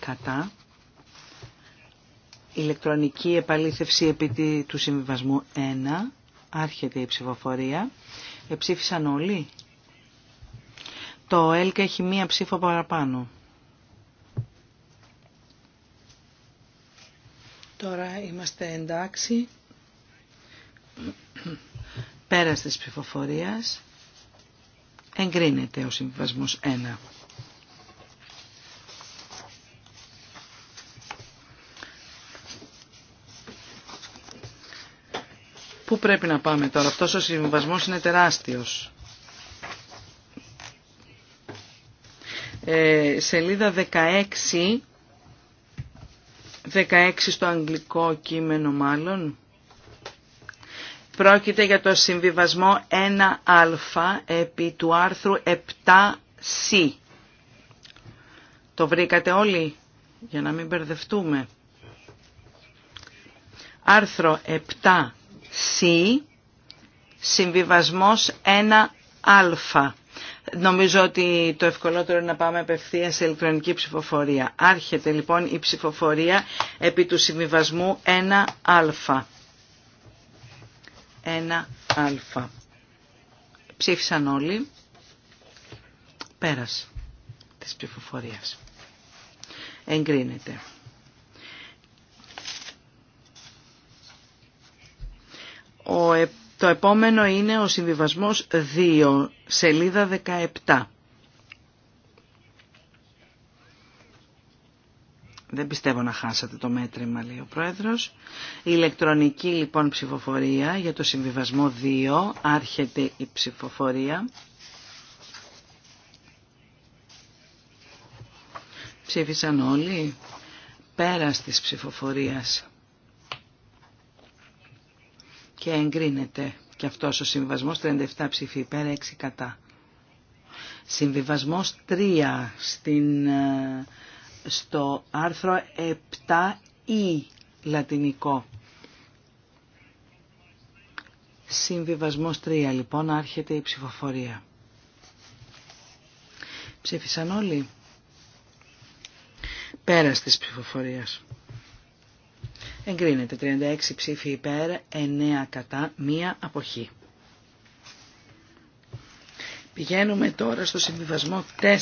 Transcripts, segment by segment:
κατά ηλεκτρονική επαλήθευση επί του συμβιβασμού 1 άρχεται η ψηφοφορία εψήφισαν όλοι το ΕΛΚ έχει μία ψήφο παραπάνω τώρα είμαστε εντάξει πέρας της ψηφοφορίας εγκρίνεται ο συμβιβασμός 1 Πού πρέπει να πάμε τώρα. Αυτός ο συμβιβασμό είναι τεράστιος. Ε, σελίδα 16, 16 στο αγγλικό κείμενο μάλλον. Πρόκειται για το συμβιβασμό 1α επί του άρθρου 7c. Το βρήκατε όλοι για να μην μπερδευτούμε. Άρθρο 7 C, συμβιβασμός 1α. Νομίζω ότι το ευκολότερο είναι να πάμε απευθεία σε ηλεκτρονική ψηφοφορία. Άρχεται λοιπόν η ψηφοφορία επί του συμβιβασμού 1α. 1α. Ψήφισαν όλοι. Πέρας της ψηφοφορίας. Εγκρίνεται. Ε, το επόμενο είναι ο συμβιβασμός 2, σελίδα 17. Δεν πιστεύω να χάσατε το μέτρημα, λέει ο Πρόεδρος. Η ηλεκτρονική λοιπόν ψηφοφορία για το συμβιβασμό 2, άρχεται η ψηφοφορία. Ψήφισαν όλοι Πέρα της ψηφοφορίας και εγκρίνεται και αυτός ο συμβιβασμός 37 ψηφί υπέρ 6 κατά. Συμβιβασμός 3 στην, ε, στο άρθρο 7 ή λατινικό. Συμβιβασμός 3 λοιπόν άρχεται η ψηφοφορία. Ψήφισαν όλοι. Πέρας της ψηφοφορίας. Εγκρίνεται 36 ψήφοι υπέρ, 9 κατά, μία αποχή. Πηγαίνουμε τώρα στο συμβιβασμό 4,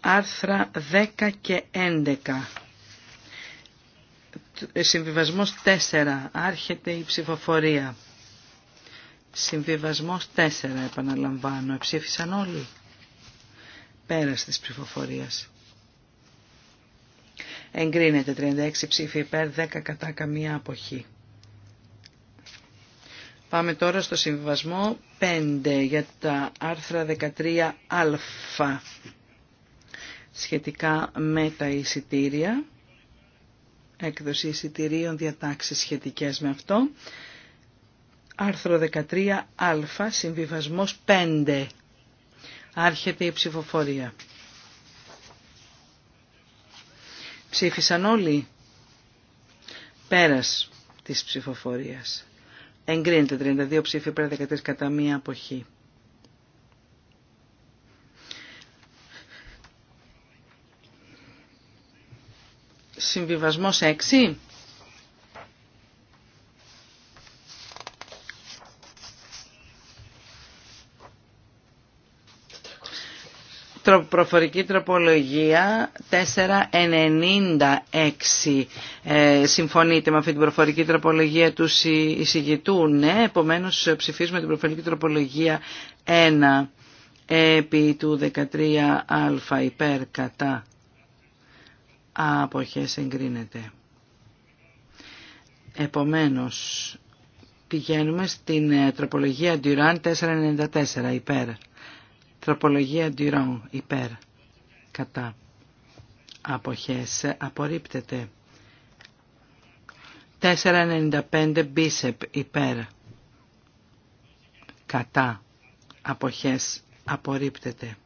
άρθρα 10 και 11. Συμβιβασμός 4. Άρχεται η ψηφοφορία. Συμβιβασμός 4. Επαναλαμβάνω. Ψήφισαν όλοι. Πέρας της ψηφοφορίας εγκρίνεται 36 ψήφοι υπέρ 10 κατά καμία αποχή. Πάμε τώρα στο συμβιβασμό 5 για τα άρθρα 13α σχετικά με τα εισιτήρια, έκδοση εισιτηρίων διατάξεις σχετικές με αυτό. Άρθρο 13α, συμβιβασμός 5. Άρχεται η ψηφοφορία. Ψήφισαν όλοι. Πέρας της ψηφοφορίας. Εγκρίνεται 32 ψήφοι πέρα 13 κατά μία αποχή. Συμβιβασμός 6. προφορική τροπολογία 496. Ε, συμφωνείτε με αυτή την προφορική τροπολογία του εισηγητού. Ναι, επομένως ψηφίζουμε την προφορική τροπολογία 1 επί του 13α υπέρ κατά αποχές εγκρίνεται. Επομένως πηγαίνουμε στην ε, τροπολογία Durant 494 υπέρ Τροπολογία Ντυρόν υπέρ κατά αποχές απορρίπτεται. 495 μπίσεπ υπέρ κατά αποχές απορρίπτεται.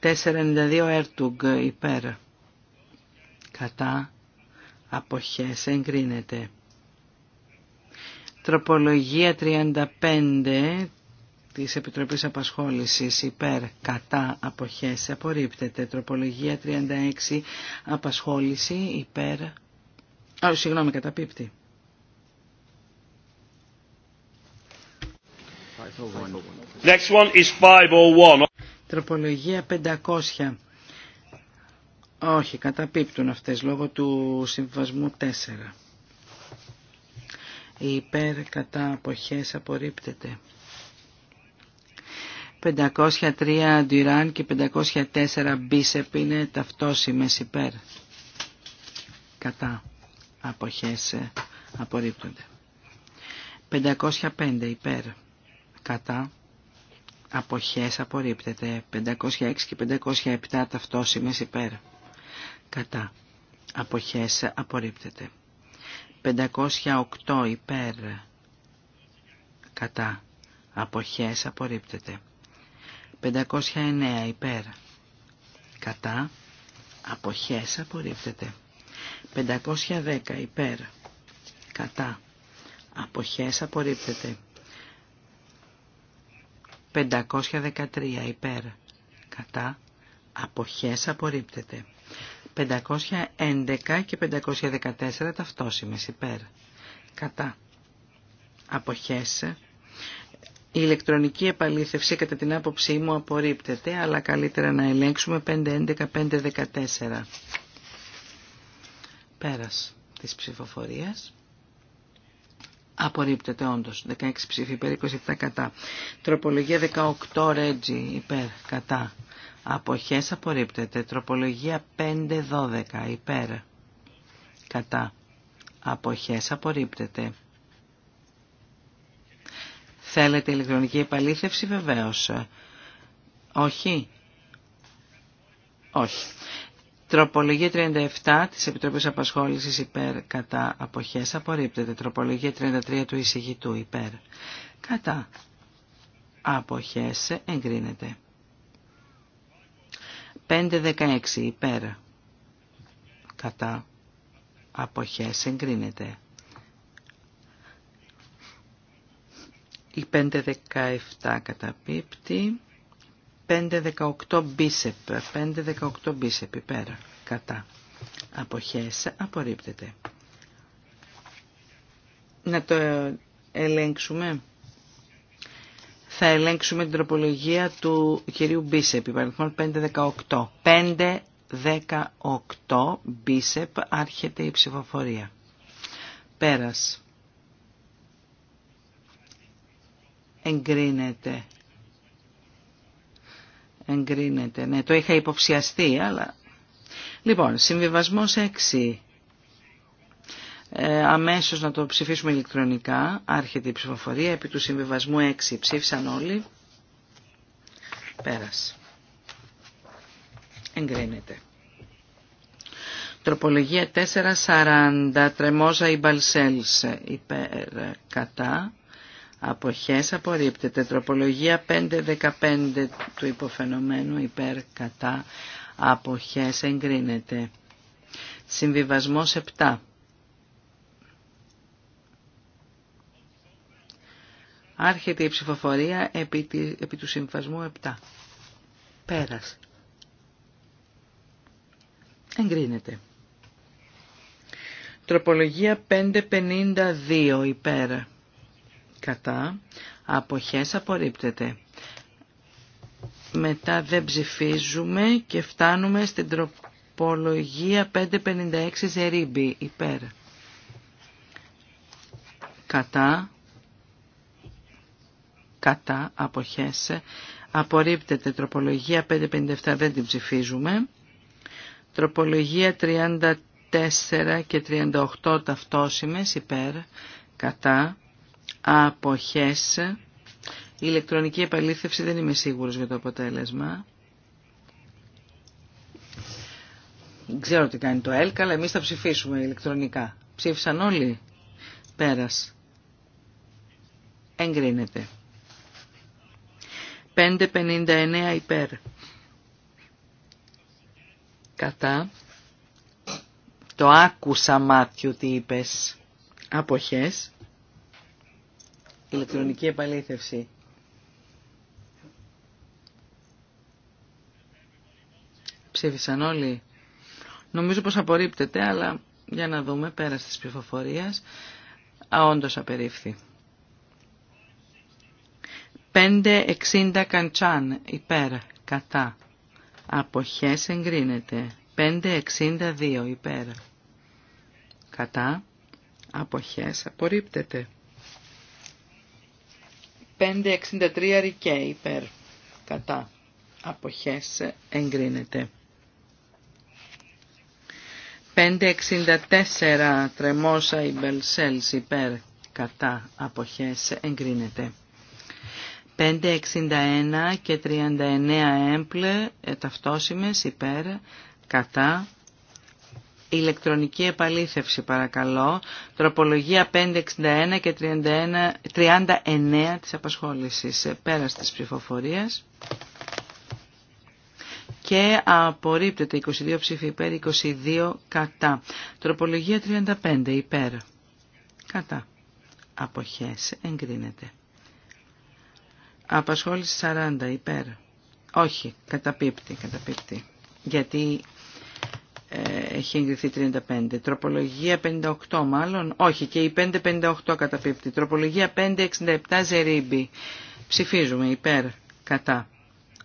492 έρτουγκ υπέρ κατά αποχές εγκρίνεται. Τροπολογία 35 της Επιτροπής Απασχόλησης υπέρ κατά αποχές απορρίπτεται. Τροπολογία 36 απασχόληση υπέρ... Α, συγγνώμη, καταπίπτει. Next one is 501. Τροπολογία 500. Όχι, καταπίπτουν αυτές λόγω του συμβασμού 4. Η υπέρ κατά αποχές απορρίπτεται. 503 διράν και 504 Μπίσεπ είναι ταυτόσιμες υπέρ. Κατά. Αποχές ε, απορρίπτονται. 505 υπέρ. Κατά. Αποχές απορρίπτεται. 506 και 507 ταυτόσιμες υπέρ. Κατά. Αποχές απορρίπτεται. 508 υπέρ. Κατά. Αποχές απορρίπτεται. 509 υπέρ. Κατά. Αποχές απορρίπτεται. 510 υπέρ. Κατά. Αποχές απορρίπτεται. 513 υπέρ. Κατά. Αποχές απορρίπτεται. 511 και 514 ταυτόσημες υπέρ. Κατά. Αποχές η ηλεκτρονική επαλήθευση κατά την άποψή μου απορρίπτεται, αλλά καλύτερα να ελέγξουμε 5-14. Πέρας της ψηφοφορίας. Απορρίπτεται όντως. 16 ψήφοι υπέρ, 27 κατά. Τροπολογία 18 ρέτζι υπέρ, κατά. Αποχές απορρίπτεται. Τροπολογία 5.12 υπέρ, κατά. Αποχές απορρίπτεται. Θέλετε ηλεκτρονική επαλήθευση βεβαίως. Όχι. Όχι. Τροπολογία 37 της Επιτροπής Απασχόλησης υπέρ κατά αποχές απορρίπτεται. Τροπολογία 33 του εισηγητού υπέρ κατά αποχές εγκρίνεται. 5.16 υπέρ κατά αποχές εγκρίνεται. Η 517 καταπίπτει. 518 μπίσεπ. 5-18 μπίσεπ πέρα, Κατά. Αποχές απορρίπτεται. Να το ελέγξουμε. Θα ελέγξουμε την τροπολογία του κυρίου Μπίσεπ, 5 518. 518 Μπίσεπ άρχεται η ψηφοφορία. Πέρας. εγκρίνεται. Εγκρίνεται, ναι, το είχα υποψιαστεί, αλλά... Λοιπόν, συμβιβασμός 6. Ε, αμέσως να το ψηφίσουμε ηλεκτρονικά. Άρχεται η ψηφοφορία επί του συμβιβασμού 6. Ψήφισαν όλοι. Πέρασε. Εγκρίνεται. Τροπολογία 440. Τρεμόζα ή μπαλσέλς υπέρ κατά αποχές απορρίπτεται. Τροπολογία 5.15 του υποφαινομένου υπέρ κατά αποχές εγκρίνεται. Συμβιβασμός 7. Άρχεται η ψηφοφορία επί, επί του συμβασμού 7. Πέρας. Εγκρίνεται. Τροπολογία 552 υπέρ κατά, αποχές απορρίπτεται. Μετά δεν ψηφίζουμε και φτάνουμε στην τροπολογία 556 Ζερίμπη, υπέρ. Κατά, κατά, αποχές, απορρίπτεται τροπολογία 557, δεν την ψηφίζουμε. Τροπολογία 34 και 38 ταυτόσημες υπέρ, κατά, αποχές. Η ηλεκτρονική επαλήθευση δεν είμαι σίγουρος για το αποτέλεσμα. Ξέρω τι κάνει το ΕΛΚ, αλλά εμείς θα ψηφίσουμε ηλεκτρονικά. Ψήφισαν όλοι. Πέρας. Εγκρίνεται. 5.59 υπέρ. Κατά. Το άκουσα μάτιο τι είπες. Αποχές ηλεκτρονική επαλήθευση. Ψήφισαν όλοι. Νομίζω πως απορρίπτεται, αλλά για να δούμε πέρα της ψηφοφορίας. Α, απερίφθη. 5.60 καντσάν υπέρ, κατά. Αποχές εγκρίνεται. 5.62 υπέρ. Κατά. Αποχές απορρίπτεται. 563 ρικέ υπέρ κατά αποχές εγκρίνεται. 564 τρεμόσα η υπέρ κατά αποχές εγκρίνεται. 561 και 39 έμπλε ε, ταυτόσιμες υπέρ κατά ηλεκτρονική επαλήθευση παρακαλώ. Τροπολογία 561 και 31, 39 της απασχόλησης. Πέρας της ψηφοφορίας. Και απορρίπτεται 22 ψήφοι υπέρ, 22 κατά. Τροπολογία 35 υπέρ. Κατά. Αποχές. Εγκρίνεται. Απασχόληση 40 υπέρ. Όχι. Καταπίπτει. Καταπίπτει. Γιατί ε, έχει εγκριθεί 35. Τροπολογία 58 μάλλον. Όχι, και η 558 καταπίπτει. Τροπολογία 567 Ζερίμπη. Ψηφίζουμε υπέρ, κατά.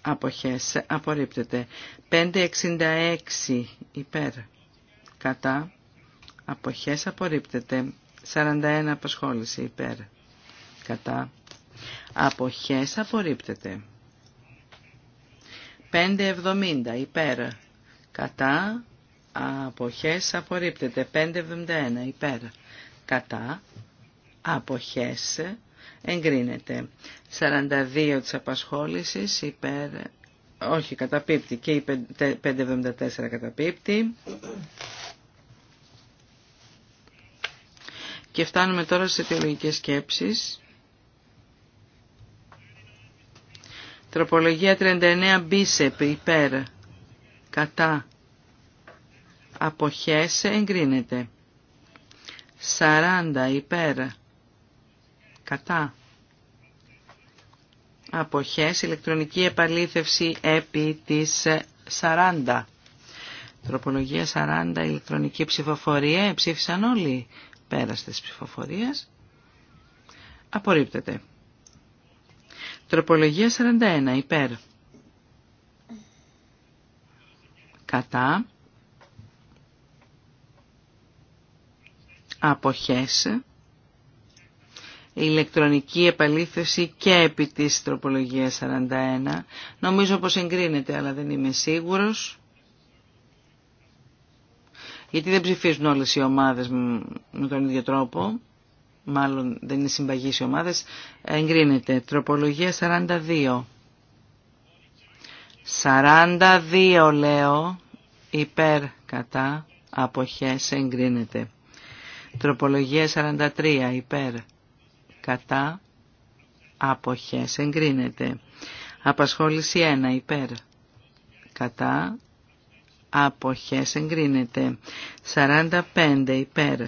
Αποχές. Απορρίπτεται. 566 υπέρ, κατά. Αποχές. Απορρίπτεται. 41 απασχόληση υπέρ, κατά. Αποχές. Απορρίπτεται. 570 υπέρ, κατά αποχές απορρίπτεται 571 υπέρ κατά αποχές εγκρίνεται 42 της απασχόλησης υπέρ όχι καταπίπτει και η 574 καταπίπτει και φτάνουμε τώρα στις αιτιολογικές σκέψεις Τροπολογία 39 μπίσεπ υπέρ κατά αποχές εγκρίνεται. 40 υπέρ κατά αποχές ηλεκτρονική επαλήθευση επί της 40. Τροπολογία 40 ηλεκτρονική ψηφοφορία. Ψήφισαν όλοι πέρας της ψηφοφορίας. Απορρίπτεται. Τροπολογία 41 υπέρ. Κατά αποχές. ηλεκτρονική επαλήθευση και επί της τροπολογίας 41. Νομίζω πως εγκρίνεται, αλλά δεν είμαι σίγουρος. Γιατί δεν ψηφίζουν όλες οι ομάδες με τον ίδιο τρόπο. Μάλλον δεν είναι συμπαγής οι ομάδες. Εγκρίνεται. Τροπολογία 42. 42 λέω υπέρ κατά αποχές εγκρίνεται. Τροπολογία 43 υπέρ κατά άποχες εγκρίνεται. Απασχόληση 1 υπέρ κατά άποχες εγκρίνεται. 45 υπέρ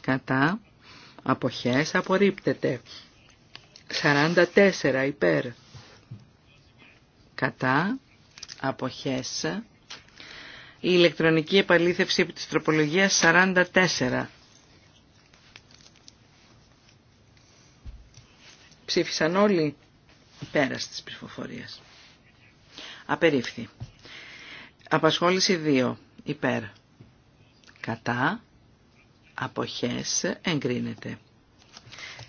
κατά αποχές απορρίπτεται. 44 υπέρ κατά αποχές η ηλεκτρονική επαλήθευση επί της τροπολογίας 44. Ψήφισαν όλοι πέρα της ψηφοφορίας. Απερίφθη. Απασχόληση 2. Υπέρ. Κατά. Αποχές. Εγκρίνεται.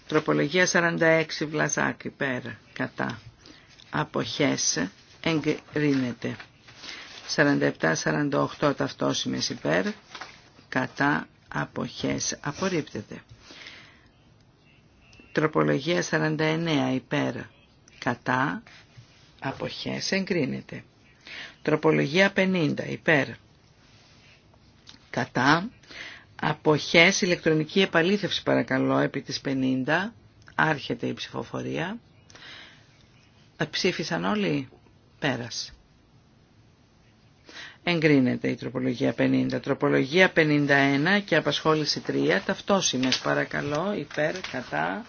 Τροπολογία 46. Βλαζάκ. Υπέρ. Κατά. Αποχές. Εγκρίνεται. 47-48 ταυτόσημες υπέρ. Κατά. Αποχές. Απορρίπτεται. Τροπολογία 49 υπέρ κατά αποχές εγκρίνεται. Τροπολογία 50 υπέρ κατά αποχές ηλεκτρονική επαλήθευση παρακαλώ επί της 50 άρχεται η ψηφοφορία. Ε, ψήφισαν όλοι πέρασε. Εγκρίνεται η τροπολογία 50. Τροπολογία 51 και απασχόληση 3. Ταυτόσημες παρακαλώ υπέρ κατά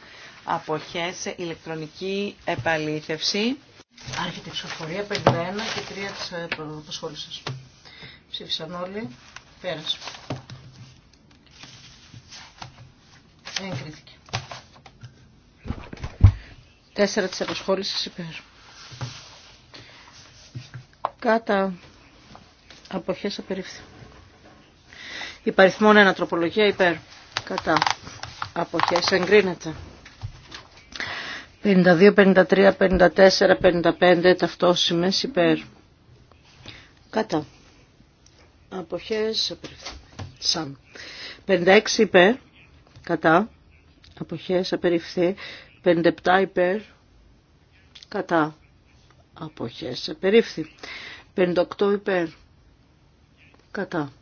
αποχές, ηλεκτρονική επαλήθευση. Άρχεται η ψηφοφορία 51 και 3 της απασχόλησης. Ε, Ψήφισαν όλοι. Πέρασε. κρίθηκε. 4 της απασχόλησης υπέρ. Κάτα αποχές απερίφθη. Υπαριθμόν ανατροπολογία υπέρ. Κατά αποχές εγκρίνεται. 52, 53, 54, 55 ταυτόσημες υπέρ. Κατά. Αποχές σαν. 56 υπέρ. Κατά. Αποχές απεριφθεί. 57 υπέρ. Κατά. Αποχές απερίφθη. 58 υπέρ. Κατά.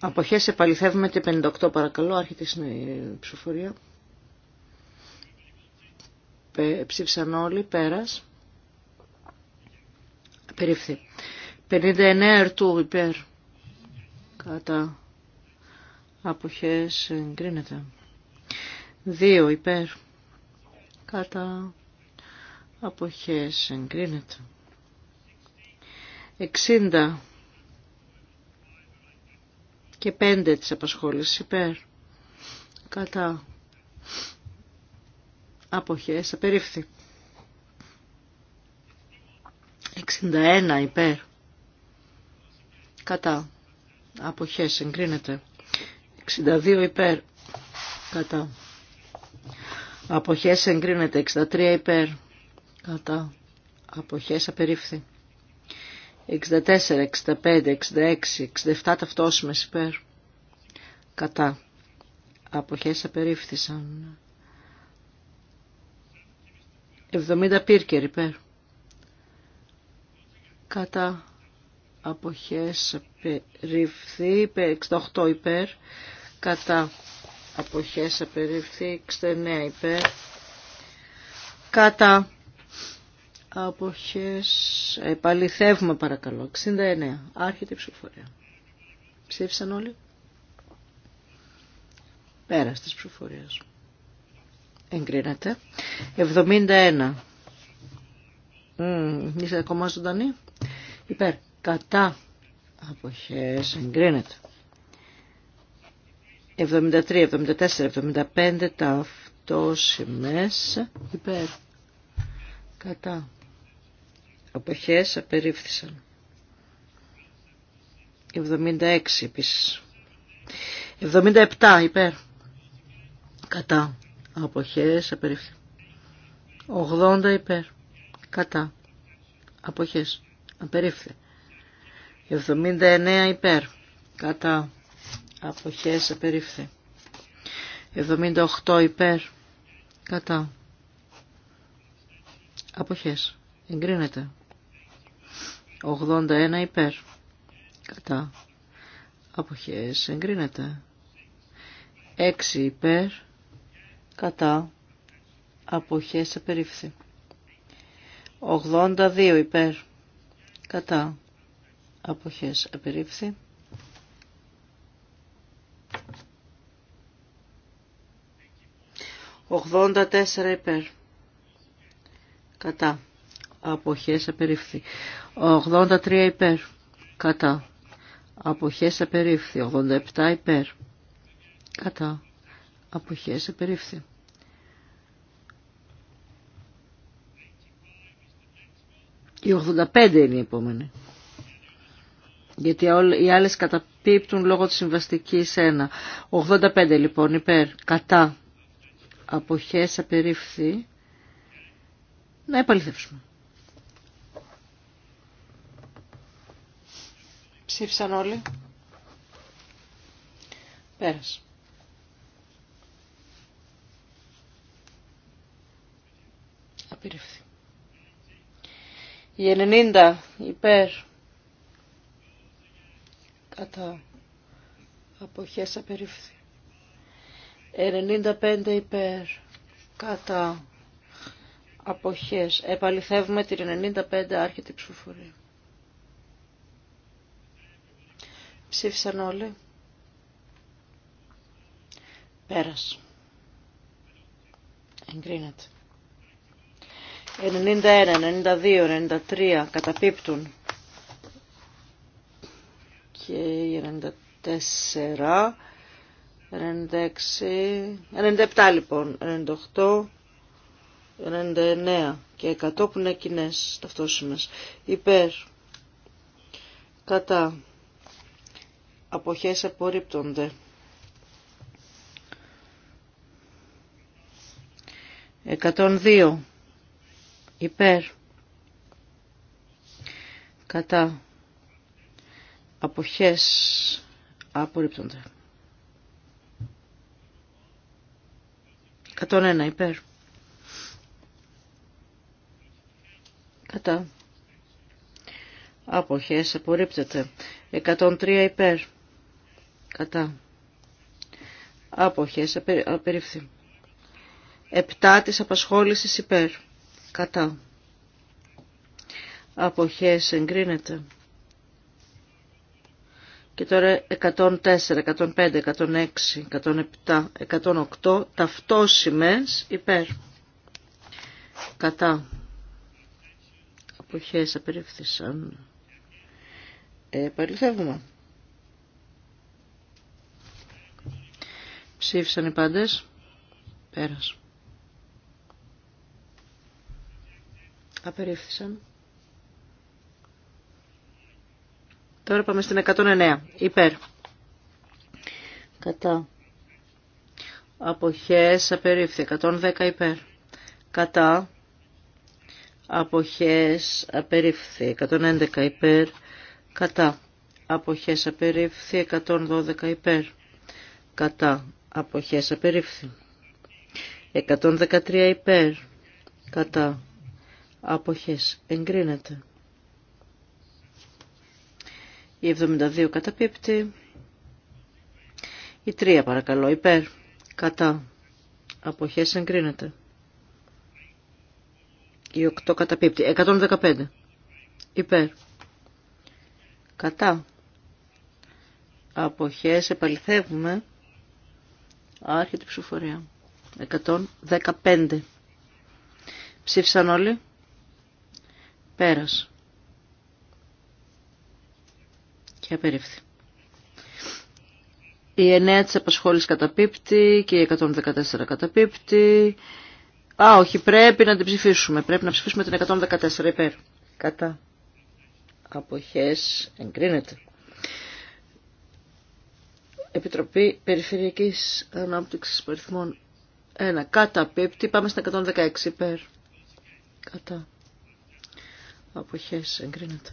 Αποχές επαληθεύουμε τη 58 παρακαλώ. Άρχεται η ψηφοφορία. Ψήφισαν όλοι. Πέρας. Περίφθη. 59 ερτού υπέρ. Κατά. Αποχές εγκρίνεται. 2 υπέρ. Κατά. Αποχές εγκρίνεται. 60 και 5 της απασχόλησης υπέρ. Κατά αποχές απερίφθη. 61 υπέρ κατά αποχές εγκρίνεται. 62 υπέρ κατά αποχές εγκρίνεται. 63 υπέρ κατά αποχές απερίφθη. 64, 65, 66, 67 ταυτόσιμες υπέρ. Κατά. Αποχές απερίφθησαν. 70 πύρκερ υπέρ. Κατά αποχές απερίφθη 68 υπέρ. Κατά αποχές απερίφθη 69 υπέρ. Κατά αποχές επαληθεύουμε παρακαλώ 69. Άρχεται η ψηφοφορία. Ψήφισαν όλοι. Πέρας της ψηφοφορίας. Εγκρίνεται. 71. Mm, είστε ακόμα ζωντανή. Υπέρ. Κατά. Αποχές. Εγκρίνεται. 73, 74, 75 ταυτόσημες υπέρ. Κατά. Αποχές απερίφθησαν. 76 επίσης. 77 υπέρ. Κατά αποχές απερίφθη. 80 υπέρ κατά αποχές απερίφθη. 79 υπέρ κατά αποχές απερίφθη. 78 υπέρ κατά αποχές εγκρίνεται. 81 υπέρ κατά αποχές εγκρίνεται. 6 υπέρ κατά αποχές απερίφθη. 82 υπέρ κατά αποχές απερίφθη. 84 υπέρ κατά αποχές απερίφθη. 83 υπέρ κατά αποχές απερίφθη. 87 υπέρ κατά αποχές απερίφθη. 85 είναι η επόμενη. Γιατί οι άλλες καταπίπτουν λόγω της συμβαστικής 1. 85 λοιπόν υπέρ, κατά, αποχές απερίφθη. Να επαληθεύσουμε. Ψήφισαν όλοι. Πέρασε. Η 90 υπέρ κατά αποχές απερίφθη. 95 υπέρ κατά αποχές. Επαληθεύουμε την 95 άρχιτη ψηφοφορία. Ψήφισαν όλοι. Πέρας. Εγκρίνεται. 91, 92, 93 καταπίπτουν και 94, 96, 97 λοιπόν, 98, 99 και 100 που είναι κοινέ ταυτόσιμες. Υπέρ, κατά, αποχές απορρίπτονται. 102 υπέρ κατά αποχές απορρίπτονται. 101 υπέρ. Κατά. Αποχές απορρίπτεται. 103 υπέρ. Κατά. Αποχές απερίφθη. 7 της απασχόλησης υπέρ κατά αποχές εγκρίνεται. Και τώρα 104, 105, 106, 107, 108 ταυτόσιμες υπέρ. Κατά. Αποχές απερίφθησαν. Ε, παρελθεύουμε. Ψήφισαν οι πάντες. Πέρασε. Απερίφθησαν. Τώρα πάμε στην 109. Υπέρ. Κατά. Αποχές απερίφθη. 110 υπέρ. Κατά. Αποχές απερίφθη. 111 υπέρ. Κατά. Αποχές απερίφθη. 112 υπέρ. Κατά. Αποχές απερίφθη. 113 υπέρ. Κατά αποχές εγκρίνεται. Η 72 καταπίπτει. Η 3 παρακαλώ υπέρ κατά αποχές εγκρίνεται. Η 8 καταπίπτει. 115 υπέρ κατά αποχές επαληθεύουμε άρχεται η ψηφοφορία. 115. Ψήφισαν όλοι. Πέρας. Και απερίφθη. Η εννέα της απασχόλησης καταπίπτει και η 114 καταπίπτει. Α, όχι, πρέπει να την ψηφίσουμε. Πρέπει να ψηφίσουμε την 114 υπέρ. Κατά. Αποχές εγκρίνεται. Επιτροπή Περιφερειακής Ανάπτυξης Περιθμών 1. Κατά Πάμε στην 116 υπέρ. Κατά αποχές εγκρίνεται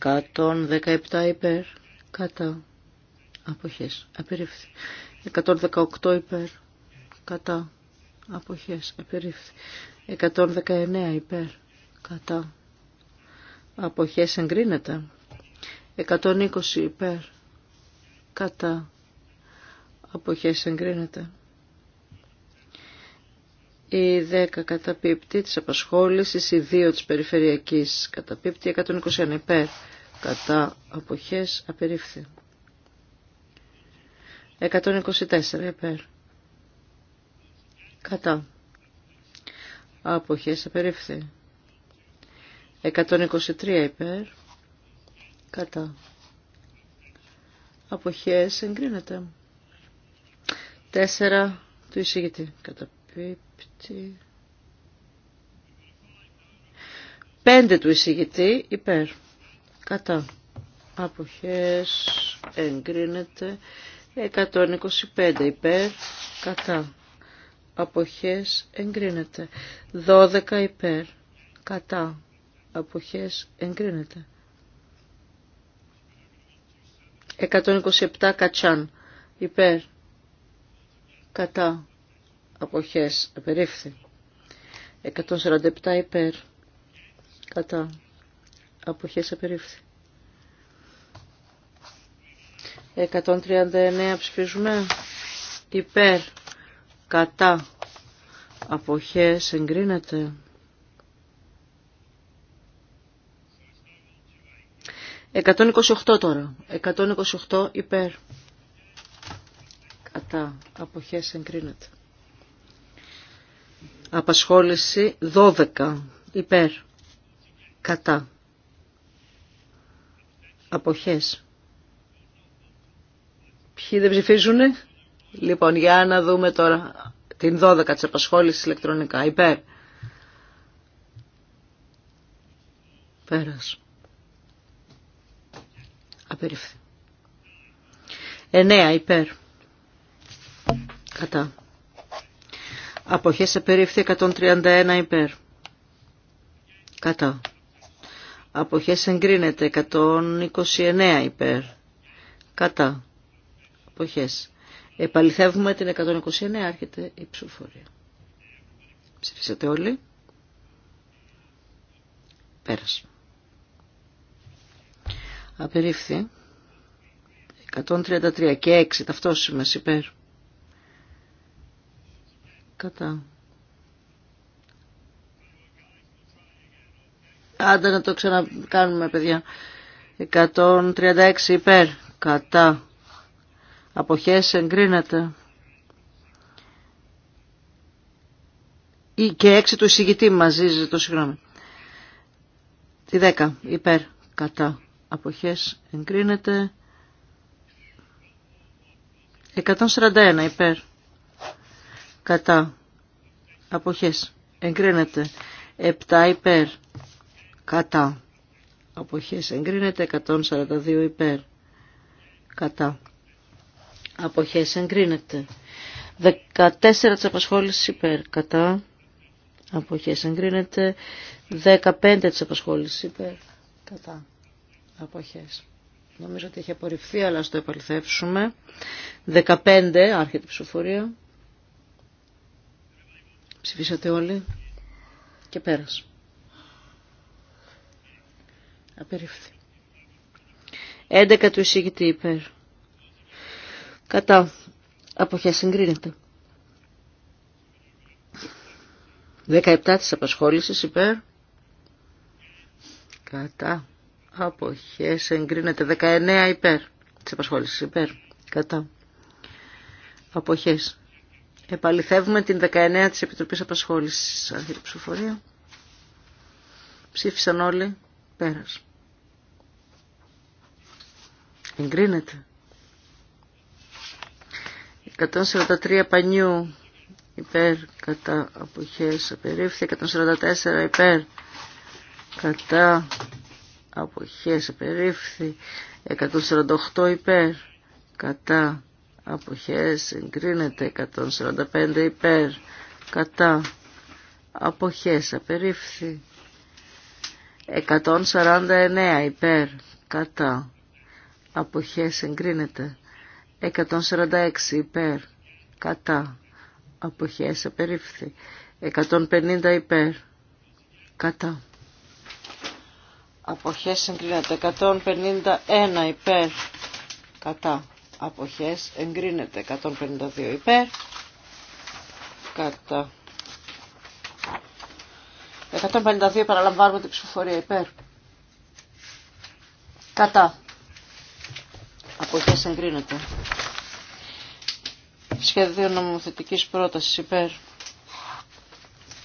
117 υπέρ κατά αποχές απερίφθη 118 υπέρ κατά αποχές απερίφθη 119 υπέρ κατά αποχές εγκρίνεται 120 υπέρ κατά αποχές εγκρίνεται η 10 καταπίπτει της απασχόλησης, η 2 της περιφερειακής καταπίπτει, 121 υπέρ κατά αποχές απερίφθη. 124 υπέρ κατά αποχές απερίφθη. 123 υπέρ κατά αποχές εγκρίνεται. 4 του εισηγητή κατά 5 Πέντε του εισηγητή υπέρ. Κατά. Αποχές εγκρίνεται. 125 υπέρ. Κατά. Αποχές εγκρίνεται. 12 υπέρ. Κατά. Αποχές εγκρίνεται. 127 κατσάν. Υπέρ. Κατά αποχές απερίφθη 147 υπέρ κατά αποχές απερίφθη 139 ψηφίζουμε υπέρ κατά αποχές εγκρίνεται 128 τώρα. 128 υπέρ. Κατά. Αποχές εγκρίνεται. Απασχόληση 12. Υπέρ. Κατά. Αποχές. Ποιοι δεν ψηφίζουνε. Λοιπόν, για να δούμε τώρα την 12 της απασχόλησης ηλεκτρονικά. Υπέρ. Πέρας. Απερίφθη. 9 υπέρ. Κατά. Αποχές απερίφθη 131 υπέρ. Κατά. Αποχές εγκρίνεται 129 υπέρ. Κατά. Αποχές. Επαληθεύουμε την 129, άρχεται η ψηφοφορία. Ψηφίσατε όλοι. Πέρασε. Απερίφθη. 133 και 6 ταυτόσημες υπέρ. Κατά. Άντε να το ξανακάνουμε παιδιά. 136 υπέρ. Κατά. Αποχές εγκρίνεται. Ή και έξι του εισηγητή μαζί το συγγνώμη. Τη 10 υπέρ. Κατά. Αποχές εγκρίνεται. 141 υπέρ κατά αποχές εγκρίνεται 7 υπέρ κατά αποχές εγκρίνεται 142 υπέρ κατά αποχές εγκρίνεται 14 της απασχόλησης υπέρ κατά αποχές εγκρίνεται 15 της απασχόλησης υπέρ κατά αποχές νομίζω ότι έχει απορριφθεί αλλά στο επαληθεύσουμε 15 άρχεται η ψηφοφορία Ψηφίσατε όλοι και πέρασε. Απερίφθη. 11 του εισηγητή υπέρ. Κατά. Αποχέ συγκρίνεται. 17 της απασχόλησης υπέρ. Κατά. Αποχές εγκρίνεται. 19 υπέρ. Της απασχόλησης υπέρ. Κατά. Αποχές Επαληθεύουμε την 19 της Επιτροπής Απασχόλησης. Άρχεται ψηφοφορία. Ψήφισαν όλοι. Πέρας. Εγκρίνεται. 143 πανιού υπέρ κατά αποχές απερίφθη. 144 υπέρ κατά αποχές απερίφθη. 148 υπέρ κατά αποχές εγκρίνεται 145 υπέρ κατά αποχές απερίφθη 149 υπέρ κατά αποχές εγκρίνεται 146 υπέρ κατά αποχές απερίφθη 150 υπέρ κατά αποχές εγκρίνεται 151 υπέρ κατά αποχές εγκρίνεται 152 υπέρ κατά 152 παραλαμβάνουμε την ψηφοφορία υπέρ κατά αποχές εγκρίνεται σχέδιο νομοθετικής πρότασης υπέρ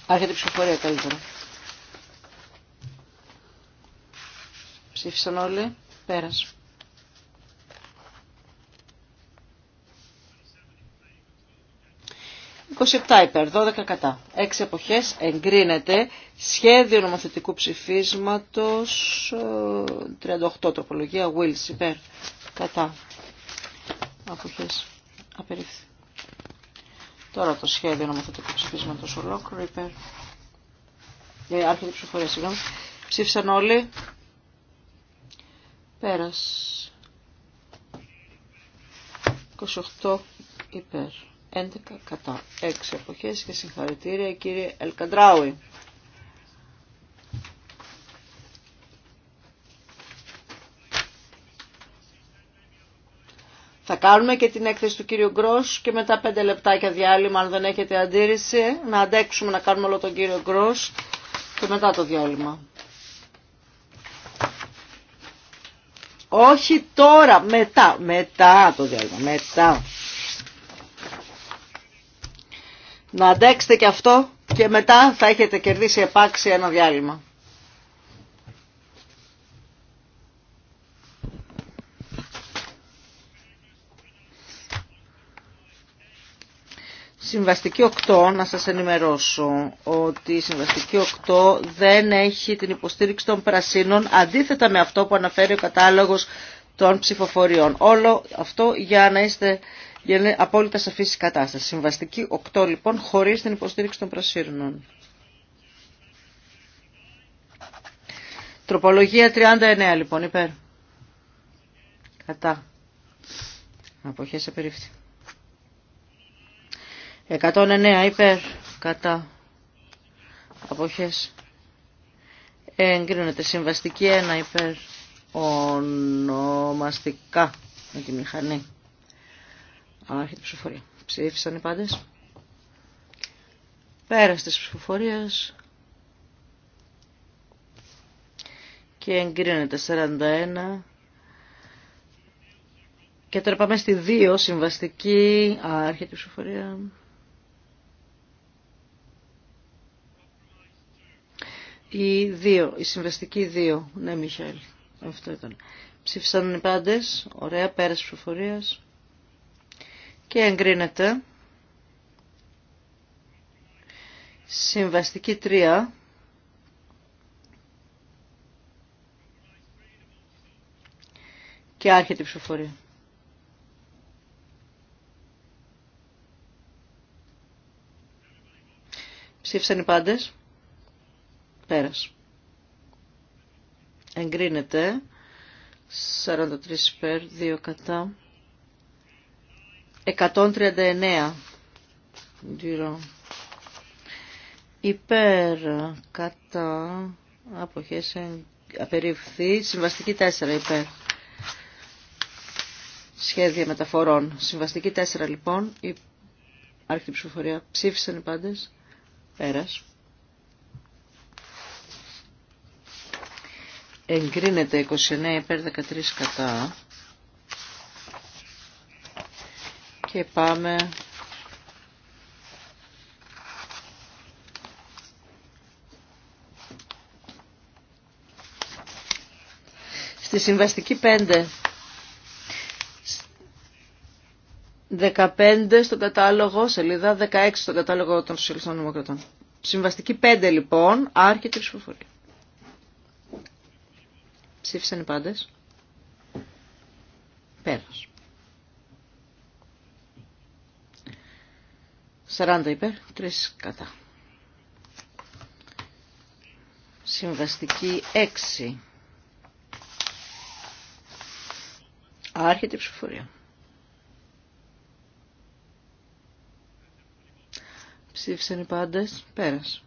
άρχεται η ψηφοφορία καλύτερα ψήφισαν όλοι πέρασε 27 υπέρ, 12 κατά. 6 εποχές εγκρίνεται σχέδιο νομοθετικού ψηφίσματος 38 ε, τροπολογία Wills υπέρ, κατά. Αποχές απερίφθη. Τώρα το σχέδιο νομοθετικού ψηφίσματος ολόκληρο υπέρ. Ε, άρχεται η συγγνώμη. Ψήφισαν όλοι. Πέρας. 28 υπέρ. 11 κατά 6 εποχές και συγχαρητήρια κύριε Ελκαντράουι. Θα κάνουμε και την έκθεση του κύριου Γκρός και μετά 5 λεπτάκια διάλειμμα αν δεν έχετε αντίρρηση να αντέξουμε να κάνουμε όλο τον κύριο Γκρός και μετά το διάλειμμα. Όχι τώρα, μετά, μετά το διάλειμμα, μετά. να αντέξετε και αυτό και μετά θα έχετε κερδίσει επάξι ένα διάλειμμα. Συμβαστική 8, να σας ενημερώσω ότι η Συμβαστική 8 δεν έχει την υποστήριξη των πρασίνων αντίθετα με αυτό που αναφέρει ο κατάλογος των ψηφοφοριών. Όλο αυτό για να είστε για να είναι απόλυτα σαφής η κατάσταση. Συμβαστική 8 λοιπόν χωρί την υποστήριξη των πρασίνων. Τροπολογία 39 λοιπόν υπέρ. Κατά. Αποχές απερίφθη. 109 υπέρ. Κατά. Αποχές. Εγκρίνεται συμβαστική 1 υπέρ. Ονομαστικά με τη μηχανή. Άρχεται η ψηφοφορία. Ψήφισαν οι πάντες. Πέρας της ψηφοφορίας. Και εγκρίνεται 41. Και τώρα πάμε στη 2, συμβαστική. Άρχη η ψηφοφορία. Η 2, η συμβαστική 2. Ναι, Μιχαήλ. Αυτό ήταν. Ψήφισαν οι πάντες. Ωραία, πέρας ψηφοφορίας και εγκρίνεται. Συμβαστική τρία Και άρχεται η ψηφοφορία. Ψήφισαν οι πάντες. Πέρας. Εγκρίνεται. 43 υπέρ, 2 κατά. 139 υπέρ κατά αποχές Απεριφθή συμβαστική 4 υπέρ σχέδια μεταφορών συμβαστική 4 λοιπόν η άρχιτη ψηφοφορία ψήφισαν οι πάντες πέρας εγκρίνεται 29 υπέρ 13 κατά Και πάμε στη συμβαστική 5. 15 στον κατάλογο, σελίδα 16 στον κατάλογο των Σοσιαλιστών Δημοκρατών. Συμβαστική 5 λοιπόν, άρχεται η ψηφοφορία. Ψήφισαν οι πάντες. Πέρας. 40 υπέρ, 3 κατά. Συμβαστική 6. Άρχεται η ψηφοφορία. Ψήφισαν οι πάντες, πέρας.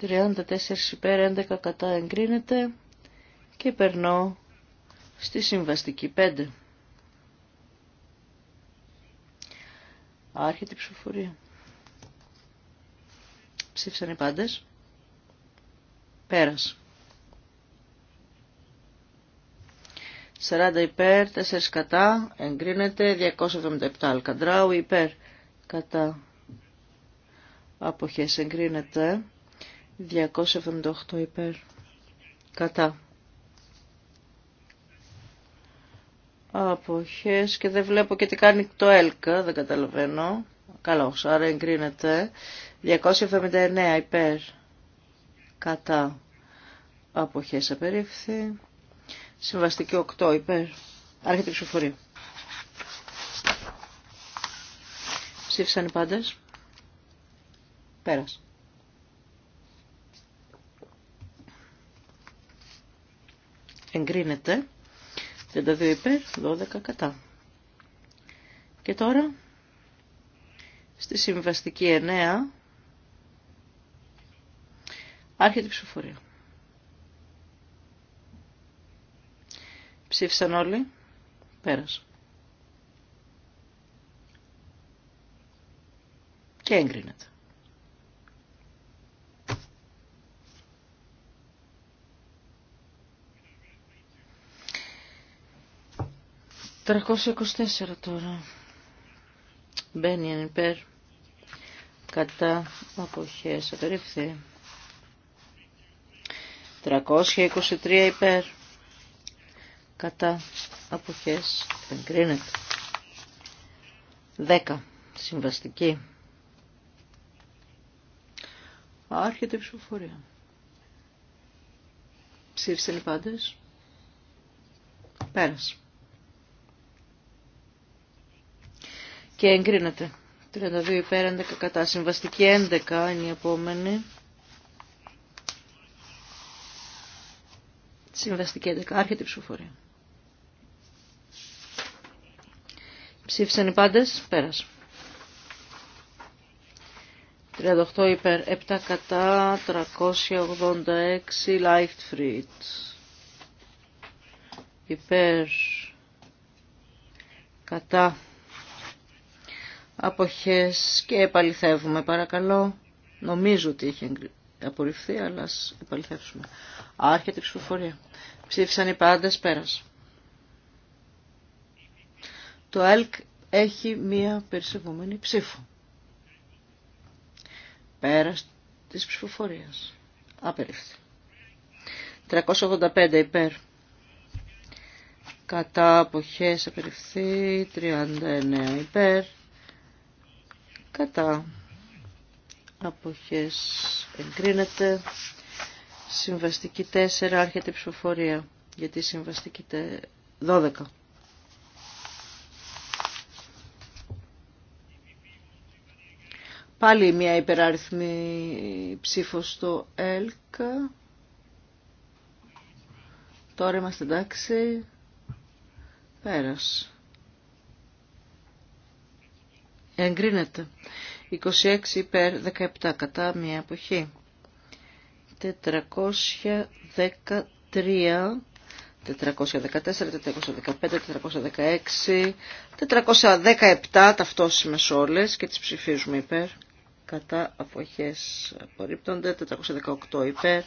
34 υπέρ, 11 κατά εγκρίνεται και περνώ στη συμβαστική 5. Άρχεται η ψηφοφορία. Ψήφισαν οι πάντες. Πέρας. 40 υπέρ, 4 κατά, εγκρίνεται, 277 αλκαντράου υπέρ, κατά, αποχές εγκρίνεται, 278 υπέρ, κατά. Αποχές και δεν βλέπω και τι κάνει το ΕΛΚΑ, ε, δεν καταλαβαίνω. Καλώς, άρα εγκρίνεται. 279 υπέρ κατά αποχές απερίφθη. Συμβαστική 8 υπέρ. Άρχεται η ψηφοφορία. Ψήφισαν οι πάντες. Πέρασε. Εγκρίνεται. 32 υπέρ, 12 κατά. Και τώρα στη συμβαστική 9 άρχεται η ψηφοφορία. Ψήφισαν όλοι. Πέρασε. Και έγκρινεται. 324 τώρα. Μπαίνει εν υπέρ. Κατά αποχές. Απερίφθη. 323 υπέρ. Κατά αποχές. Εγκρίνεται. 10. Συμβαστική. Άρχεται η ψηφοφορία. Ψήφισαν οι πάντες. Πέρασε. και εγκρίνεται. 32 υπέρ 11 κατά. Συμβαστική 11 είναι η επόμενη. Συμβαστική 11. Άρχεται η ψηφοφορία. Ψήφισαν οι πάντες. Πέρασε. 38 υπέρ 7 κατά 386 light fruit. Υπέρ κατά αποχές και επαληθεύουμε παρακαλώ. Νομίζω ότι είχε απορριφθεί, αλλά ας επαληθεύσουμε. Άρχεται η ψηφοφορία. Ψήφισαν οι πάντες, πέρας. Το ΕΛΚ έχει μία περισσευόμενη ψήφο. Πέρας της ψηφοφορίας. Απερίφθη. 385 υπέρ. Κατά αποχές απεριφθεί 39 υπέρ κατά αποχές εγκρίνεται συμβαστική 4 άρχεται ψηφοφορία γιατί συμβαστική 12 Πάλι μια υπεράριθμη ψήφο στο ΕΛΚ. Τώρα είμαστε εντάξει. Πέρας. Εγκρίνεται. 26 υπέρ 17 κατά μία εποχή. 413, 414, 415, 416, 417 ταυτόσιμες όλες και τις ψηφίζουμε υπέρ. Κατά αποχές απορρίπτονται. 418 υπέρ.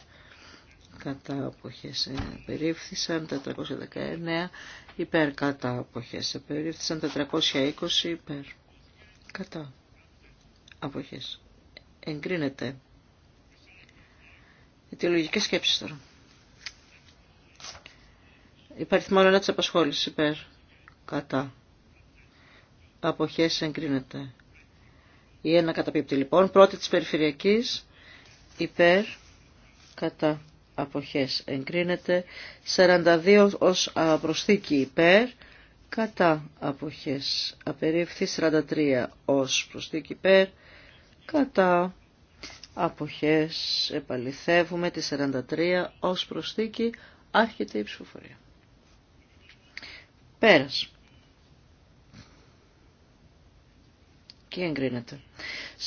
Κατά αποχές περίφθησαν. 419 υπέρ. Κατά αποχές περίφθησαν. 420 υπέρ Κατά. Αποχές. Εγκρίνεται. Η σκέψει τώρα. Υπάρχει μόνο ένα τη πέρ. υπέρ. Κατά. Αποχές εγκρίνεται. Η ένα καταπίπτει λοιπόν. Πρώτη της περιφερειακής υπέρ. Κατά. Αποχές εγκρίνεται. 42 ως προσθήκη υπέρ κατά αποχές απερίφθη 43 ως προσθήκη υπέρ κατά αποχές επαληθεύουμε τη 43 ως προσθήκη άρχεται η ψηφοφορία πέρας και εγκρίνεται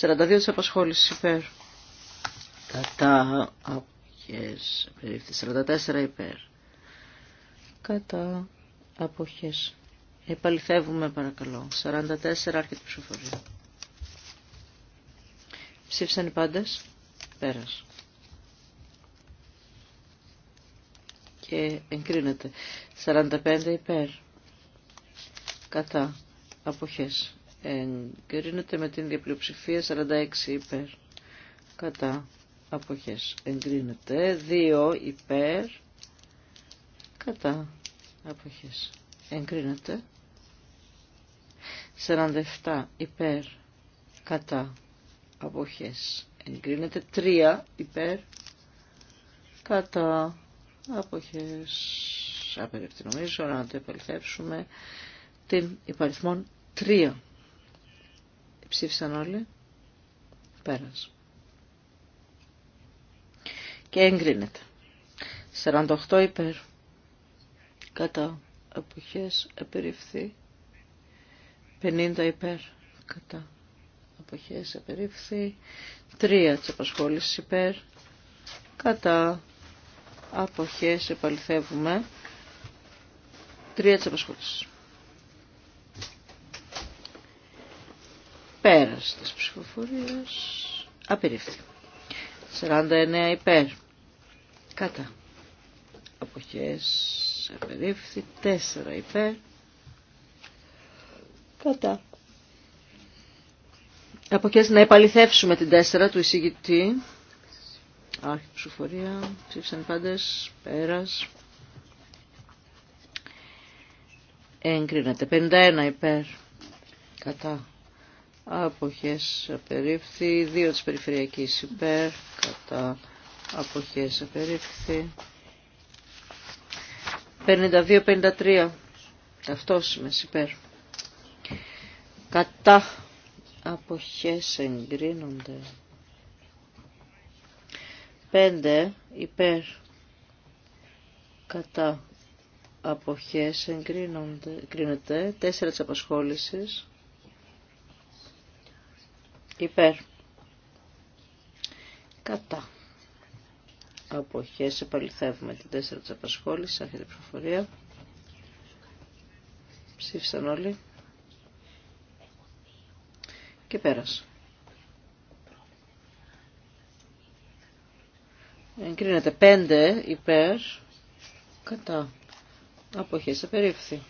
42 της απασχόλησης υπέρ κατά αποχές απερίφθη 44 υπέρ κατά αποχές Επαληθεύουμε παρακαλώ. 44 άρχεται ψηφοφορία. Ψήφισαν οι πάντες. Πέρας. Και εγκρίνεται. 45 υπέρ. Κατά. Αποχές. Εγκρίνεται με την διαπλειοψηφία 46 υπέρ. Κατά. Αποχές. Εγκρίνεται. 2 υπέρ. Κατά. Αποχές. Εγκρίνεται. 47 υπέρ κατά αποχές εγκρίνεται 3 υπέρ κατά αποχές απερίπτει νομίζω να το επελθέψουμε. την υπαριθμόν 3 ψήφισαν όλοι πέρας και εγκρίνεται 48 υπέρ κατά αποχές απεριφθεί 50 υπέρ κατά αποχές απερίφθη 3 της απασχόλησης υπέρ κατά αποχές επαληθεύουμε 3 της απασχόλησης πέρας της ψηφοφορίας απερίφθη 49 υπέρ κατά αποχές απερίφθη 4 υπέρ Κατά. Από να επαληθεύσουμε την 4 του εισηγητή. Άρχη ψηφοφορία. Ψήφισαν οι πάντες. Πέρας. Εγκρίνεται. 51 υπέρ. Κατά. Αποχές απερίφθη. 2 της περιφερειακής υπέρ. Κατά. Αποχές απερίφθη. 52-53. Ταυτόσιμες υπέρ κατά αποχές εγκρίνονται. Πέντε. υπέρ κατά αποχές εγκρίνονται, Τέσσερα Τέσσερα της απασχόλησης υπέρ κατά αποχές επαληθεύουμε την τέσσερα της απασχόλησης, άρχεται η ψηφοφορία. Ψήφισαν όλοι και πέρασε. Εγκρίνεται 5 υπέρ κατά αποχές απερίφθη.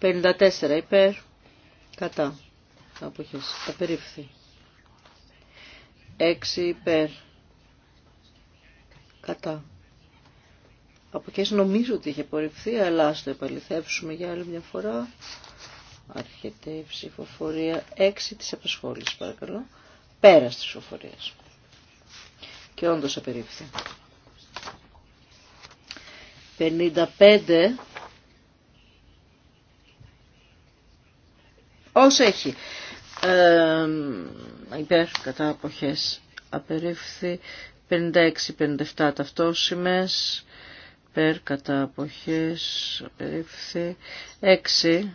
54 υπέρ κατά αποχές απερίφθη. 6 υπέρ κατά. Αποχές νομίζω ότι είχε απορριφθεί αλλά ας το επαληθεύσουμε για άλλη μια φορά. Άρχεται η ψηφοφορία 6 της απασχόλησης παρακαλώ. Πέρας της ψηφοφορίας. Και όντως απερίφθη. 55 Όσο έχει. Ε, υπέρ κατά αποχές απερίφθη 56-57 ταυτόσημες υπέρ κατά αποχές απερίφθη 6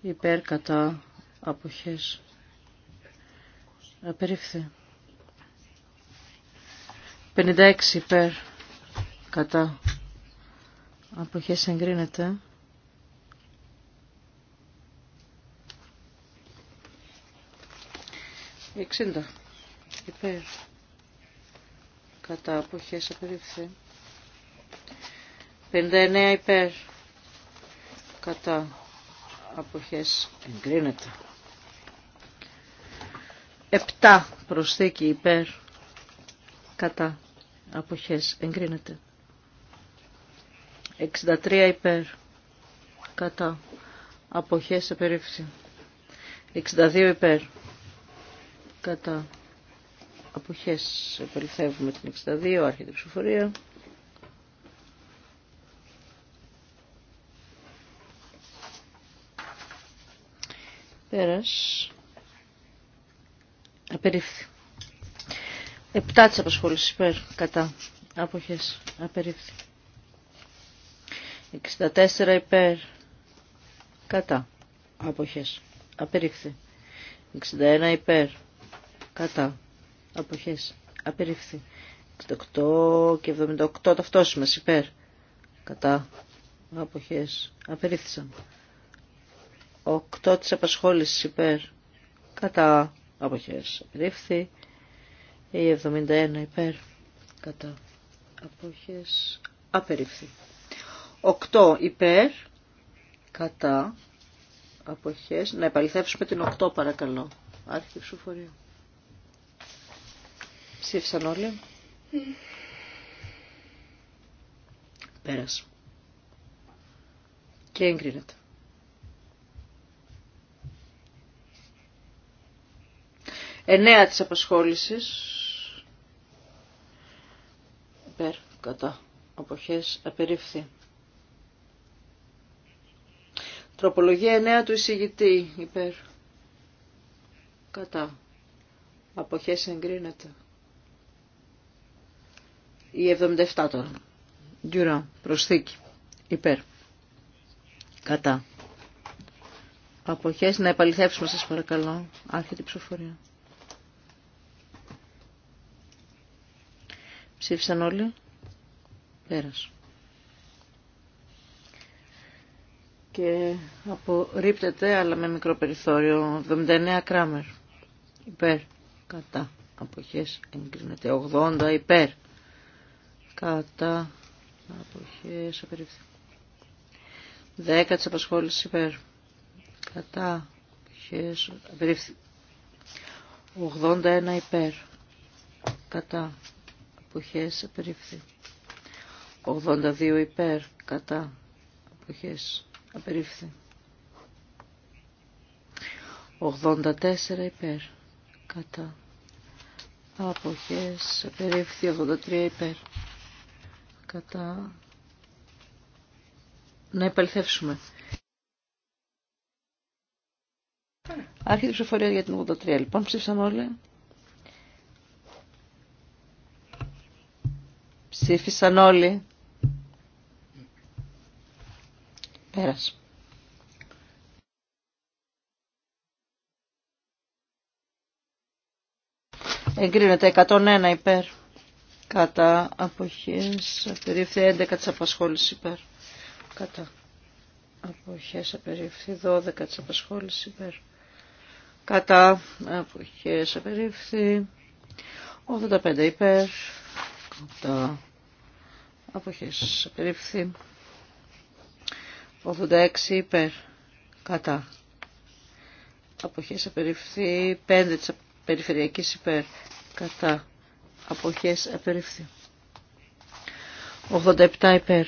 υπέρ κατά αποχές απερίφθη 56 υπέρ κατά αποχές εγκρίνεται 60 Υπέρ. Κατά αποχές απερίφθη. 59 υπέρ. Κατά αποχές εγκρίνεται. 7 προσθήκη υπέρ κατά αποχές εγκρίνεται. 63 υπέρ κατά αποχές επερίφθη. 62 υπέρ κατά αποχές επαληθεύουμε την 62 άρχεται ψηφοφορία. Πέρας. Απερίφθη. Επτά της απασχόλησης υπέρ κατά αποχές. Απερίφθη. 64 υπέρ κατά αποχές. Απερίφθη. 61 υπέρ κατά αποχές. Απερίφθη. 68 και 78 ταυτόσιμες υπέρ κατά αποχές. Απερίφθησαν. Οκτώ της απασχόλησης υπέρ κατά αποχές απερίφθη ή 71 υπέρ κατά αποχές απερίφθη 8 υπέρ κατά αποχές να επαληθεύσουμε την 8 παρακαλώ άρχιε ψηφοφορία ψήφισαν όλοι πέρασε και εγκρίνεται Εννέα της απασχόλησης. Υπέρ, κατά, αποχές, απερίφθη. Τροπολογία εννέα του εισηγητή, υπέρ, κατά, αποχές εγκρίνεται. Η 77 τώρα. Γιουρά, προσθήκη, υπέρ, κατά. Αποχές να επαληθεύσουμε σας παρακαλώ. Άρχεται η ψηφοφορία. Ψήφισαν όλοι. Πέρασε. Και απορρίπτεται, αλλά με μικρό περιθώριο, 79 κράμερ. Υπέρ. Κατά. Αποχές εγκρίνεται. 80 υπέρ. Κατά. Αποχές απερίφθη. 10 της απασχόλησης υπέρ. Κατά. Αποχές απερίφθη. 81 υπέρ. Κατά αποχές απερίφθη. 82 υπέρ κατά αποχές απερίφθη. 84 υπέρ κατά αποχές απερίφθη. 83 υπέρ κατά να επαληθεύσουμε. Άρχιτε η ψηφοφορία για την 83. Λοιπόν, ψήφισαν όλοι. Ψήφισαν όλοι. Πέρασε. Εγκρίνεται 101 υπέρ. Κατά αποχές απερίφθη 11 της απασχόλησης υπέρ. Κατά αποχές απερίφθη 12 της απασχόλησης υπέρ. Κατά αποχές απερίφθη 85 υπέρ. Κατά Αποχές. απεριφθεί 86 υπέρ. Κατά. Αποχές. Απερίφθη. 5 της περιφερειακής υπέρ. Κατά. Αποχές. Απερίφθη. 87 υπέρ.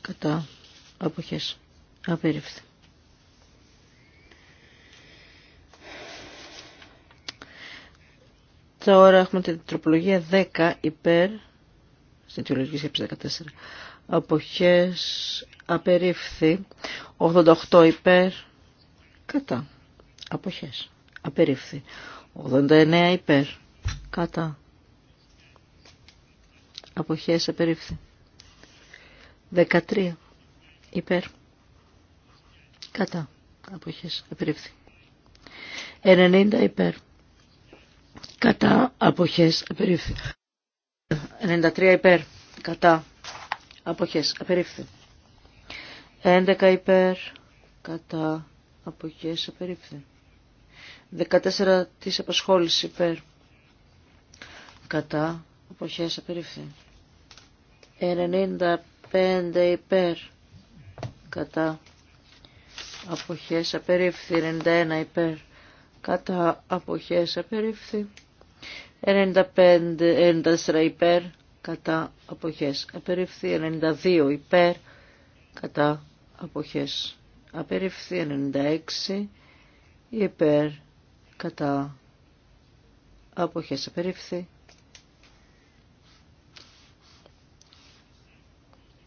Κατά. Αποχές. Απερίφθη. Τώρα έχουμε την τροπολογία 10 υπέρ στην αιτιολογική σκέψη 14. Αποχές απερίφθη 88 υπέρ κατά. Αποχές απερίφθη 89 υπέρ κατά. Αποχές απερίφθη 13 υπέρ κατά. Αποχές απερίφθη 90 υπέρ κατά. Αποχές απερίφθη 93 υπέρ. Κατά. Αποχές. Απερίφθη. 11 υπέρ. Κατά. Αποχές. Απερίφθη. 14 της απασχόλησης υπέρ. Κατά. Αποχές. Απερίφθη. 95 υπέρ. Κατά. Αποχές. Απερίφθη. 91 υπέρ. Κατά. Αποχές. Απερίφθη. 95, 94 υπέρ κατά αποχές. Απεριφθεί 92 υπέρ κατά αποχές. Απεριφθεί 96 υπέρ κατά αποχές. Απερίφθη...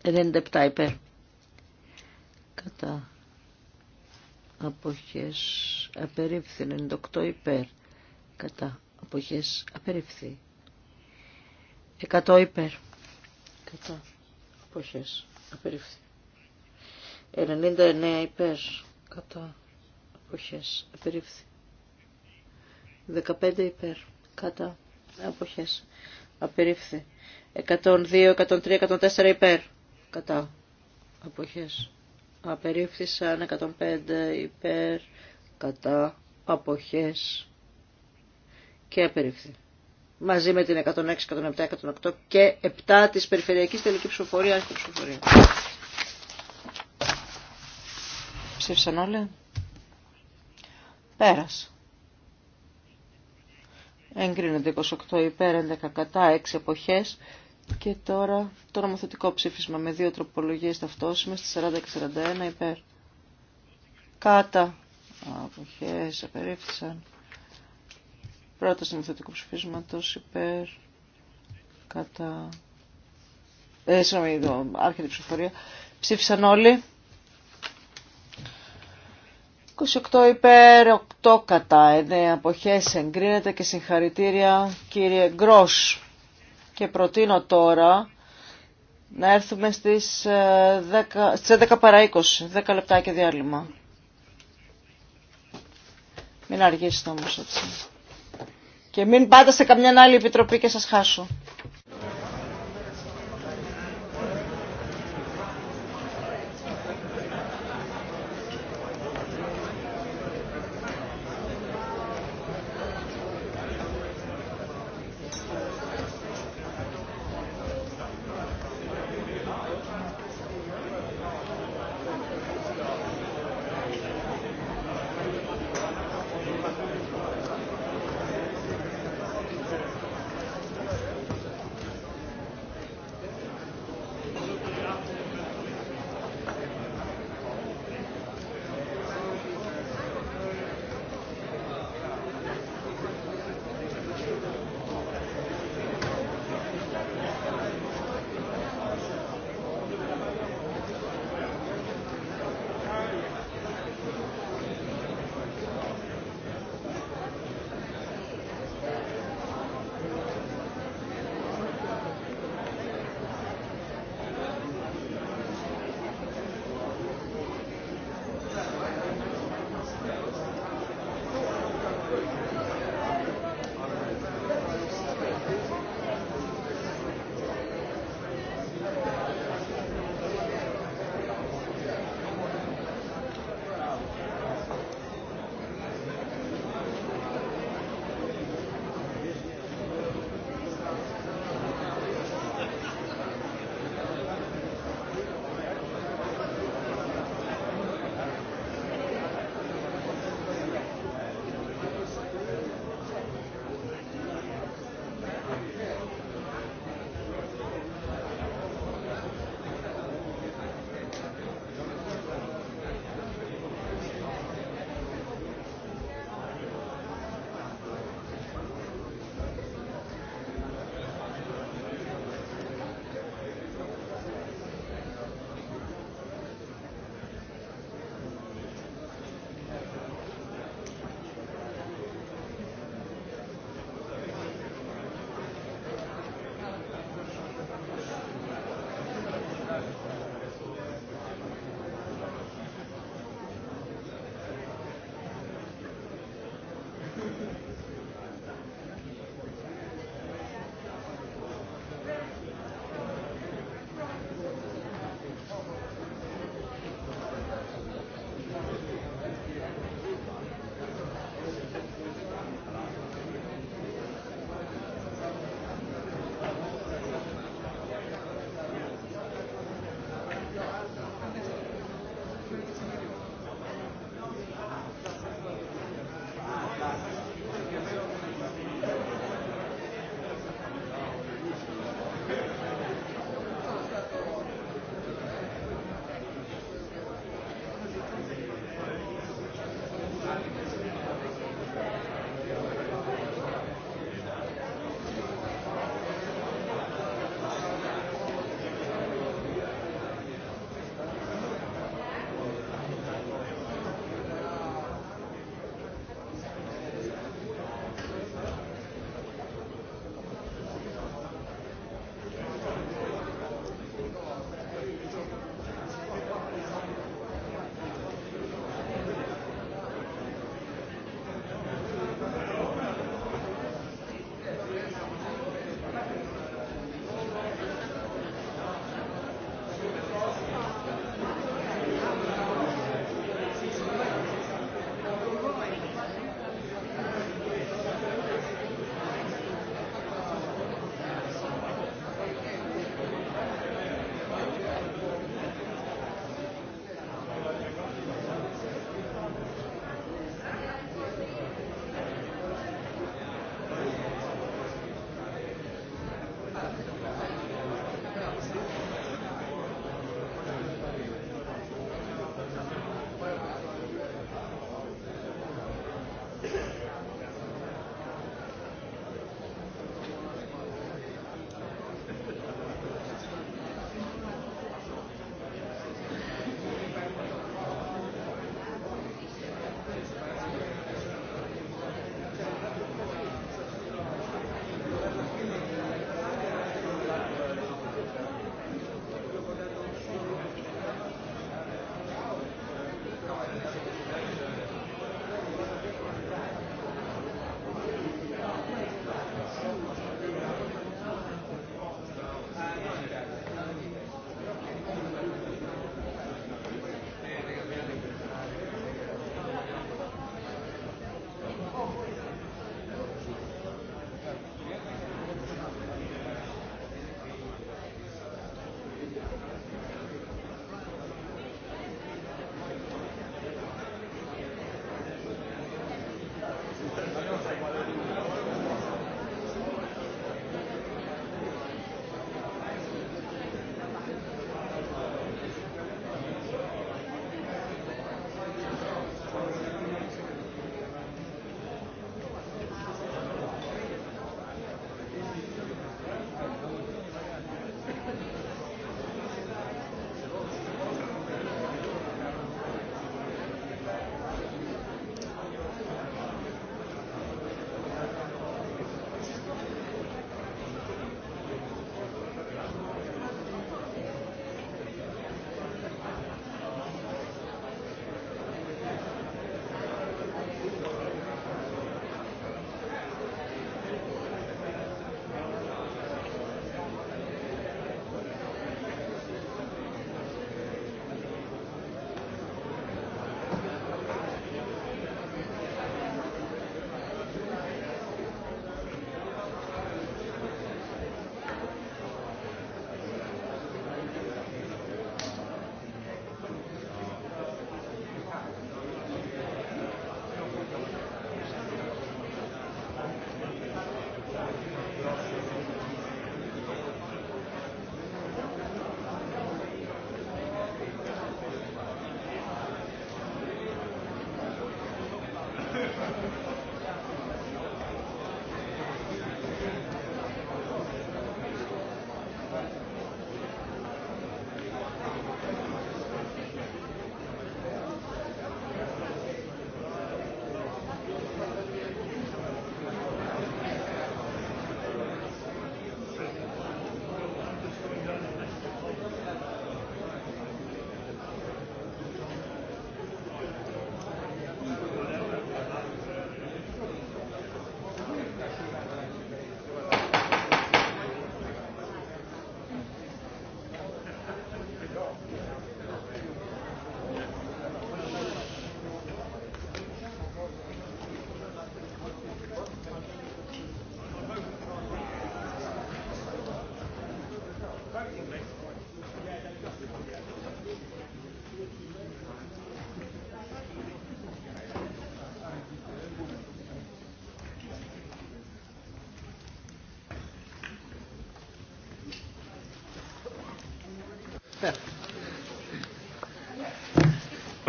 97 υπέρ κατά αποχές. Απεριφθεί 98 υπέρ κατά αποχές απεριφθεί. 100 υπέρ. Κατά αποχές απεριφθεί. 99 υπέρ. Κατά αποχές απεριφθεί. 15 υπέρ. Κατά αποχές απερίφθη. 102, 103, 104 υπέρ. Κατά. Αποχές. Απερίφθησαν 105 υπέρ. Κατά. Αποχές και απερίφθη. Μαζί με την 106, 107, 108 και 7 της περιφερειακής τελική ψηφοφορία, και ψηφοφορία. Ψήφισαν όλοι. Πέρας. Εγκρίνονται 28 υπέρ, 11 κατά, 6 εποχές. Και τώρα το νομοθετικό ψήφισμα με δύο τροπολογίες ταυτόσιμες, στις 40 και 41 υπέρ. Κάτα. Αποχές, απερίφθησαν. Πρώτα συνθετικού ψηφίσματο υπέρ κατά... Ε, συγγνώμη, εδώ άρχεται η ψηφοφορία. Ψήφισαν όλοι. 28 υπέρ, 8 κατά, 9 αποχές εγκρίνεται και συγχαρητήρια κύριε Γκρός. Και προτείνω τώρα να έρθουμε στις 10, ε, στις 11 παρά 20, 10 λεπτά και διάλειμμα. Μην αργήσετε όμως έτσι. Και μην πάτε σε καμιά άλλη επιτροπή και σας χάσω.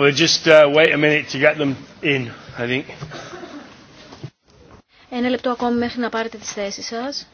We'll just uh, wait a minute to get them in, I think. Ένα λεπτό ακόμη μέχρι να πάρετε τις θέσεις σας.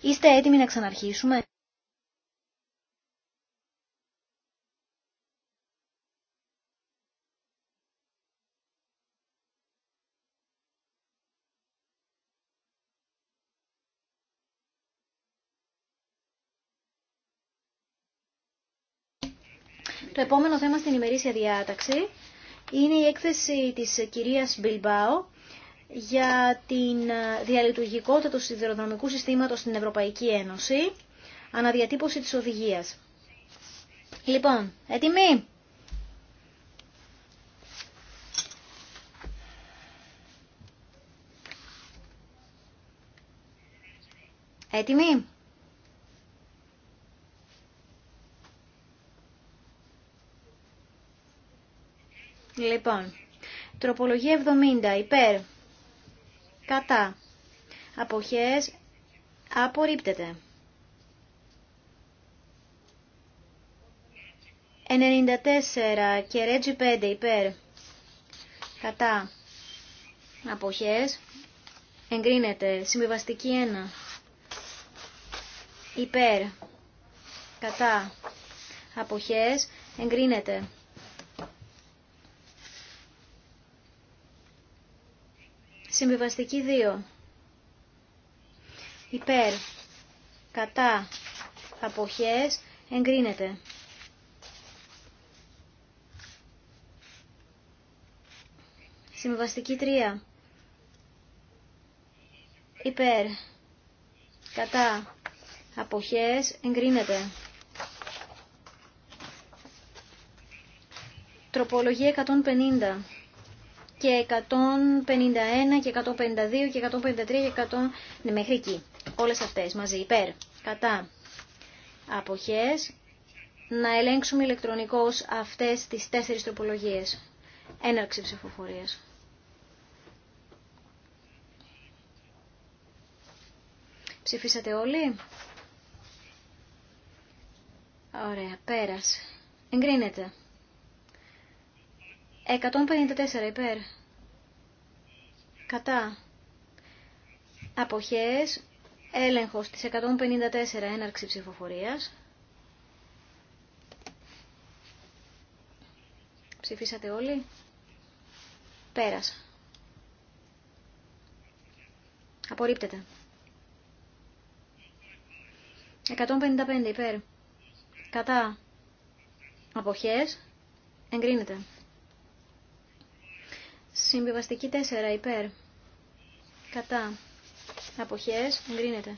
Είστε έτοιμοι να ξαναρχίσουμε. Το επόμενο θέμα στην ημερήσια διάταξη είναι η έκθεση της κυρίας Μπιλμπάου για την ε, διαλειτουργικότητα του σιδηροδρομικού συστήματος στην Ευρωπαϊκή Ένωση, αναδιατύπωση της οδηγίας. Λοιπόν, έτοιμοι! Έτοιμοι! Λοιπόν, τροπολογία 70, υπέρ, κατά αποχές απορρίπτεται. 94 και Ρέτζι 5 υπέρ κατά αποχές εγκρίνεται συμβιβαστική 1 υπέρ κατά αποχές εγκρίνεται Συμβιβαστική 2. Υπέρ. Κατά. Αποχές. Εγκρίνεται. Συμβιβαστική 3. Υπέρ. Κατά. Αποχές. Εγκρίνεται. Τροπολογία 150 και 151 και 152 και 153 και 100... Ναι, μέχρι εκεί. Όλες αυτές μαζί. Υπέρ. Κατά. Αποχές. Να ελέγξουμε ηλεκτρονικώς αυτές τις τέσσερις τροπολογίες. Έναρξη ψηφοφορίας. Ψηφίσατε όλοι. Ωραία. Πέρασε. Εγκρίνεται. 154 υπέρ. Κατά. Αποχές. Έλεγχος της 154 έναρξη ψηφοφορίας. Ψηφίσατε όλοι. Πέρασα. Απορρίπτεται. 155 υπέρ. Κατά. Αποχές. Εγκρίνεται. Συμβιβαστική 4 υπέρ. Κατά. Αποχές. Εγκρίνεται.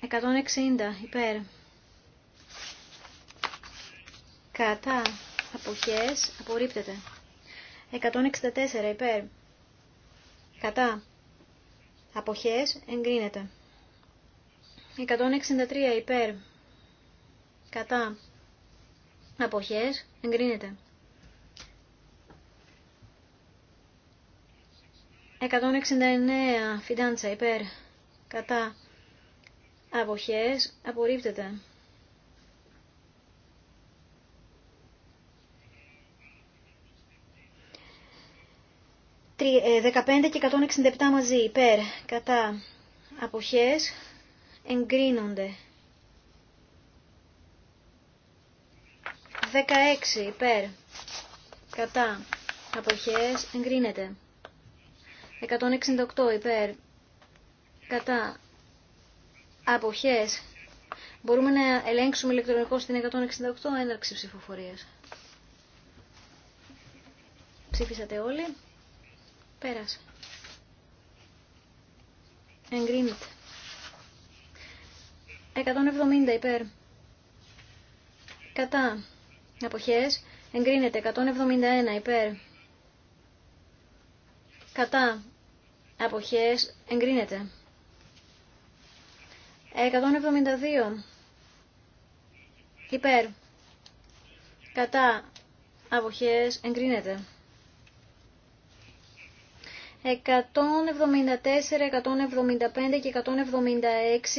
160 υπέρ. Κατά. Αποχές. Απορρίπτεται. 164 υπέρ. Κατά. Αποχές. Εγκρίνεται. 163 υπέρ. Κατά. Αποχές. Εγκρίνεται. 169 φιντάντσα υπέρ κατά αποχές απορρίπτεται. «15 ε, και 167 μαζί, υπέρ, κατά, αποχές, εγκρίνονται. 16 υπέρ, κατά, αποχές, εγκρίνεται. 168 υπέρ κατά αποχές μπορούμε να ελέγξουμε ηλεκτρονικό στην 168 έναρξη ψηφοφορίας. Ψήφισατε όλοι. Πέρασε. Εγκρίνεται. 170 υπέρ. Κατά. Αποχές. Εγκρίνεται. 171 υπέρ κατά αποχές εγκρίνεται. 172 υπέρ κατά αποχές εγκρίνεται. 174, 175 και 176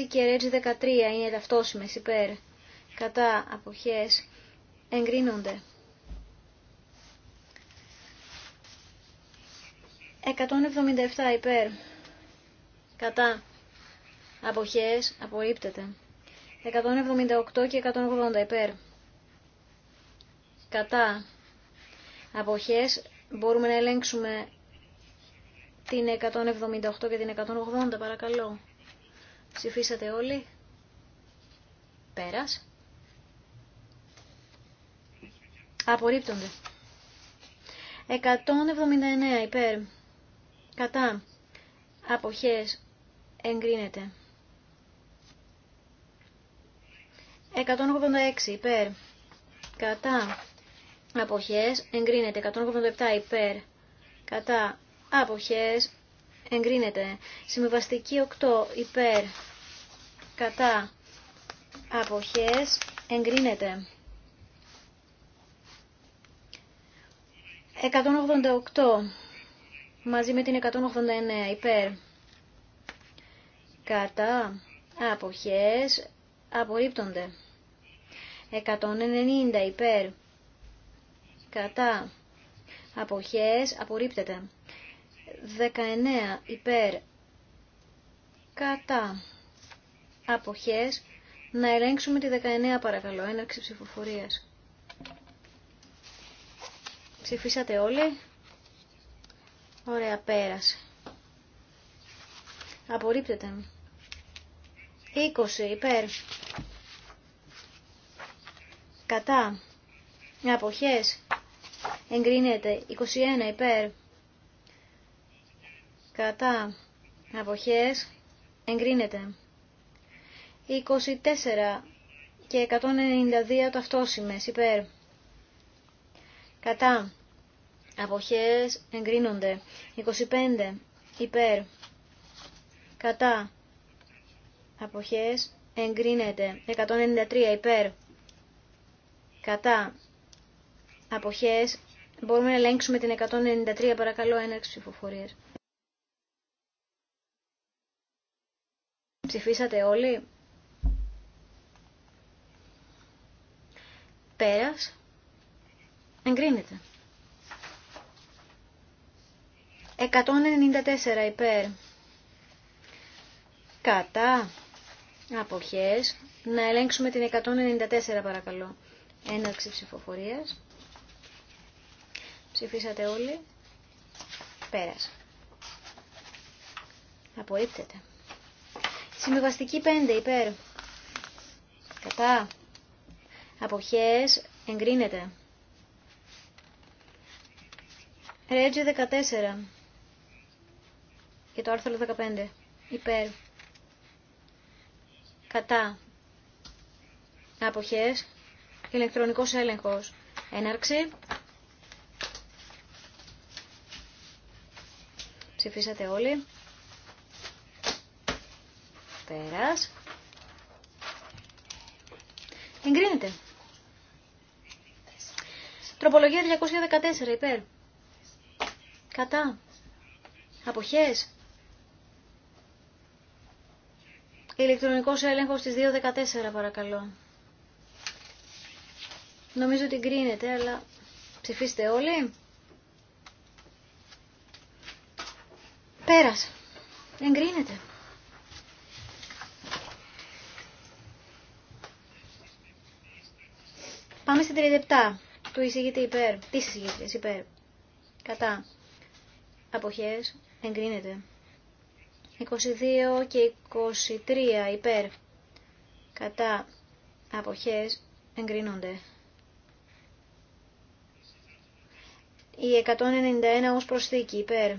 και ρέτζι 13 είναι ταυτόσιμες υπέρ κατά αποχές εγκρίνονται. 177 υπέρ. Κατά. Αποχές απορρίπτεται. 178 και 180 υπέρ. Κατά. Αποχές μπορούμε να ελέγξουμε την 178 και την 180 παρακαλώ. Ψηφίσατε όλοι. Πέρας. Απορρίπτονται. 179 υπέρ κατά αποχές εγκρίνεται. 186 υπέρ κατά αποχές εγκρίνεται. 187 υπέρ κατά αποχές εγκρίνεται. Συμβαστική 8 υπέρ κατά αποχές εγκρίνεται. 188 μαζί με την 189 υπέρ κατά αποχές απορρίπτονται 190 υπέρ κατά αποχές απορρίπτεται 19 υπέρ κατά αποχές να ελέγξουμε τη 19 παρακαλώ έναρξη ψηφοφορίας ψηφίσατε όλοι Ωραία, πέρασε. Απορρίπτεται. 20 υπέρ. Κατά. Αποχές. Εγκρίνεται. 21 υπέρ. Κατά. Αποχές. Εγκρίνεται. 24 και 192 ταυτόσημες υπέρ. Κατά αποχές εγκρίνονται. 25 υπέρ κατά αποχές εγκρίνεται. 193 υπέρ κατά αποχές μπορούμε να ελέγξουμε την 193 παρακαλώ έναρξη ψηφοφορίες. Ψηφίσατε όλοι. Πέρας. Εγκρίνεται. 194 υπέρ. Κατά. Αποχές. Να ελέγξουμε την 194 παρακαλώ. Έναρξη ψηφοφορίας. Ψηφίσατε όλοι. Πέρασε. Απορρίπτεται. Συμβιβαστική 5 υπέρ. Κατά. Αποχές. Εγκρίνεται. Ρέτζι 14. Και το άρθρο 15. Υπέρ. Κατά. Αποχές. Ηλεκτρονικός έλεγχος. Έναρξη. Ψηφίσατε όλοι. Πέρας. Εγκρίνετε. Τροπολογία 214, υπέρ. Κατά. Αποχές. Ηλεκτρονικός έλεγχος στις 2.14 παρακαλώ. Νομίζω ότι γκρίνεται, αλλά ψηφίστε όλοι. Πέρασε. Εγκρίνεται. Πάμε στην 37. Του εισηγείται υπέρ. Τι εισηγήτριας υπέρ. Κατά. Αποχές. Εγκρίνεται. 22 και 23 υπέρ κατά αποχές εγκρίνονται. Η 191 ως προσθήκη υπέρ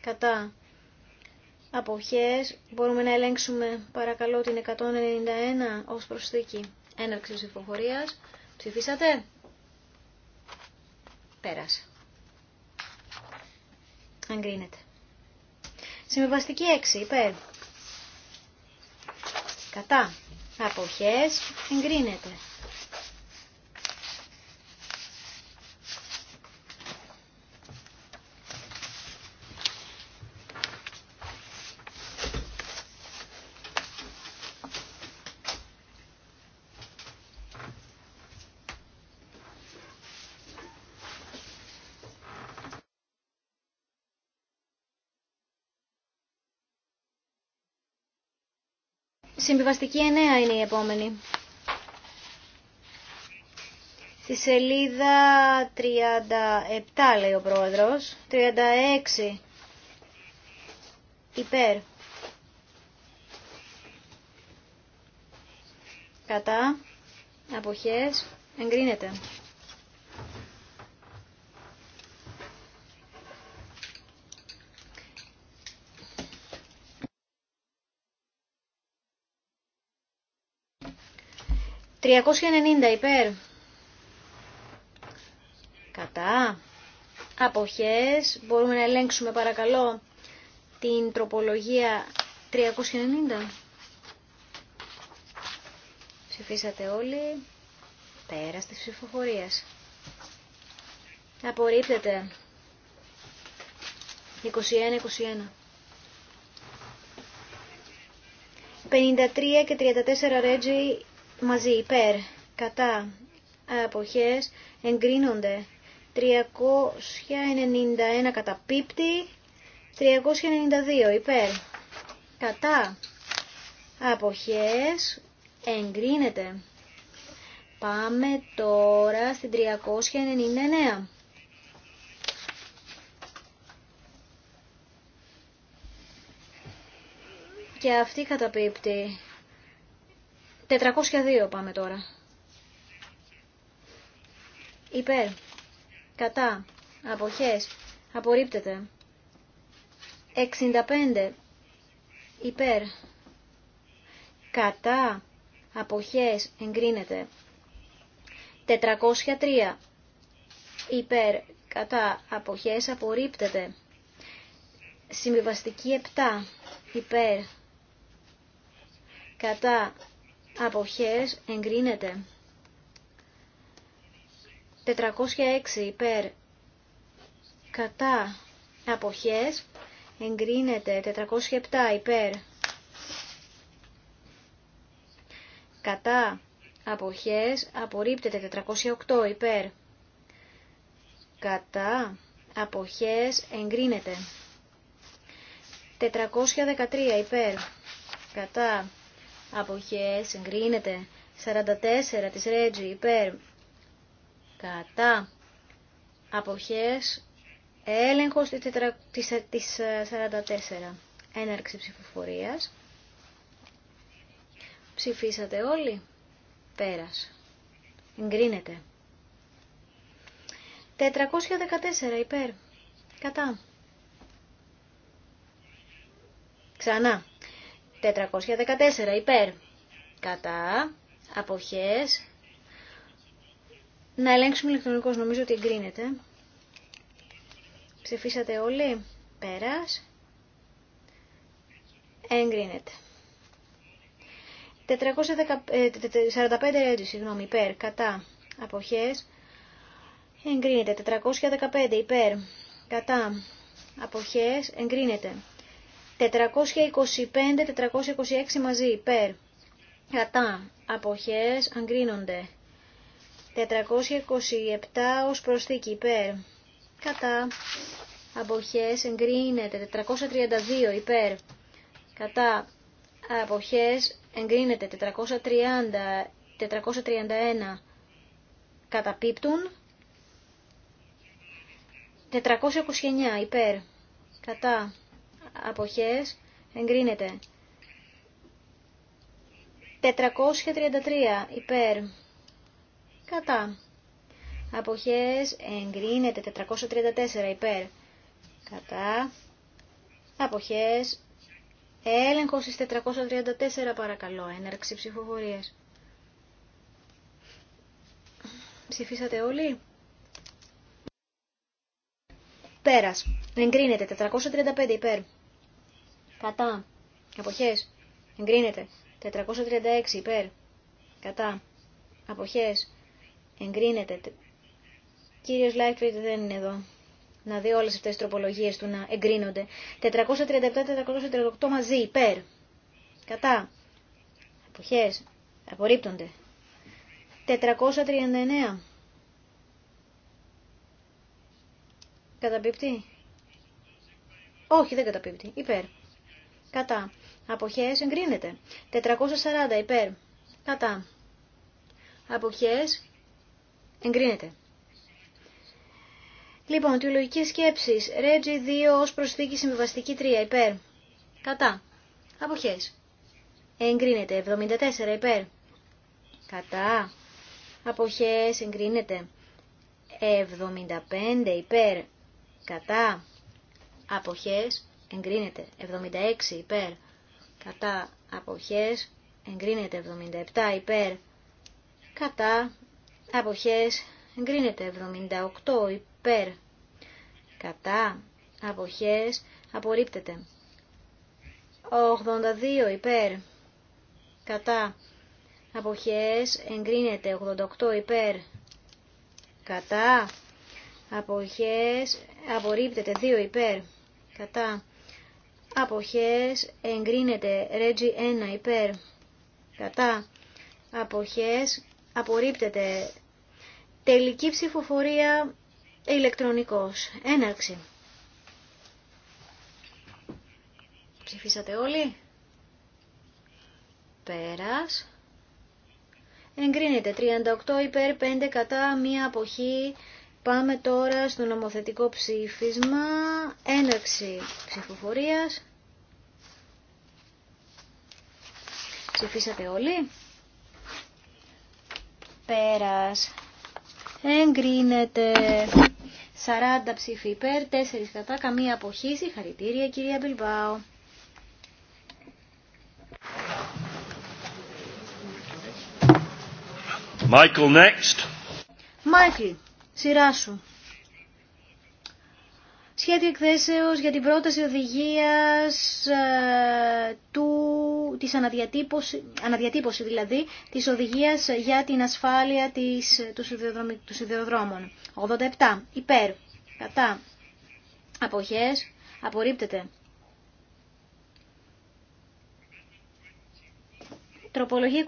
κατά αποχές μπορούμε να ελέγξουμε παρακαλώ την 191 ως προσθήκη έναρξη ψηφοφορίας. Ψηφίσατε. Πέρασε. Εγκρίνεται. Συμβιβαστική 6 υπέρ. Κατά. Αποχές εγκρίνεται. Συμβιβαστική 9 είναι η επόμενη. Στη σελίδα 37 λέει ο πρόεδρος. 36 υπέρ. Κατά. Αποχές. Εγκρίνεται. 390 υπέρ. Κατά. Αποχές. Μπορούμε να ελέγξουμε παρακαλώ την τροπολογία 390. Ψηφίσατε όλοι. Πέρα της ψηφοφορίας. Απορρίπτεται. 21-21. 53 και 34 Ρέτζι, μαζί υπέρ κατά αποχές εγκρίνονται 391 κατά 392 υπέρ κατά αποχές εγκρίνεται πάμε τώρα στην 399 και αυτή καταπίπτει 402 πάμε τώρα. Υπέρ. Κατά. Αποχές. Απορρίπτεται. 65. Υπέρ. Κατά. Αποχές. Εγκρίνεται. 403. Υπέρ. Κατά. Αποχές. Απορρίπτεται. Συμβιβαστική 7. Υπέρ. Κατά αποχές εγκρίνεται. 406 υπέρ κατά αποχές εγκρίνεται. 407 υπέρ κατά αποχές απορρίπτεται. 408 υπέρ κατά αποχές εγκρίνεται. 413 υπέρ κατά αποχές εγκρίνεται 44 της Ρέτζι υπέρ κατά αποχές έλεγχος της 44 ε, έναρξη ψηφοφορίας ψηφίσατε όλοι πέρας εγκρίνεται 414 υπέρ κατά ξανά 414 υπέρ κατά αποχές να ελέγξουμε ηλεκτρονικός νομίζω ότι εγκρίνεται ψηφίσατε όλοι πέρας εγκρίνεται 445 ε, έτσι συγγνώμη υπέρ κατά αποχές εγκρίνεται 415 υπέρ κατά αποχές εγκρίνεται 425-426 μαζί υπέρ. Κατά. Αποχές αγκρίνονται. 427 ως προσθήκη υπέρ. Κατά. Αποχές εγκρίνεται. 432 υπέρ. Κατά. Αποχές εγκρίνεται. 430. 431 καταπίπτουν. 429 υπέρ. Κατά αποχές εγκρίνεται. 433 υπέρ κατά αποχές εγκρίνεται. 434 υπέρ κατά αποχές έλεγχος στις 434 παρακαλώ. Έναρξη ψηφοφορίας. Ψηφίσατε όλοι. Πέρας. Εγκρίνεται. 435 υπέρ κατά, αποχές, εγκρίνεται. 436 υπέρ, κατά, αποχές, εγκρίνεται. Κύριος Λάιφριτ δεν είναι εδώ. Να δει όλες αυτές τις τροπολογίες του να εγκρίνονται. 437-438 μαζί υπέρ, κατά, αποχές, απορρίπτονται. 439. Καταπίπτει. Όχι, δεν καταπίπτει. Υπέρ κατά, αποχές εγκρίνεται. 440 υπέρ, κατά, αποχές εγκρίνεται. Λοιπόν, λογική σκέψη. Ρέτζι 2 ω προσθήκη συμβιβαστική 3 υπέρ. Κατά. Αποχέ. Εγκρίνεται. 74 υπέρ. Κατά. Αποχέ. Εγκρίνεται. 75 υπέρ. Κατά. Αποχέ εγκρίνεται 76 υπέρ κατά αποχές εγκρίνεται 77 υπέρ κατά αποχές εγκρίνεται 78 υπέρ κατά αποχές απορρίπτεται 82 υπέρ κατά αποχές εγκρίνεται 88 υπέρ κατά αποχές απορρίπτεται 2 υπέρ κατά αποχές εγκρίνεται Ρέτζι 1 υπέρ κατά αποχές απορρίπτεται τελική ψηφοφορία ηλεκτρονικός έναρξη ψηφίσατε όλοι πέρας εγκρίνεται 38 υπέρ 5 κατά μία αποχή Πάμε τώρα στο νομοθετικό ψήφισμα, έναρξη ψηφοφορίας. Ψηφίσατε όλοι. Πέρας. Εγκρίνεται. 40 ψήφοι υπέρ, 4 κατά, καμία αποχή. Συγχαρητήρια κυρία Μπιλμπάου. Michael next. Michael σειρά σου. Σχέδιο εκθέσεως για την πρόταση οδηγίας ε, του, της αναδιατύπωση, αναδιατύπωση δηλαδή, της οδηγίας για την ασφάλεια της, του σιδηροδρόμων. 87. Υπέρ. Κατά. Αποχές. Απορρίπτεται. Τροπολογία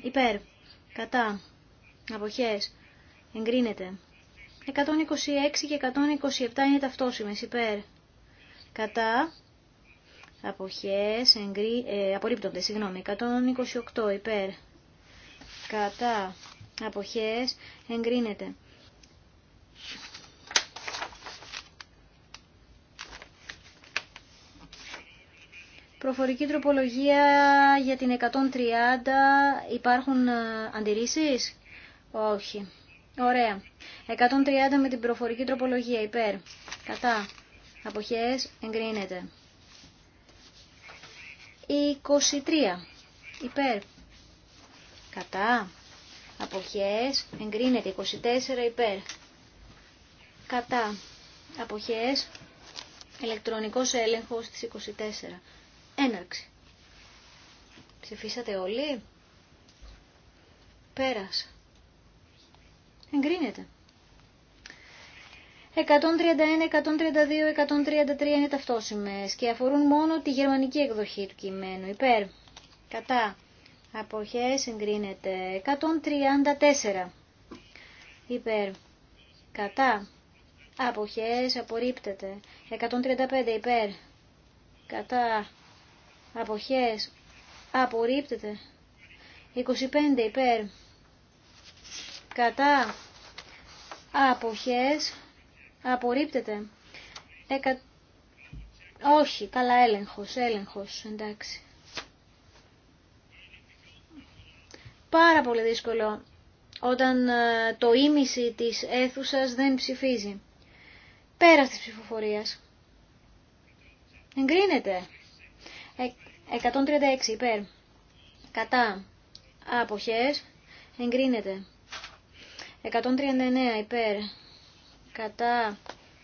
21. Υπέρ. Κατά. Αποχές. Εγκρίνεται. 126 και 127 είναι ταυτόσημες υπέρ. Κατά. Αποχές εγκρι... ε, απορρίπτονται, συγγνώμη. 128 υπέρ. Κατά. Αποχές εγκρίνεται. Προφορική τροπολογία για την 130 υπάρχουν ε, αντιρρήσεις. Όχι. Ωραία. 130 με την προφορική τροπολογία υπέρ. Κατά. Αποχές εγκρίνεται. 23. Υπέρ. Κατά. Αποχές εγκρίνεται. 24 υπέρ. Κατά. Αποχές. Ηλεκτρονικός έλεγχος της 24. Έναρξη. Ψηφίσατε όλοι. Πέρας εγκρίνεται. 131, 132, 133 είναι ταυτόσημες και αφορούν μόνο τη γερμανική εκδοχή του κειμένου. Υπέρ, κατά, αποχές εγκρίνεται. 134, υπέρ, κατά, αποχές απορρίπτεται. 135 υπέρ, κατά, αποχές απορρίπτεται. 25 υπέρ, κατά, Αποχές. Απορρίπτεται. Όχι, καλά έλεγχος, έλεγχος, εντάξει. Πάρα πολύ δύσκολο όταν ε, το ίμιση της αίθουσας δεν ψηφίζει. πέρα της ψηφοφορίας. Εγκρίνεται. 136 ε, υπέρ. Κατά. Αποχές. Εγκρίνεται. 139 υπέρ κατά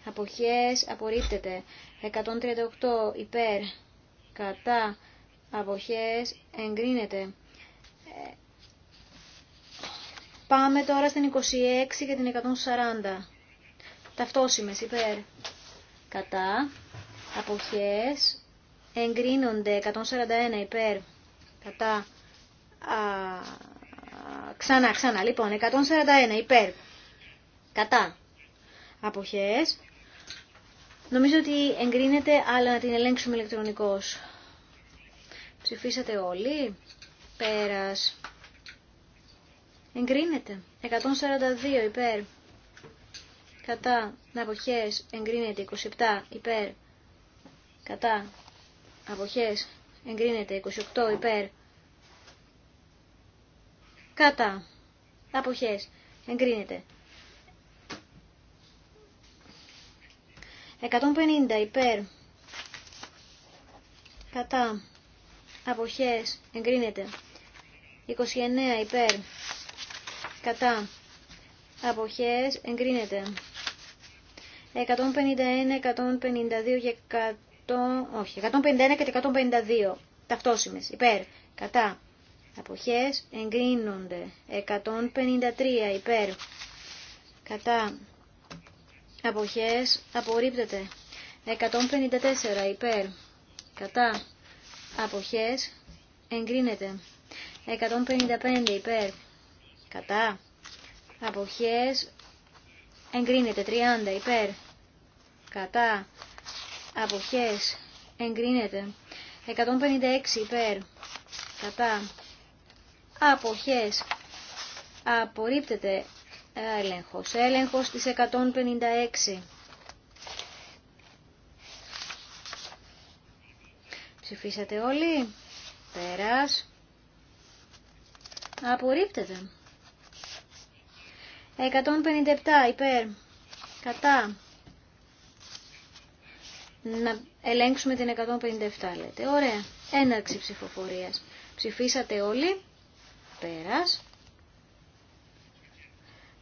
αποχές απορρίπτεται. 138 υπέρ κατά αποχές εγκρίνεται. Πάμε τώρα στην 26 και την 140. Ταυτόσημες υπέρ κατά αποχές εγκρίνονται 141 υπέρ κατά Ξανά, ξανά. Λοιπόν, 141 υπέρ. Κατά. Αποχές. Νομίζω ότι εγκρίνεται, αλλά να την ελέγξουμε ηλεκτρονικώς. Ψηφίσατε όλοι. Πέρας. Εγκρίνεται. 142 υπέρ. Κατά. Αποχές. Εγκρίνεται. 27 υπέρ. Κατά. Αποχές. Εγκρίνεται. 28 υπέρ. Κατά. Αποχές. Εγκρίνεται. 150 υπέρ. Κατά. Αποχές. Εγκρίνεται. 29 υπέρ. Κατά. Αποχές. Εγκρίνεται. 151, 152 και 100... Όχι, 151 και 152. Ταυτόσημες. Υπέρ. Κατά αποχές εγκρίνονται 153 υπέρ κατά αποχές απορρίπτεται 154 υπέρ κατά αποχές εγκρίνεται 155 υπέρ κατά αποχές εγκρίνεται 30 υπέρ κατά αποχές εγκρίνεται 156 υπέρ κατά αποχές απορρίπτεται έλεγχος. Έλεγχος της 156. Ψηφίσατε όλοι. Πέρας. Απορρίπτεται. 157 υπέρ. Κατά. Να ελέγξουμε την 157 λέτε. Ωραία. Έναρξη ψηφοφορίας. Ψηφίσατε όλοι πέρας.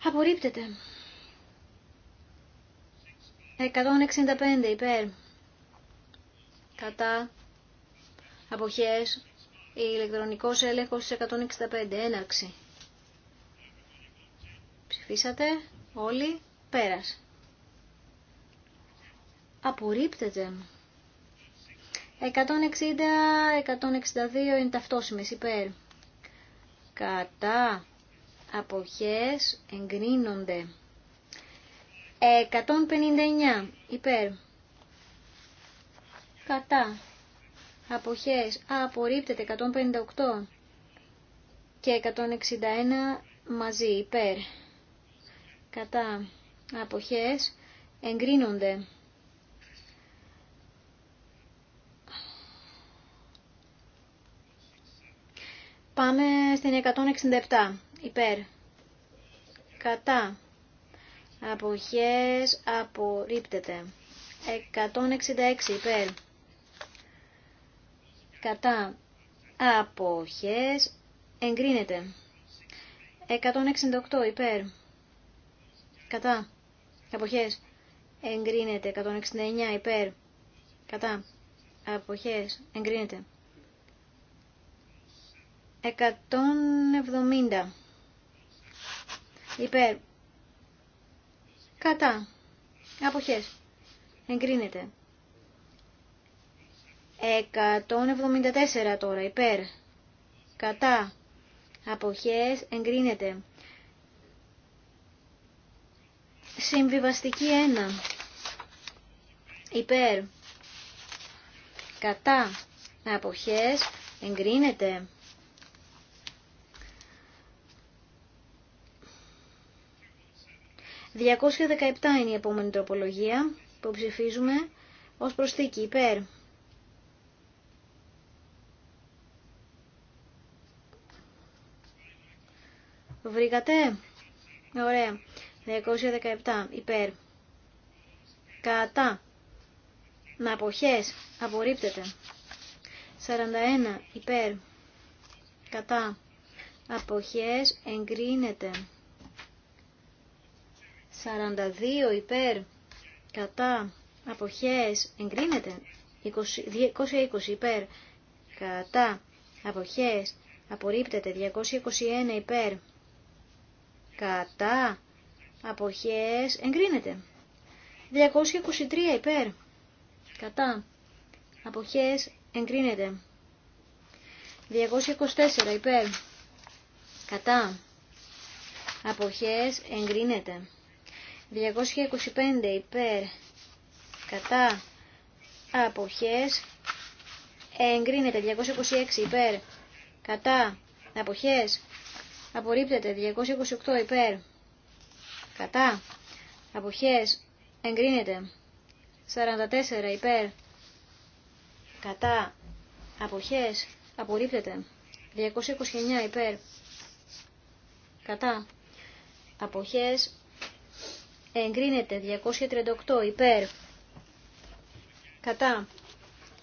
Απορρίπτεται. 165 υπέρ. Κατά αποχές η ηλεκτρονικός έλεγχος 165 έναρξη. Ψηφίσατε όλοι πέρας. Απορρίπτεται. 160-162 είναι ταυτόσιμες υπέρ κατά αποχές εγκρίνονται. 159 ε, υπέρ κατά αποχές απορρίπτεται 158 και 161 μαζί υπέρ κατά αποχές εγκρίνονται. Πάμε στην 167. Υπέρ. Κατά. Αποχές απορρίπτεται. 166 υπέρ. Κατά. Αποχές εγκρίνεται. 168 υπέρ. Κατά. Αποχές. Εγκρίνεται. 169 υπέρ. Κατά. Αποχές. Εγκρίνεται. 170 υπέρ κατά αποχές εγκρίνεται 174 τώρα υπέρ κατά αποχές εγκρίνεται συμβιβαστική 1 υπέρ κατά αποχές εγκρίνεται 217 είναι η επόμενη τροπολογία που ψηφίζουμε ως προσθήκη υπέρ. Βρήκατε. Ωραία. 217 υπέρ. Κατά. Να αποχές. Απορρίπτεται. 41 υπέρ. Κατά. Αποχές εγκρίνεται. 42 υπέρ κατά αποχές εγκρίνεται 220 υπέρ κατά αποχές απορρίπτεται 221 υπέρ κατά αποχές εγκρίνεται 223 υπέρ κατά αποχές εγκρίνεται 224 υπέρ κατά αποχές εγκρίνεται 225 υπέρ κατά αποχές εγκρίνεται 226 υπέρ κατά αποχές απορρίπτεται 228 υπέρ κατά αποχές εγκρίνεται 44 υπέρ κατά αποχές απορρίπτεται 229 υπέρ κατά αποχές εγκρίνεται 238 υπέρ κατά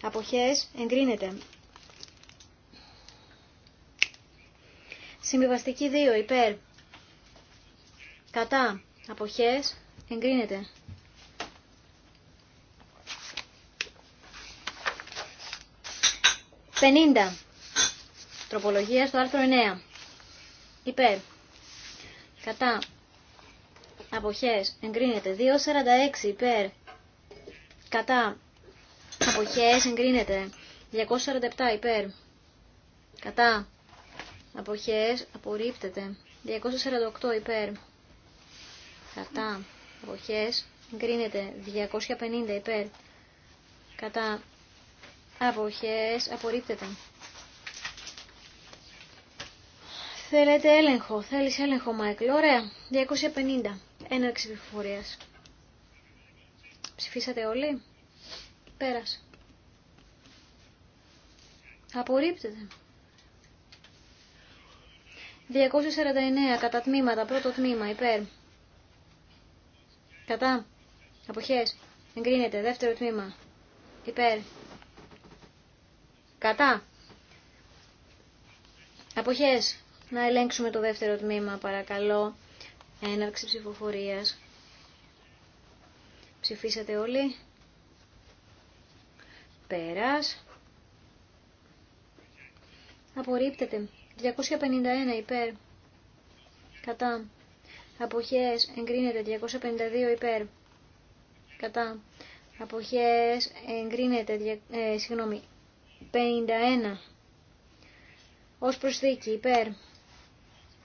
αποχές εγκρίνεται συμβιβαστική 2 υπέρ κατά αποχές εγκρίνεται Πενήντα. Τροπολογία στο άρθρο 9. Υπέρ. Κατά αποχές εγκρίνεται. 2.46 υπέρ κατά αποχές εγκρίνεται. 247 υπέρ κατά αποχές απορρίπτεται. 248 υπέρ κατά αποχές εγκρίνεται. 250 υπέρ κατά αποχές απορρίπτεται. Θέλετε έλεγχο. Θέλεις έλεγχο, Μάικλ. Ωραία. 250. Έναρξη ψηφοφορίας. Ψηφίσατε όλοι. πέρασε Απορρίπτεται. 249 κατά τμήματα, πρώτο τμήμα, υπέρ. Κατά. Αποχές. Εγκρίνεται. Δεύτερο τμήμα. Υπέρ. Κατά. Αποχές. Να ελέγξουμε το δεύτερο τμήμα, παρακαλώ. Έναρξη ψηφοφορίας. Ψηφίσατε όλοι. Πέρας. Απορρίπτεται. 251 υπέρ. Κατά. Αποχές εγκρίνεται 252 υπέρ. Κατά. Αποχές εγκρίνεται, ε, συγγνώμη, 51. Ως προσθήκη υπέρ.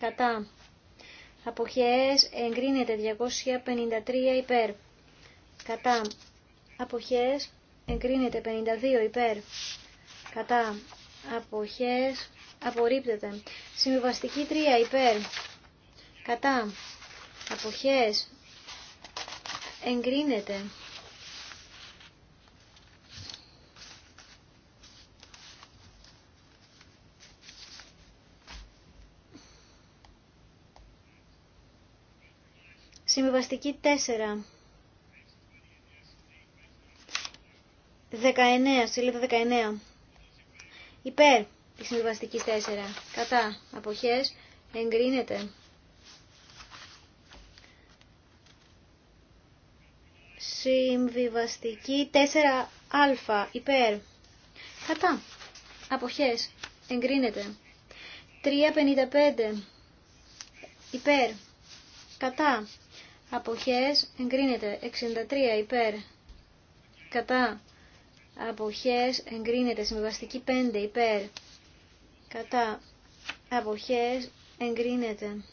Κατά αποχές εγκρίνεται 253 υπέρ. Κατά αποχές εγκρίνεται 52 υπέρ. Κατά αποχές απορρίπτεται. Συμβιβαστική 3 υπέρ. Κατά αποχές εγκρίνεται. Συμβιβαστική 4. 19, σελίδα 19. Υπέρ τη συμβιβαστική 4. Κατά. Αποχές. Εγκρίνεται. Συμβιβαστική 4α. Υπέρ. Κατά. Αποχές. Εγκρίνεται. 355. Υπέρ. Κατά αποχές εγκρίνεται 63 υπέρ κατά αποχές εγκρίνεται συμβαστική 5 υπέρ κατά αποχές εγκρίνεται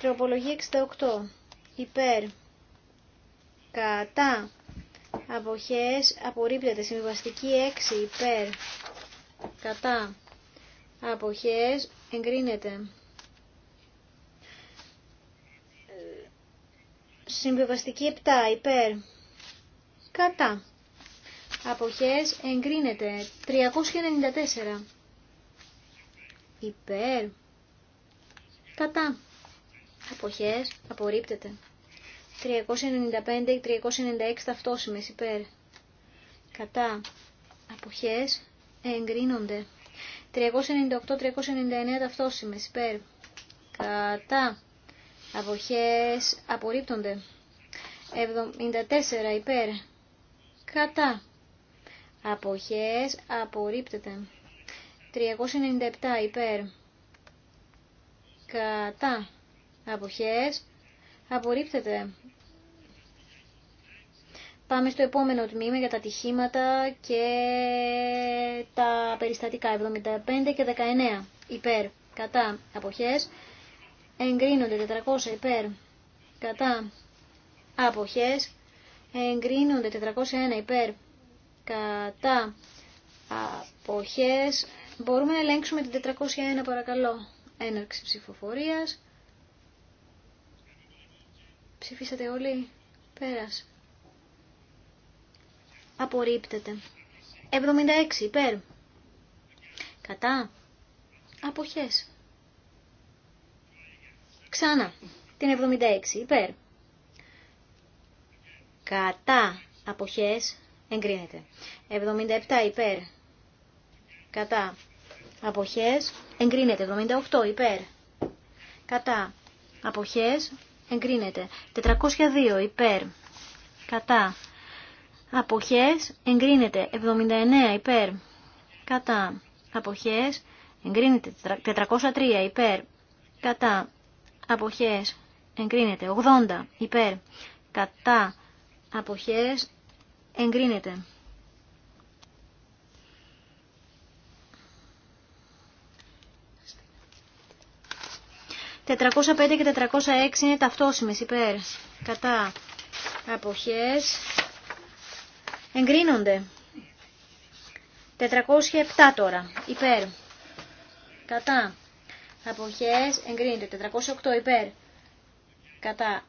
τροπολογία 68 υπέρ κατά αποχές απορρίπτεται συμβαστική 6 υπέρ κατά αποχές εγκρίνεται Συμβιβαστική 7 υπέρ. Κατά. Αποχές εγκρίνεται. 394. Υπέρ. Κατά. Αποχές απορρίπτεται. 395 396 ταυτόσημες υπέρ. Κατά. Αποχές εγκρίνονται. 398-399 ταυτόσημες υπέρ. Κατά. Αποχές απορρίπτονται. 74 υπέρ. Κατά. Αποχές απορρίπτεται. 397 υπέρ. Κατά. Αποχές απορρίπτεται. Πάμε στο επόμενο τμήμα για τα τυχήματα και τα περιστατικά 75 και 19. Υπέρ, κατά, αποχές, εγκρίνονται 400 υπέρ κατά αποχές, εγκρίνονται 401 υπέρ κατά αποχές. Μπορούμε να ελέγξουμε την 401 παρακαλώ. Έναρξη ψηφοφορίας. Ψηφίσατε όλοι. Πέρας. Απορρίπτεται. 76 υπέρ. Κατά. Αποχές. Ξανά. Την 76. Υπέρ. Κατά. Αποχές. Εγκρίνεται. 77. Υπέρ. Κατά. Αποχές. Εγκρίνεται. 78. Υπέρ. Κατά. Αποχές. Εγκρίνεται. 402. Υπέρ. Κατά. Αποχές. Εγκρίνεται. 79. Υπέρ. Κατά. Αποχές. Εγκρίνεται. 403. Υπέρ. Κατά αποχές εγκρίνεται. 80 υπέρ κατά αποχές εγκρίνεται. «405 και 406 είναι ταυτόσιμες υπέρ. Κατά αποχές εγκρίνονται. 407 τώρα υπέρ. Κατά αποχές εγκρίνεται. 408 υπέρ κατά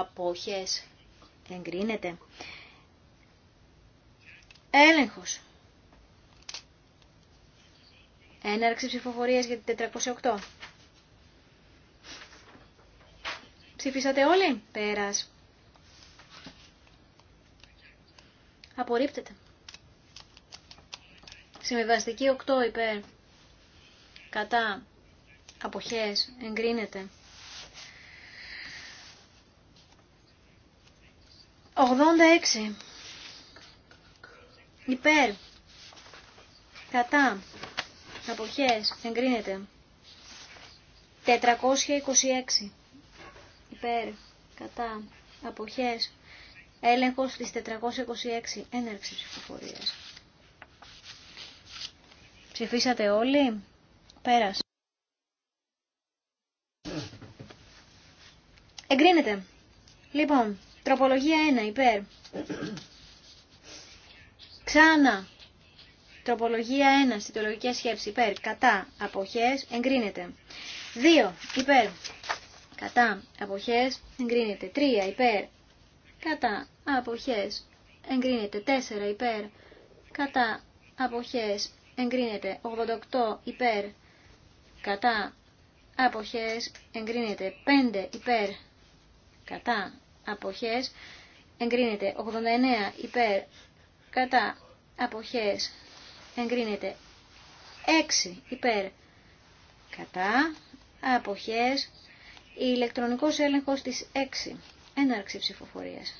αποχές εγκρίνεται. Έλεγχος. Έναρξη ψηφοφορίας για την 408. Ψηφίσατε όλοι. Πέρας. Απορρίπτεται. Συμβιβαστική 8 υπέρ κατά αποχές εγκρίνεται. 86 υπέρ κατά αποχές εγκρίνεται. 426 υπέρ κατά αποχές έλεγχος της 426 έναρξη ψηφοφορίας. Ψηφίσατε όλοι. Πέρας. Εγκρίνεται. Λοιπόν, τροπολογία 1, υπέρ. Ξανά. Τροπολογία 1, συντολογική σκέψη, υπέρ. Κατά, αποχές, εγκρίνεται. 2, υπέρ. Κατά, αποχές, εγκρίνεται. 3, υπέρ. Κατά, αποχές, εγκρίνεται. 4, υπέρ. Κατά, αποχές, εγκρίνεται. 88, υπέρ κατά αποχές εγκρίνεται 5 υπέρ κατά αποχές εγκρίνεται 89 υπέρ κατά αποχές εγκρίνεται 6 υπέρ κατά αποχές ηλεκτρονικός έλεγχος της 6 έναρξη ψηφοφορίας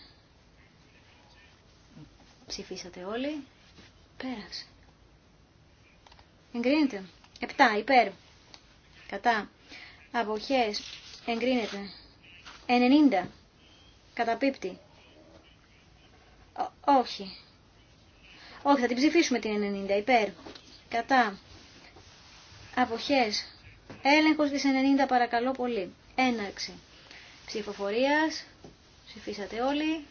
ψηφίσατε όλοι πέρασε εγκρίνεται 7 υπέρ κατά αποχές εγκρίνεται 90 καταπίπτει Ό, όχι όχι θα την ψηφίσουμε την 90 υπέρ κατά αποχές έλεγχος της 90 παρακαλώ πολύ έναρξη ψηφοφορίας ψηφίσατε όλοι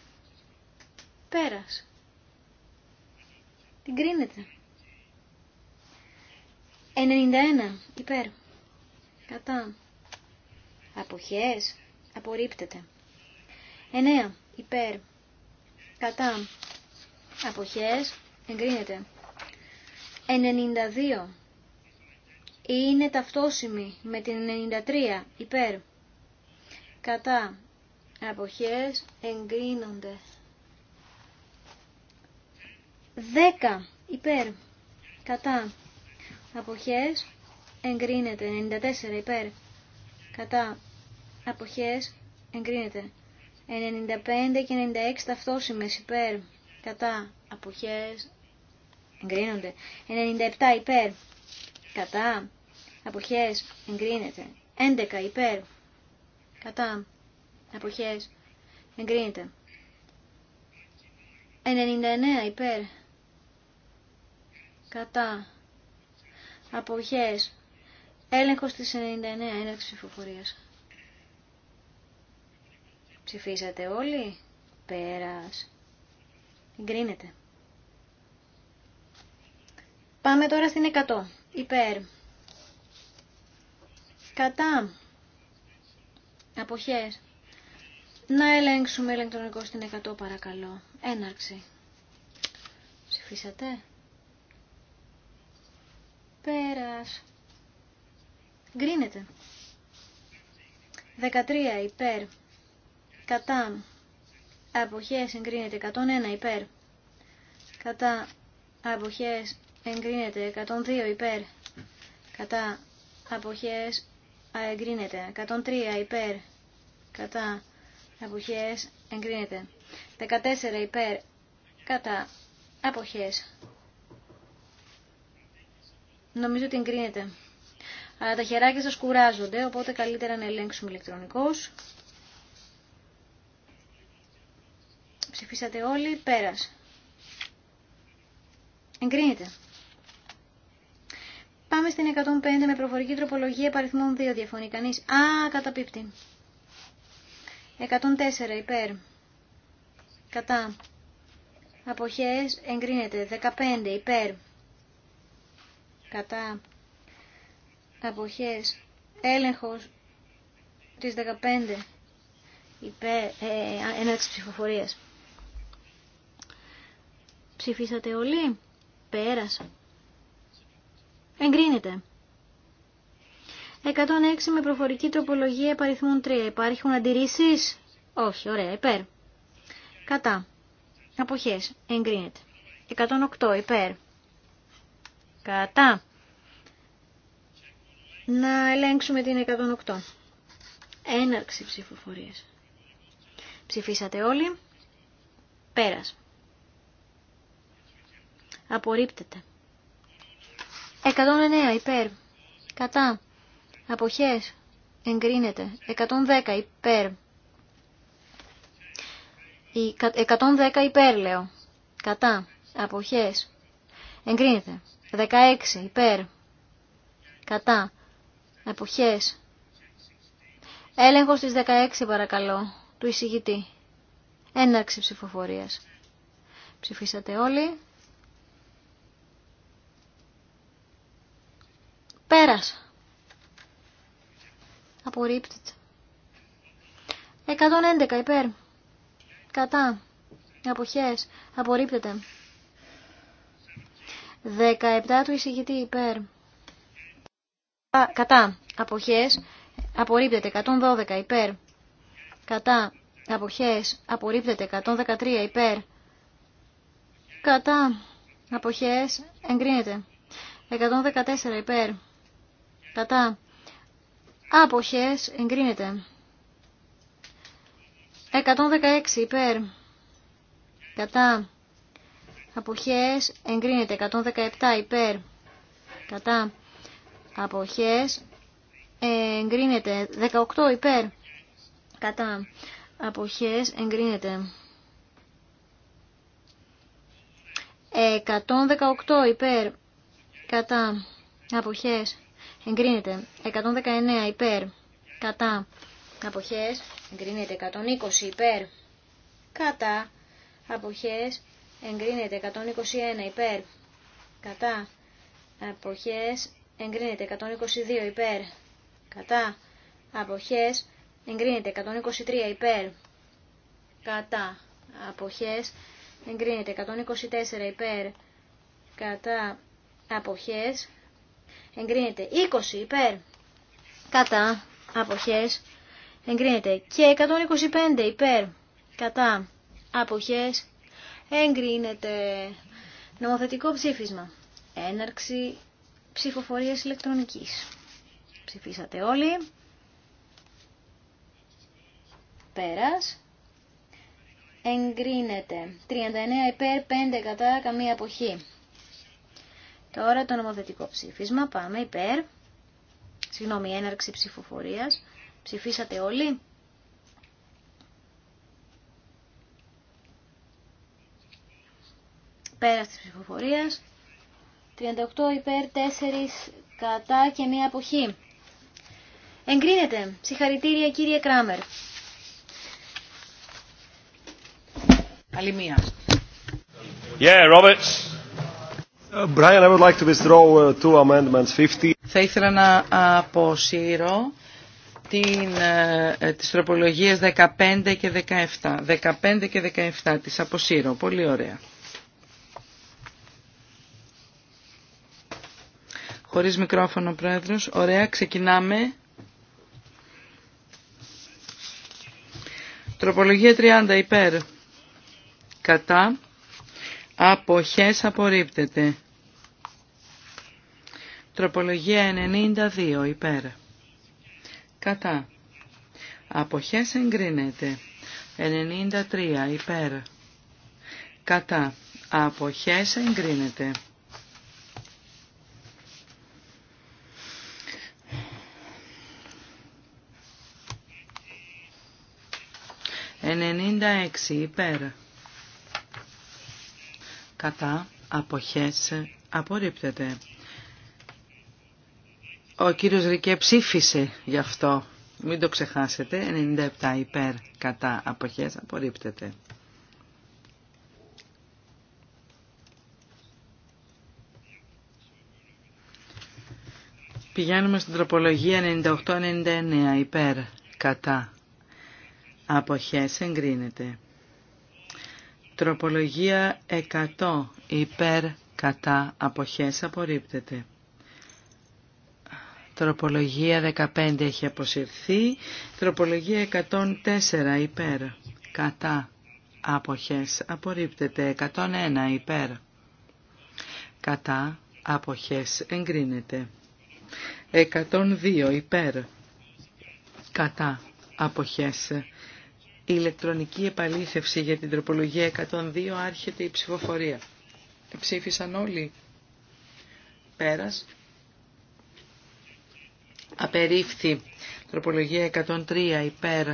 πέρας την κρίνεται 91 υπέρ Κατά. Αποχές. Απορρίπτεται. 9. Υπέρ. Κατά. Αποχές. Εγκρίνεται. 92. Είναι ταυτόσιμη με την 93. Υπέρ. Κατά. Αποχές. Εγκρίνονται. 10. Υπέρ. Κατά. Αποχές εγκρίνεται. 94 υπέρ κατά αποχές εγκρίνεται. 95 και 96 ταυτόσημες υπέρ κατά αποχές εγκρίνονται. 97 υπέρ κατά αποχές εγκρίνεται. 11 υπέρ κατά αποχές εγκρίνεται. 99 υπέρ κατά αποχές Έλεγχο της 99 Έναρξη ψηφοφορία. Ψηφίσατε όλοι. Πέρα. Εγκρίνεται. Πάμε τώρα στην 100. Υπέρ. Κατά. αποχέ. Να ελέγξουμε ηλεκτρονικό στην 100 παρακαλώ. Έναρξη. Ψηφίσατε. Πέρας. Γκρίνεται. 13 υπέρ. Κατά. Αποχές εγκρίνεται. 101 υπέρ. Κατά. Αποχές εγκρίνεται. 102 υπέρ. Κατά. Αποχές εγκρίνεται. 103 υπέρ. Κατά. Αποχές εγκρίνεται. 14 υπέρ. Κατά. Αποχές. Νομίζω ότι εγκρίνεται. Αλλά τα χεράκια σας κουράζονται, οπότε καλύτερα να ελέγξουμε ηλεκτρονικώς. Ψηφίσατε όλοι, πέρας. Εγκρίνεται. Πάμε στην 105 με προφορική τροπολογία παριθμών 2. Διαφωνεί κανείς. Α, καταπίπτει. 104 υπέρ. Κατά. Αποχές εγκρίνεται. 15 υπέρ. Κατά αποχές έλεγχος της 15 υπέ ε, ψηφοφορίας. Ψηφίσατε όλοι. Πέρας. Εγκρίνεται. 106 με προφορική τροπολογία παριθμών 3. Υπάρχουν αντιρρήσεις. Όχι, ωραία, υπέρ. Κατά. Αποχές. Εγκρίνεται. 108 υπέρ. Κατά να ελέγξουμε την 108. Έναρξη ψηφοφορίας. Ψηφίσατε όλοι. Πέρας. Απορρίπτεται. 109 υπέρ. Κατά. Αποχές. Εγκρίνεται. 110 υπέρ. 110 υπέρ λέω. Κατά. Αποχές. Εγκρίνεται. 16 υπέρ. Κατά. Εποχές, Έλεγχος στις 16 παρακαλώ, του εισηγητή. Έναρξη ψηφοφορίας. Ψηφίσατε όλοι. Πέρας. Απορρίπτεται. 111 υπέρ. Κατά. Αποχές. Απορρίπτεται. 17 του εισηγητή υπέρ κατά αποχές απορρίπτεται 112 υπέρ κατά αποχές απορρίπτεται 113 υπέρ κατά αποχές εγκρίνεται 114 υπέρ κατά αποχές εγκρίνεται 116 υπέρ κατά αποχές εγκρίνεται 117 υπέρ κατά αποχές εγκρίνεται 18 υπέρ κατά αποχές εγκρίνεται 118 υπέρ κατά αποχές εγκρίνεται 119 υπέρ κατά αποχές εγκρίνεται 120 υπέρ κατά αποχές εγκρίνεται 121 υπέρ κατά αποχές εγκρίνεται 122 υπέρ κατά αποχές εγκρίνεται 123 υπέρ κατά αποχές εγκρίνεται 124 υπέρ κατά αποχές εγκρίνεται 20 υπέρ κατά αποχές εγκρίνεται και 125 υπέρ κατά αποχές εγκρίνεται νομοθετικό ψήφισμα έναρξη ψηφοφορίας ηλεκτρονικής. Ψηφίσατε όλοι. Πέρας. Εγκρίνεται. 39 υπέρ, 5 κατά, καμία αποχή. Τώρα το νομοθετικό ψήφισμα. Πάμε υπέρ. Συγγνώμη, έναρξη ψηφοφορίας. Ψηφίσατε όλοι. Πέρας της ψηφοφορίας 38 υπέρ 4 κατά και μία αποχή. Εγκρίνεται. Συγχαρητήρια κύριε Κράμερ. Yeah, Roberts. Uh, Brian, I would like to withdraw uh, two amendments 50. Θα ήθελα να αποσύρω την, ε, ε, τις τροπολογίες 15 και 17. 15 και 17 τις αποσύρω. Πολύ ωραία. Χωρίς μικρόφωνο, Πρόεδρος. Ωραία, ξεκινάμε. Τροπολογία 30 υπέρ. Κατά. Αποχές απορρίπτεται. Τροπολογία 92 υπέρ. Κατά. Αποχές εγκρίνεται. 93 υπέρ. Κατά. Αποχές εγκρίνεται. 96 υπέρ. Κατά αποχές απορρίπτεται. Ο κύριος Ρικέ ψήφισε γι' αυτό. Μην το ξεχάσετε. 97 υπέρ κατά αποχές απορρίπτεται. Πηγαίνουμε στην τροπολογία 98-99 υπέρ κατά αποχές εγκρίνεται. Τροπολογία 100 υπέρ κατά αποχές απορρίπτεται. Τροπολογία 15 έχει αποσυρθεί. Τροπολογία 104 υπέρ κατά αποχές απορρίπτεται. 101 υπέρ κατά αποχές εγκρίνεται. 102 υπέρ κατά αποχές η ηλεκτρονική επαλήθευση για την τροπολογία 102 άρχεται η ψηφοφορία. Ψήφισαν όλοι. Πέρας. Απερίφθη. Τροπολογία 103 υπέρ.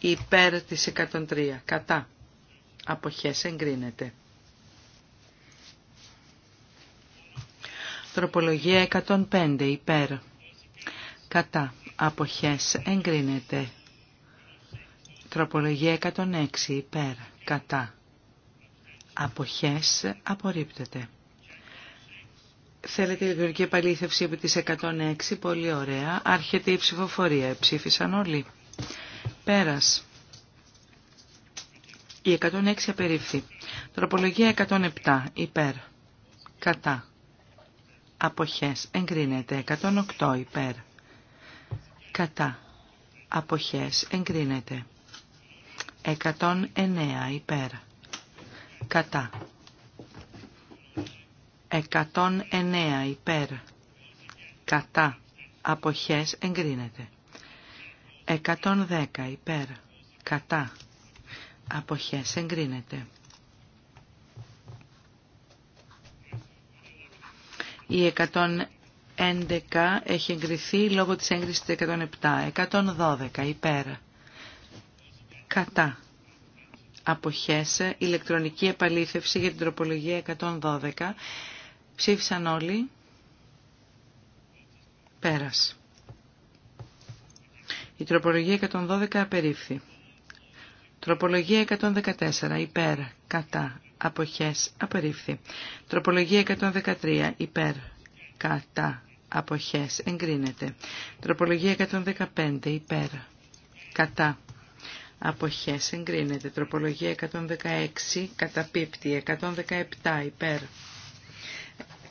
Υπέρ της 103. Κατά. Αποχές εγκρίνεται. Τροπολογία 105 υπέρ. Κατά. Αποχές εγκρίνεται. Τροπολογία 106 υπέρ, κατά. Αποχές απορρίπτεται. Θέλετε ηλεκτρονική επαλήθευση επί της 106, πολύ ωραία. Άρχεται η ψηφοφορία. Ψήφισαν όλοι. Πέρας. Η 106 απερίφθη. Τροπολογία 107, υπέρ. Κατά. Αποχές. Εγκρίνεται. 108 υπέρ. Κατά. Αποχές. Εγκρίνεται. 109 υπέρ. Κατά. 109 υπέρ. Κατά. Αποχές εγκρίνεται. 110 υπέρ. Κατά. Αποχές εγκρίνεται. Η 111 έχει εγκριθεί λόγω της έγκρισης του 107. 112 υπέρ κατά. Αποχές, ηλεκτρονική επαλήθευση για την τροπολογία 112. Ψήφισαν όλοι. Πέρας. Η τροπολογία 112 απερίφθη. Τροπολογία 114. Υπέρ. Κατά. Αποχές. Απερίφθη. Τροπολογία 113. Υπέρ. Κατά. Αποχές. Εγκρίνεται. Τροπολογία 115. Υπέρ. Κατά αποχές εγκρίνεται. Τροπολογία 116 καταπίπτει. 117 υπέρ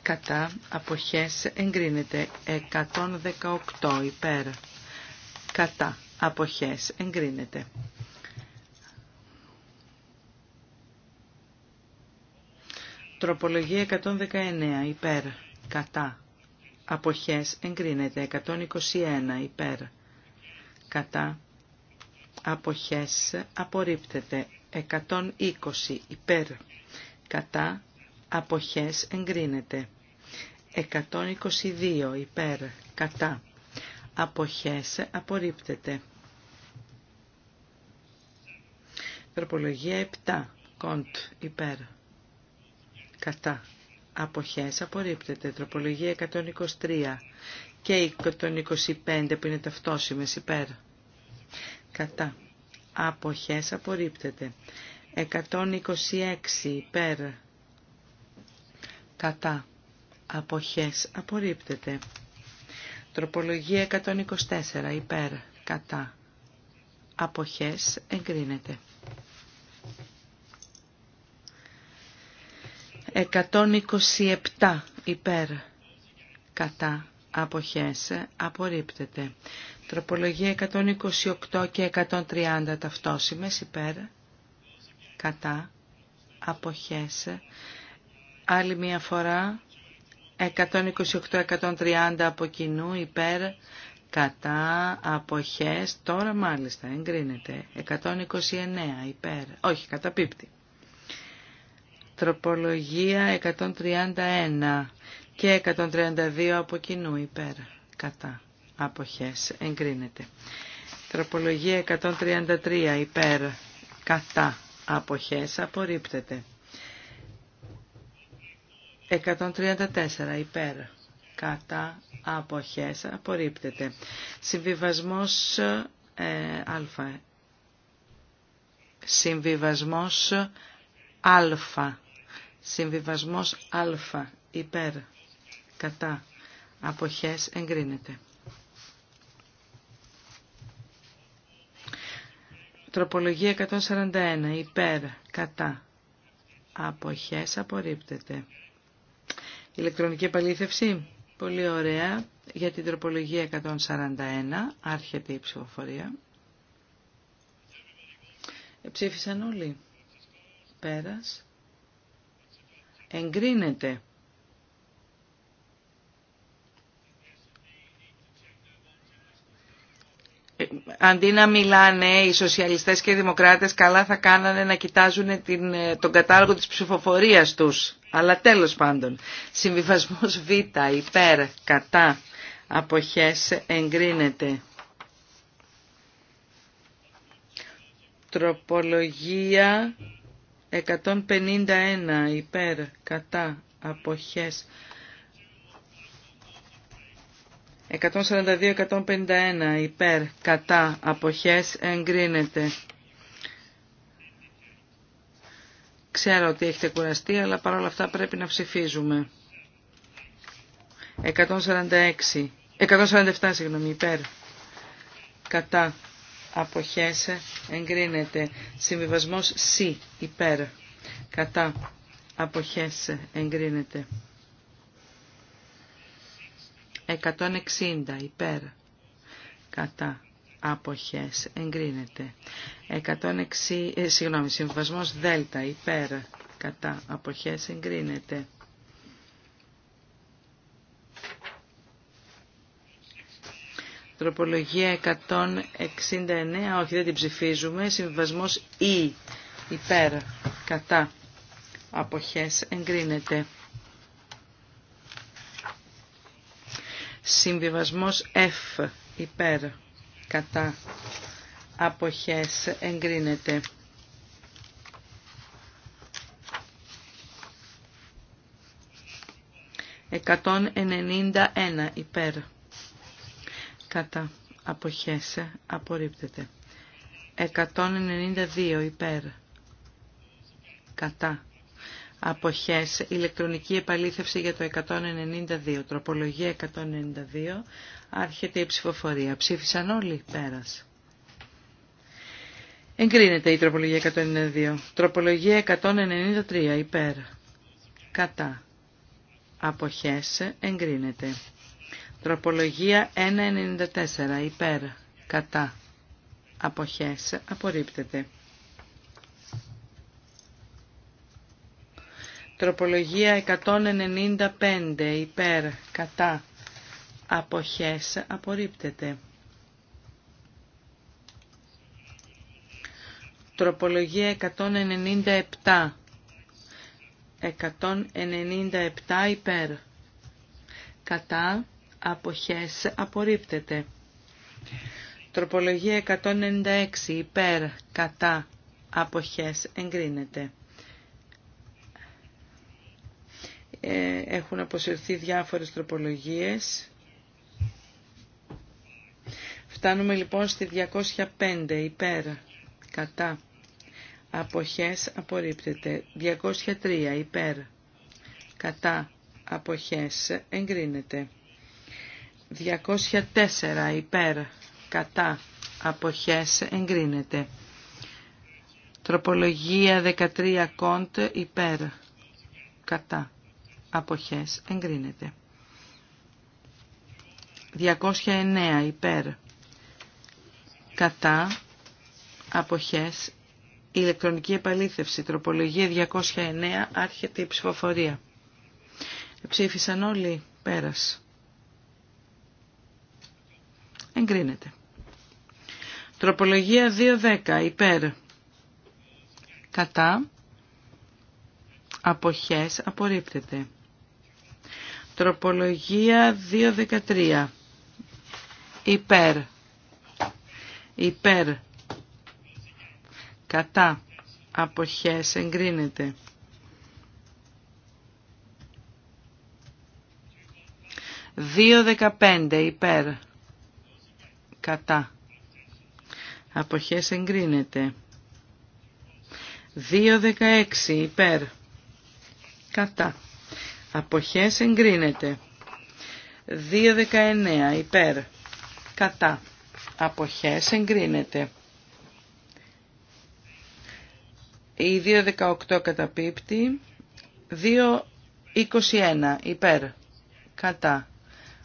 κατά αποχές εγκρίνεται. 118 υπέρ κατά αποχές εγκρίνεται. Τροπολογία 119 υπέρ κατά αποχές εγκρίνεται. 121 υπέρ κατά αποχές απορρίπτεται 120 υπέρ κατά αποχές εγκρίνεται 122 υπέρ κατά αποχές απορρίπτεται τροπολογία 7 κοντ υπέρ κατά αποχές απορρίπτεται τροπολογία 123 και 125 που είναι ταυτόσιμες υπέρ κατά αποχές απορρίπτεται 126 υπέρ κατά αποχές απορρίπτεται τροπολογία 124 υπέρ κατά αποχές εγκρίνεται 127 υπέρ κατά αποχές απορρίπτεται Τροπολογία 128 και 130 ταυτόσημες υπέρ, κατά, αποχές. Άλλη μία φορά 128-130 από κοινού υπέρ, κατά, αποχές. Τώρα μάλιστα εγκρίνεται 129 υπέρ, όχι πίπτη. Τροπολογία 131 και 132 από κοινού υπέρ, κατά αποχές εγκρίνεται. Τροπολογία 133 υπέρ κατά αποχές απορρίπτεται. 134 υπέρ κατά αποχές απορρίπτεται. Συμβιβασμός ε, α. Συμβιβασμός α. Συμβιβασμός α υπέρ κατά αποχές εγκρίνεται. Τροπολογία 141. Υπέρ. Κατά. Αποχές απορρίπτεται. Ηλεκτρονική επαλήθευση. Πολύ ωραία. Για την τροπολογία 141 άρχεται η ψηφοφορία. Εψήφισαν όλοι. Πέρας. Εγκρίνεται. αντί να μιλάνε οι σοσιαλιστές και οι δημοκράτες καλά θα κάνανε να κοιτάζουν ε, τον κατάλογο της ψηφοφορίας τους. Αλλά τέλος πάντων, συμβιβασμός Β, υπέρ, κατά, αποχές εγκρίνεται. Τροπολογία 151, υπέρ, κατά, αποχές 142-151 υπέρ κατά αποχές εγκρίνεται. Ξέρω ότι έχετε κουραστεί, αλλά παρόλα αυτά πρέπει να ψηφίζουμε. 146, 147 συγγνώμη, υπέρ κατά αποχές εγκρίνεται. Συμβιβασμός C υπέρ κατά αποχές εγκρίνεται. 160 υπέρ κατά αποχές εγκρίνεται. 160, ε, συγγνώμη, συμβασμός δέλτα υπέρ κατά αποχές εγκρίνεται. τροπολογία 169, όχι δεν την ψηφίζουμε, συμβασμός Ι, υπέρ, κατά, αποχές, εγκρίνεται. Συμβιβασμός F υπέρ κατά αποχές εγκρίνεται. Εκατόν ενενήντα ένα υπέρ κατά αποχές απορρίπτεται. Εκατόν ενενήντα δύο υπέρ κατά αποχές, ηλεκτρονική επαλήθευση για το 192, τροπολογία 192, άρχεται η ψηφοφορία. Ψήφισαν όλοι, πέρας. Εγκρίνεται η τροπολογία 192. Τροπολογία 193, υπέρ. Κατά. Αποχές, εγκρίνεται. Τροπολογία 194, υπέρ. Κατά. Αποχές, απορρίπτεται. Τροπολογία 195 υπέρ κατά αποχές απορρίπτεται. Τροπολογία 197. 197 υπέρ. Κατά αποχές απορρίπτεται. Τροπολογία 196 υπέρ κατά αποχές εγκρίνεται. Ε, έχουν αποσυρθεί διάφορες τροπολογίες. Φτάνουμε λοιπόν στη 205 υπέρ, κατά, αποχές απορρίπτεται. 203 υπέρ, κατά, αποχές εγκρίνεται. 204 υπέρ, κατά, αποχές εγκρίνεται. Τροπολογία 13 κοντ υπέρ, κατά αποχές εγκρίνεται. 209 υπέρ κατά αποχές ηλεκτρονική επαλήθευση τροπολογία 209 άρχεται η ψηφοφορία. Ψήφισαν όλοι πέρας. Εγκρίνεται. Τροπολογία 210 υπέρ κατά αποχές απορρίπτεται. Τροπολογία 2.13. Υπέρ. Υπέρ. Κατά. Αποχές εγκρίνεται. Δύο δεκαπέντε υπέρ. Κατά. Αποχές εγκρίνεται. Δύο δεκαέξι υπέρ. Κατά. Αποχές εγκρίνεται. 2.19 υπέρ. Κατά. Αποχές εγκρίνεται. Η 2.18 καταπίπτει. 2.21 υπέρ. Κατά.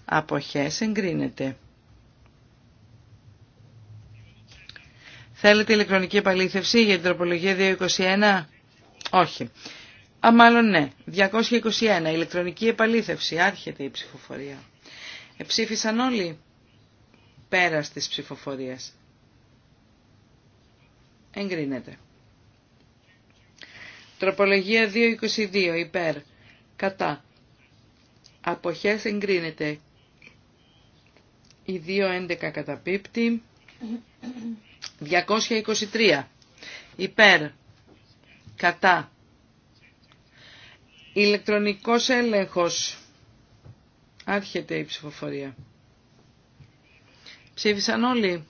Αποχές εγκρίνεται. Θέλετε ηλεκτρονική επαλήθευση για την τροπολογία 2.21. Όχι. Α, μάλλον ναι. 221. Ηλεκτρονική επαλήθευση. Άρχεται η ψηφοφορία. Εψήφισαν όλοι πέρα της ψηφοφορια Εγκρίνεται. Τροπολογία 222. Υπέρ. Κατά. Αποχές εγκρίνεται. Η 211 καταπίπτει. 223. Υπέρ. Κατά Ηλεκτρονικός έλεγχος. Άρχεται η ψηφοφορία. Ψήφισαν όλοι.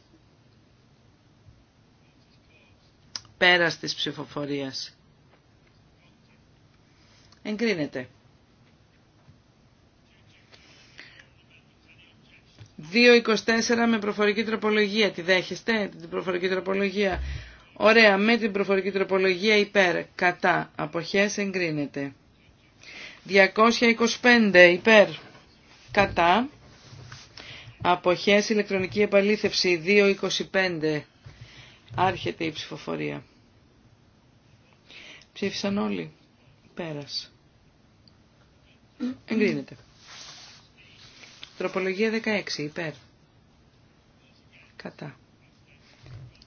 Πέρας της ψηφοφορίας. Εγκρίνεται. Δύο με προφορική τροπολογία. Τη δέχεστε την προφορική τροπολογία. Ωραία, με την προφορική τροπολογία υπέρ. Κατά. Αποχές εγκρίνεται. 225 υπέρ κατά αποχές ηλεκτρονική επαλήθευση 225 άρχεται η ψηφοφορία. Ψήφισαν όλοι. Πέρας. Εγκρίνεται. Τροπολογία 16 υπέρ. Κατά.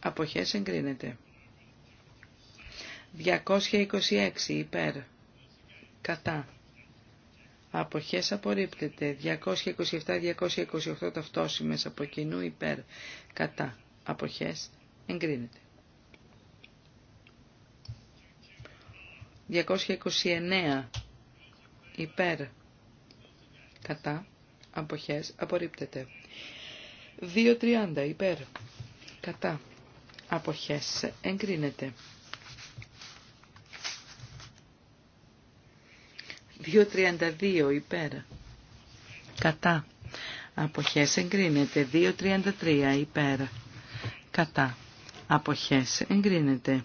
Αποχές εγκρίνεται. 226 υπέρ. Κατά. Αποχές απορρίπτεται. 227-228 ταυτόσημες από κοινού υπέρ. Κατά. Αποχές εγκρίνεται. 229 υπέρ. Κατά. Αποχές απορρίπτεται. 230 υπέρ. Κατά. Αποχές εγκρίνεται. 2.32 υπέρ. Κατά. Αποχές εγκρίνεται. 2.33 υπέρ. Κατά. Αποχές εγκρίνεται.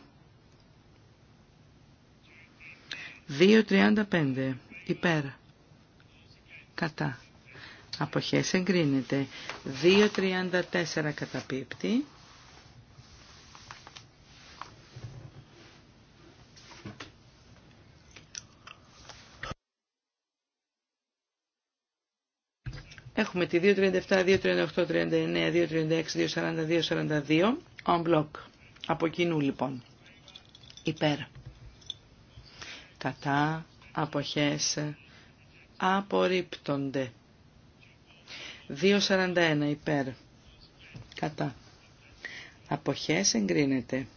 2.35 υπέρ. Κατά. Αποχές εγκρίνεται. 2.34 καταπίπτει. Έχουμε τη 237, 238, 39, 236, 240, 242, on block. Από κοινού λοιπόν. Υπέρ. Κατά, αποχές, απορρίπτονται. 241 υπέρ. Κατά. Αποχές εγκρίνεται.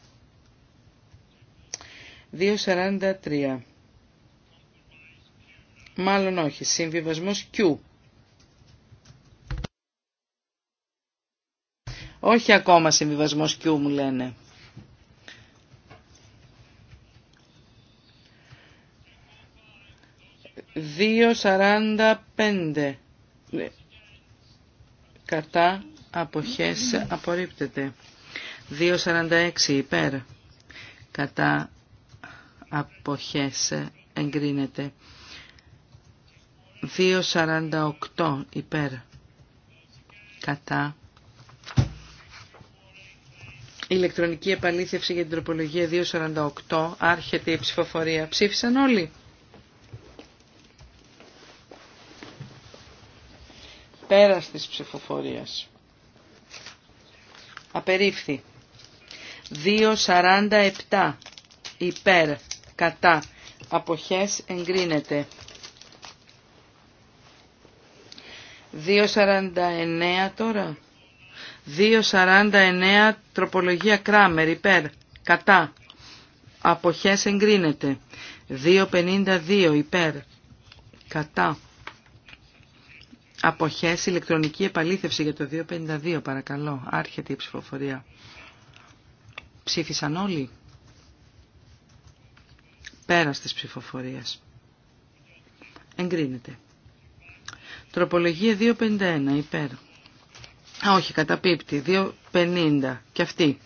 2.43. Μάλλον όχι. Συμβιβασμός Q. Όχι ακόμα συμβιβασμός Q μου λένε. 2.45 Κατά αποχές απορρίπτεται. 2.46 υπέρ. Κατά αποχές εγκρίνεται. 2.48 υπέρ. Κατά ηλεκτρονική επαλήθευση για την τροπολογία 248. Άρχεται η ψηφοφορία. Ψήφισαν όλοι. Πέρας της ψηφοφορίας. Απερίφθη. 247. Υπέρ. Κατά. Αποχές εγκρίνεται. 2.49 τώρα. 249 τροπολογία κράμερ υπέρ κατά αποχές εγκρίνεται 252 υπέρ κατά αποχές ηλεκτρονική επαλήθευση για το 252 παρακαλώ άρχεται η ψηφοφορία ψήφισαν όλοι πέρας της ψηφοφορίας εγκρίνεται τροπολογία 251 υπέρ Α, όχι, καταπίπτει. 2.50. Και αυτή.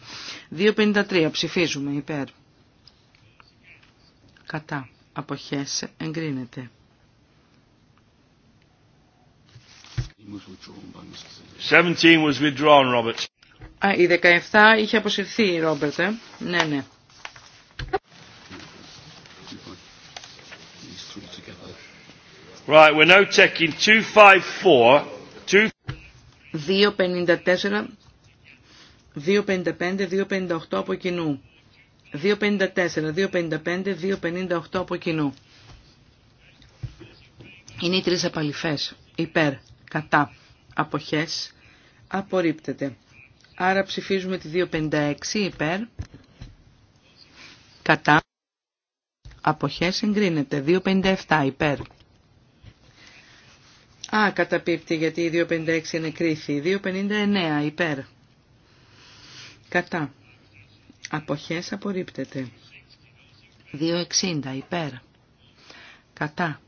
2.53. Ψηφίζουμε υπέρ. Κατά. Αποχές εγκρίνεται. η 17 είχε αποσυρθεί η Ρόμπερτ, ε. Ναι, ναι. Right, we're now taking 254. 2.54, 2.55, 2.58 από κοινού. 2.54, 2.55, 2.58 από κοινού. Είναι οι τρεις απαλυφές. Υπέρ, κατά, αποχές, απορρίπτεται. Άρα ψηφίζουμε τη 2.56 υπέρ, κατά, αποχές εγκρίνεται. 2.57 υπέρ, Α, καταπίπτει γιατί η 256 είναι κρίθη. 259 υπέρ. Κατά. Αποχές απορρίπτεται. 260 υπέρ. Κατά.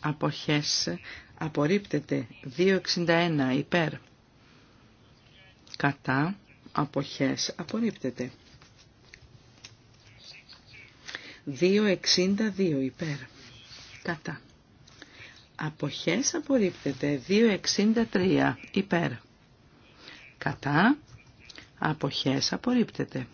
Αποχές απορρίπτεται. 261 υπέρ. Κατά. Αποχές απορρίπτεται. 262 υπέρ. Κατά Αποχές απορρίπτεται. 2.63 υπέρ. Κατά. Αποχές απορρίπτεται.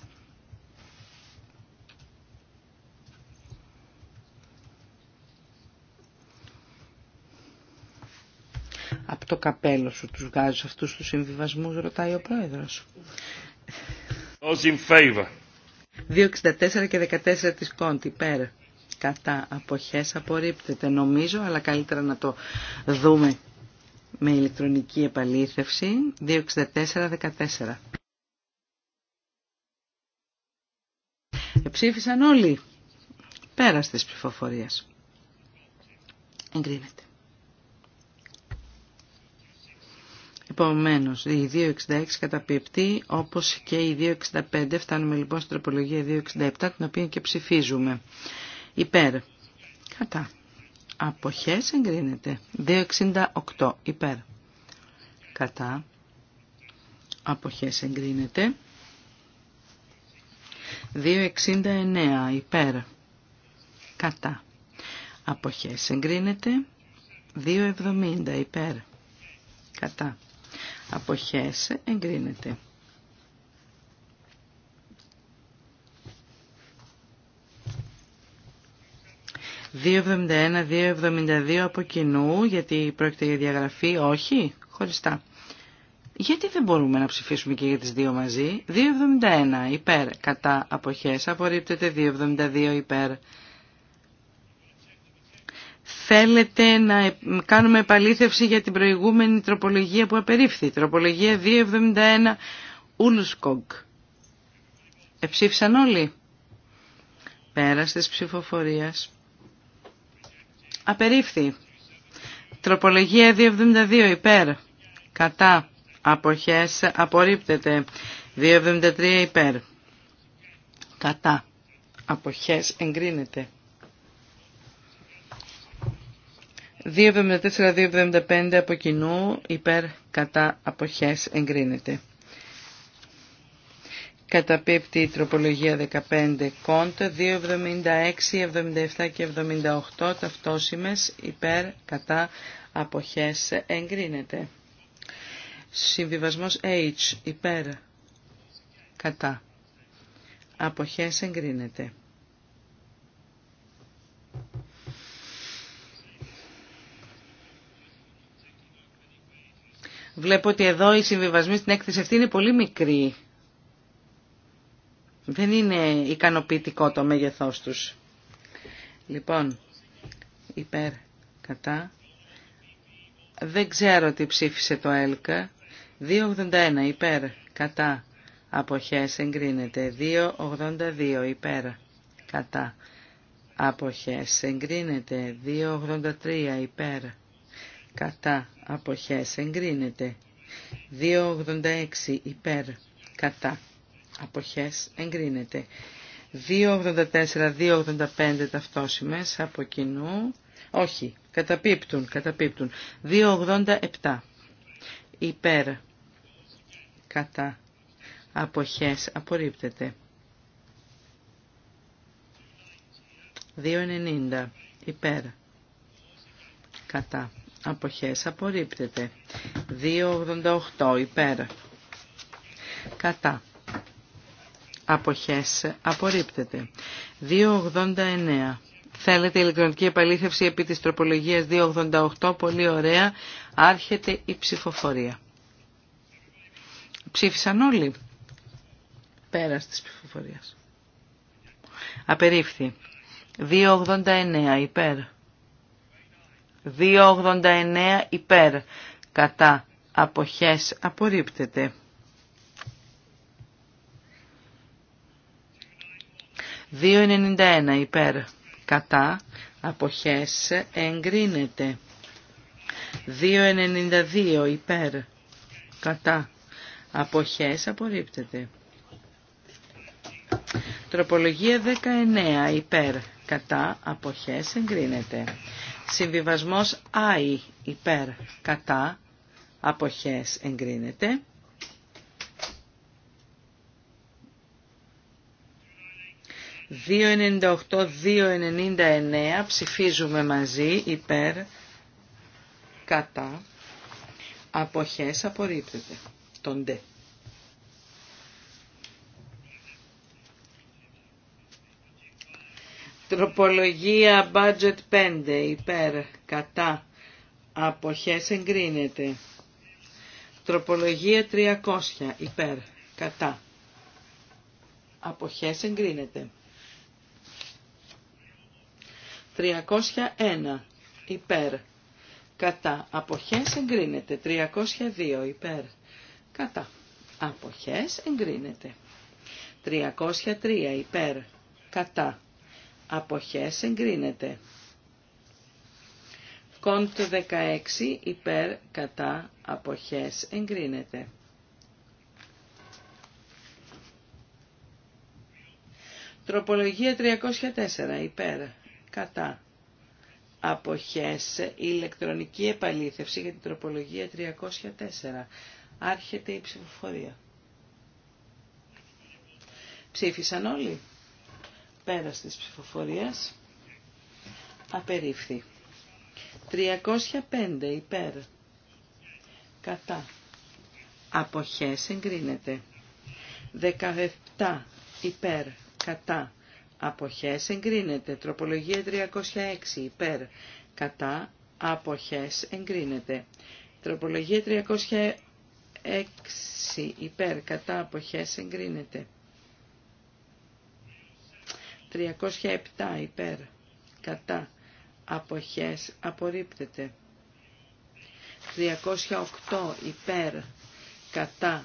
Από το καπέλο σου τους βγάζεις αυτούς τους συμβιβασμούς, ρωτάει ο πρόεδρος. Όσοι in favor. 2.64 και 14 της Κόντι, πέρα κατά αποχές απορρίπτεται νομίζω αλλά καλύτερα να το δούμε με ηλεκτρονική επαλήθευση 264-14 Ψήφισαν όλοι πέρα τη ψηφοφορία. εγκρίνεται Επομένω, η 2.66 καταπιεπτεί, όπως και η 2.65, φτάνουμε λοιπόν στην τροπολογία 2.67, την οποία και ψηφίζουμε υπέρ. Κατά. Αποχές εγκρίνεται. 268 υπέρ. Κατά. Αποχές εγκρίνεται. 269 υπέρ. Κατά. Αποχές εγκρίνεται. 270 υπέρ. Κατά. Αποχές εγκρίνεται. 271, 272 από κοινού, γιατί πρόκειται για διαγραφή, όχι, χωριστά. Γιατί δεν μπορούμε να ψηφίσουμε και για τις δύο μαζί. 271 υπέρ κατά αποχές, απορρίπτεται 272 υπέρ. Θέλετε να κάνουμε επαλήθευση για την προηγούμενη τροπολογία που απερίφθη. Τροπολογία 271 Ουλουσκογκ. Εψήφισαν όλοι. Πέρα της ψηφοφορίας. Απερίφθη. Τροπολογία 272 υπέρ. Κατά. Αποχές απορρίπτεται. 273 υπέρ. Κατά. Αποχές εγκρίνεται. 274-275 από κοινού υπέρ κατά αποχές εγκρίνεται. Καταπίπτει η τροπολογία 15 κόντα, 2,76, 77 και 78 ταυτόσημες υπέρ κατά αποχές εγκρίνεται. Συμβιβασμός H υπέρ κατά αποχές εγκρίνεται. Βλέπω ότι εδώ οι συμβιβασμοί στην έκθεση αυτή είναι πολύ μικροί. Δεν είναι ικανοποιητικό το μέγεθός τους. Λοιπόν, υπέρ, κατά. Δεν ξέρω τι ψήφισε το ΕΛΚΑ. 2,81 υπέρ, κατά. Αποχές εγκρίνεται. 2,82 υπέρ, κατά. Αποχές εγκρίνεται. 2,83 υπέρ, κατά. Αποχές εγκρίνεται. 2,86 υπέρ, κατά αποχές εγκρίνεται. 2.84-2.85 ταυτόσημες από κοινού, όχι, καταπίπτουν, καταπίπτουν. 2.87 υπέρ κατά αποχές απορρίπτεται. 2.90 υπέρ κατά αποχές απορρίπτεται. 2.88 υπέρ κατά αποχές απορρίπτεται. 289. Θέλετε ηλεκτρονική επαλήθευση επί της τροπολογίας 288. Πολύ ωραία. Άρχεται η ψηφοφορία. Ψήφισαν όλοι. Πέρας της ψηφοφορίας. Απερίφθη. 289 υπέρ. 289 υπέρ. Κατά. Αποχές απορρίπτεται. 2.91 υπέρ κατά αποχές εγκρίνεται. 2.92 υπέρ κατά αποχές απορρίπτεται. Τροπολογία 19 υπέρ κατά αποχές εγκρίνεται. Συμβιβασμός I υπέρ κατά αποχές εγκρίνεται. 298-299 ψηφίζουμε μαζί υπέρ κατά αποχές απορρίπτεται τον τε. Τροπολογία budget 5 υπέρ κατά αποχές εγκρίνεται. Τροπολογία 300 υπέρ κατά αποχές εγκρίνεται. 301 υπέρ. Κατά αποχές εγκρίνεται. 302 υπέρ. Κατά αποχές εγκρίνεται. 303 υπέρ. Κατά αποχές εγκρίνεται. Κόντ 16 υπέρ κατά αποχές εγκρίνεται. Τροπολογία 304 υπέρ κατά αποχές η ηλεκτρονική επαλήθευση για την τροπολογία 304. Άρχεται η ψηφοφορία. Ψήφισαν όλοι. Πέρας της ψηφοφορίας. Απερίφθη. 305 υπέρ. Κατά. Αποχές εγκρίνεται. 17 υπέρ. Κατά αποχές εγκρίνεται. Τροπολογία 306 υπέρ κατά αποχές εγκρίνεται. Τροπολογία 306 υπέρ κατά αποχές εγκρίνεται. 307 υπέρ κατά αποχές απορρίπτεται. 308 υπέρ κατά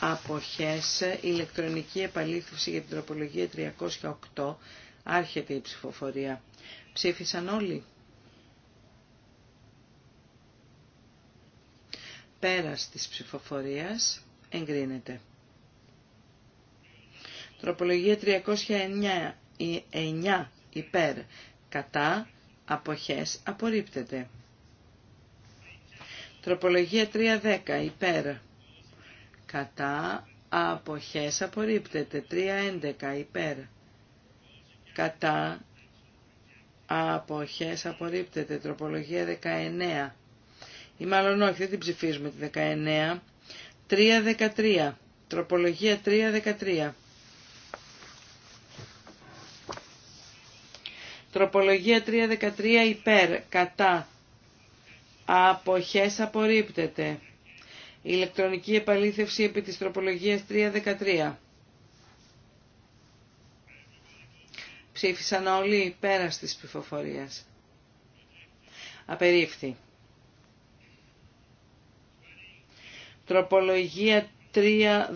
αποχές, ηλεκτρονική επαλήθευση για την τροπολογία 308, άρχεται η ψηφοφορία. Ψήφισαν όλοι. Πέρας της ψηφοφορίας εγκρίνεται. Τροπολογία 309 9 υπέρ κατά αποχές απορρίπτεται. Τροπολογία 310 υπέρ κατά αποχές απορρίπτεται 3.11 υπέρ κατά αποχές απορρίπτεται τροπολογία 19 ή μάλλον όχι δεν την ψηφίζουμε τη 19 3.13 τροπολογία 3.13 Τροπολογία 3.13 υπέρ, κατά, αποχές απορρίπτεται. Ηλεκτρονική επαλήθευση επί της τροπολογίας 313. Ψήφισαν όλοι πέρα της ψηφοφορίας. Απερίφθη. Τροπολογία 3.12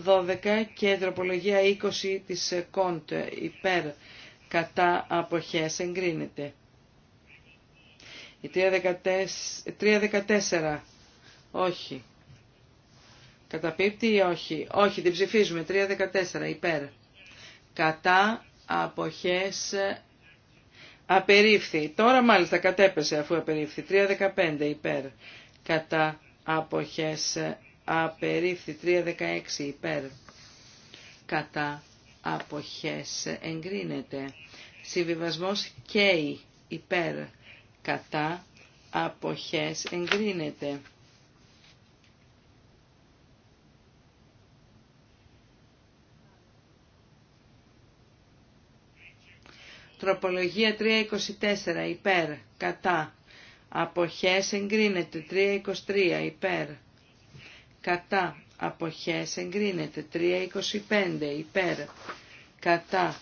και τροπολογία 20 της κοντ υπέρ κατά αποχές εγκρίνεται. Η 3.14 όχι. Καταπίπτει ή όχι. Όχι, την ψηφίζουμε. 3-14 υπέρ. Κατά αποχές απερίφθη. Τώρα μάλιστα κατέπεσε αφού απερίφθη. 3-15 υπέρ. Κατά αποχές απερίφθη. υπέρ. υπέρ. Κατά αποχές εγκρίνεται. Συμβιβασμός και. υπέρ. Κατά αποχές εγκρίνεται. Ανθρωπολογία 324 υπέρ. Κατά. Αποχές εγκρίνεται 323 υπέρ. Κατά. Αποχές εγκρίνεται 325 υπέρ. Κατά.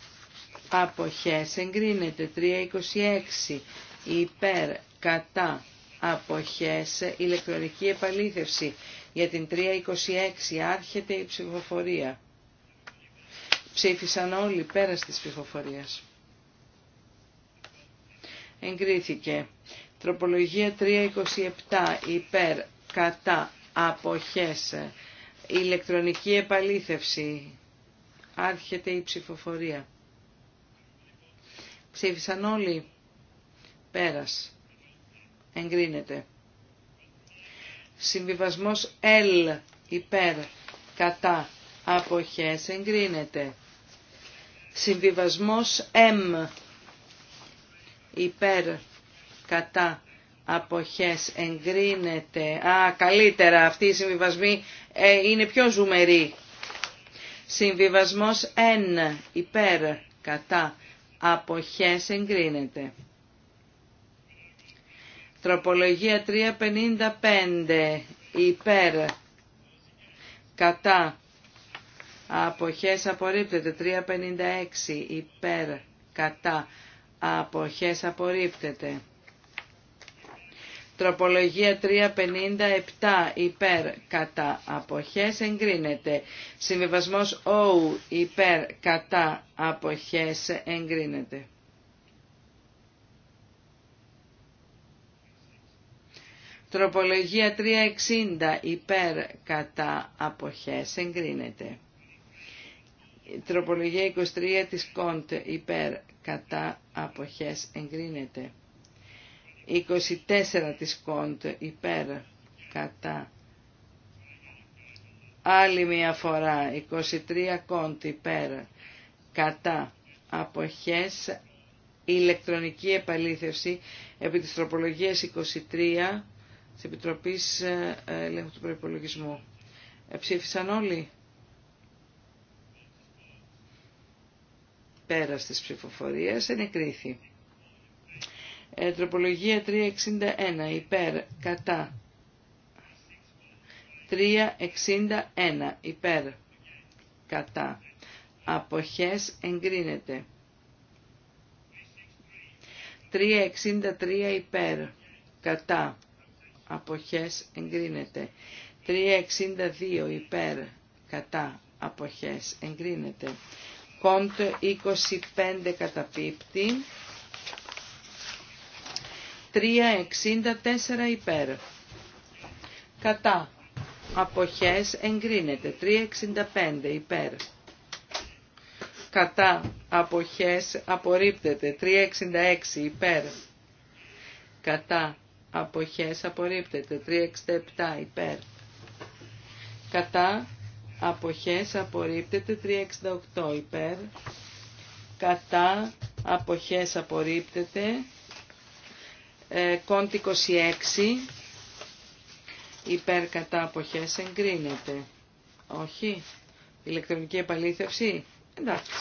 Αποχές εγκρίνεται 326 υπέρ. Κατά. Αποχές ηλεκτρονική επαλήθευση. Για την 326 άρχεται η ψηφοφορία. Ψήφισαν όλοι πέρα της ψηφοφορίας εγκρίθηκε. Τροπολογία 327 υπέρ κατά αποχές ηλεκτρονική επαλήθευση. Άρχεται η ψηφοφορία. Ψήφισαν όλοι. Πέρας. Εγκρίνεται. Συμβιβασμός L υπέρ κατά αποχές εγκρίνεται. Συμβιβασμός M υπέρ κατά αποχές εγκρίνεται. Α, καλύτερα Αυτή η συμβιβασμοί ε, είναι πιο ζουμερή. Συμβιβασμός εν υπέρ κατά αποχές εγκρίνεται. Τροπολογία 355 υπέρ κατά αποχές απορρίπτεται 356 υπέρ κατά αποχές απορρίπτεται. Τροπολογία 357 υπέρ κατά αποχές εγκρίνεται. Συμβιβασμός O υπέρ κατά αποχές εγκρίνεται. Τροπολογία 360 υπέρ κατά αποχές εγκρίνεται. Τροπολογία 23 της Κοντ υπέρ κατά αποχές εγκρίνεται. 24 της κοντ υπέρ κατά. Άλλη μια φορά 23 κοντ υπέρ κατά αποχές ηλεκτρονική επαλήθευση επί της τροπολογίας 23 της Επιτροπής ε, Ελέγχου του Προϋπολογισμού. Ε, ψήφισαν όλοι. πέρα της ψηφοφορίας ενεκρίθη. Ε, τροπολογία 361 υπέρ κατά 361 υπέρ κατά αποχές εγκρίνεται 363 υπέρ κατά αποχές εγκρίνεται 362 υπέρ κατά αποχές εγκρίνεται Κόντ 25 καταπίπτει. 364 υπέρ. Κατά. Αποχές εγκρίνεται. 365 υπέρ. Κατά. Αποχές απορρίπτεται. 366 υπέρ. Κατά. Αποχές απορρίπτεται. 367 υπέρ. Κατά αποχές απορρίπτεται 368 υπέρ κατά αποχές απορρίπτεται ε, κόντι 26 υπέρ κατά αποχές εγκρίνεται όχι ηλεκτρονική επαλήθευση εντάξει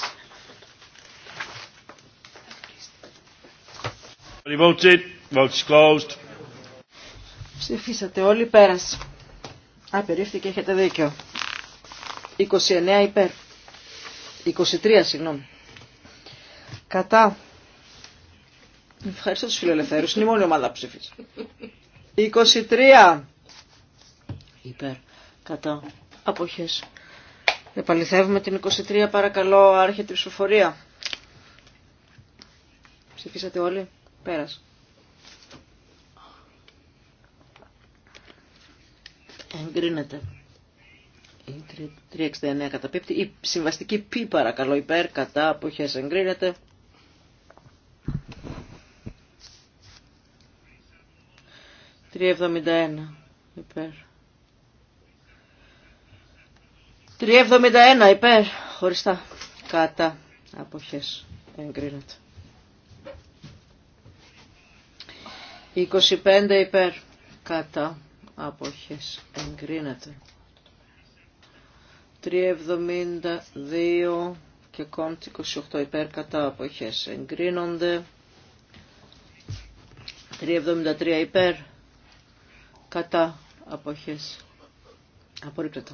Ψηφίσατε όλοι πέρας. Απερίφθηκε, έχετε δίκιο. 29 υπέρ. 23 συγγνώμη. Κατά. Ευχαριστώ του φιλελευθέρους. Είναι η μόνη ομάδα που ψηφίζει. 23 υπέρ. Κατά. Αποχές. Επαληθεύουμε την 23 παρακαλώ. Άρχεται η ψηφοφορία. Ψηφίσατε όλοι. Πέρασε. Εγκρίνεται. Η 369 καταπίπτει. Η συμβαστική πι παρακαλώ υπέρ κατά αποχές εγκρίνεται. 371 υπέρ. 371 υπέρ. Χωριστά. Κατά αποχές εγκρίνεται. 25 υπέρ. Κατά αποχές εγκρίνεται. 372 και κόντ 28 υπέρ κατά αποχές εγκρίνονται. 373 υπέρ κατά αποχές απορρίπτεται.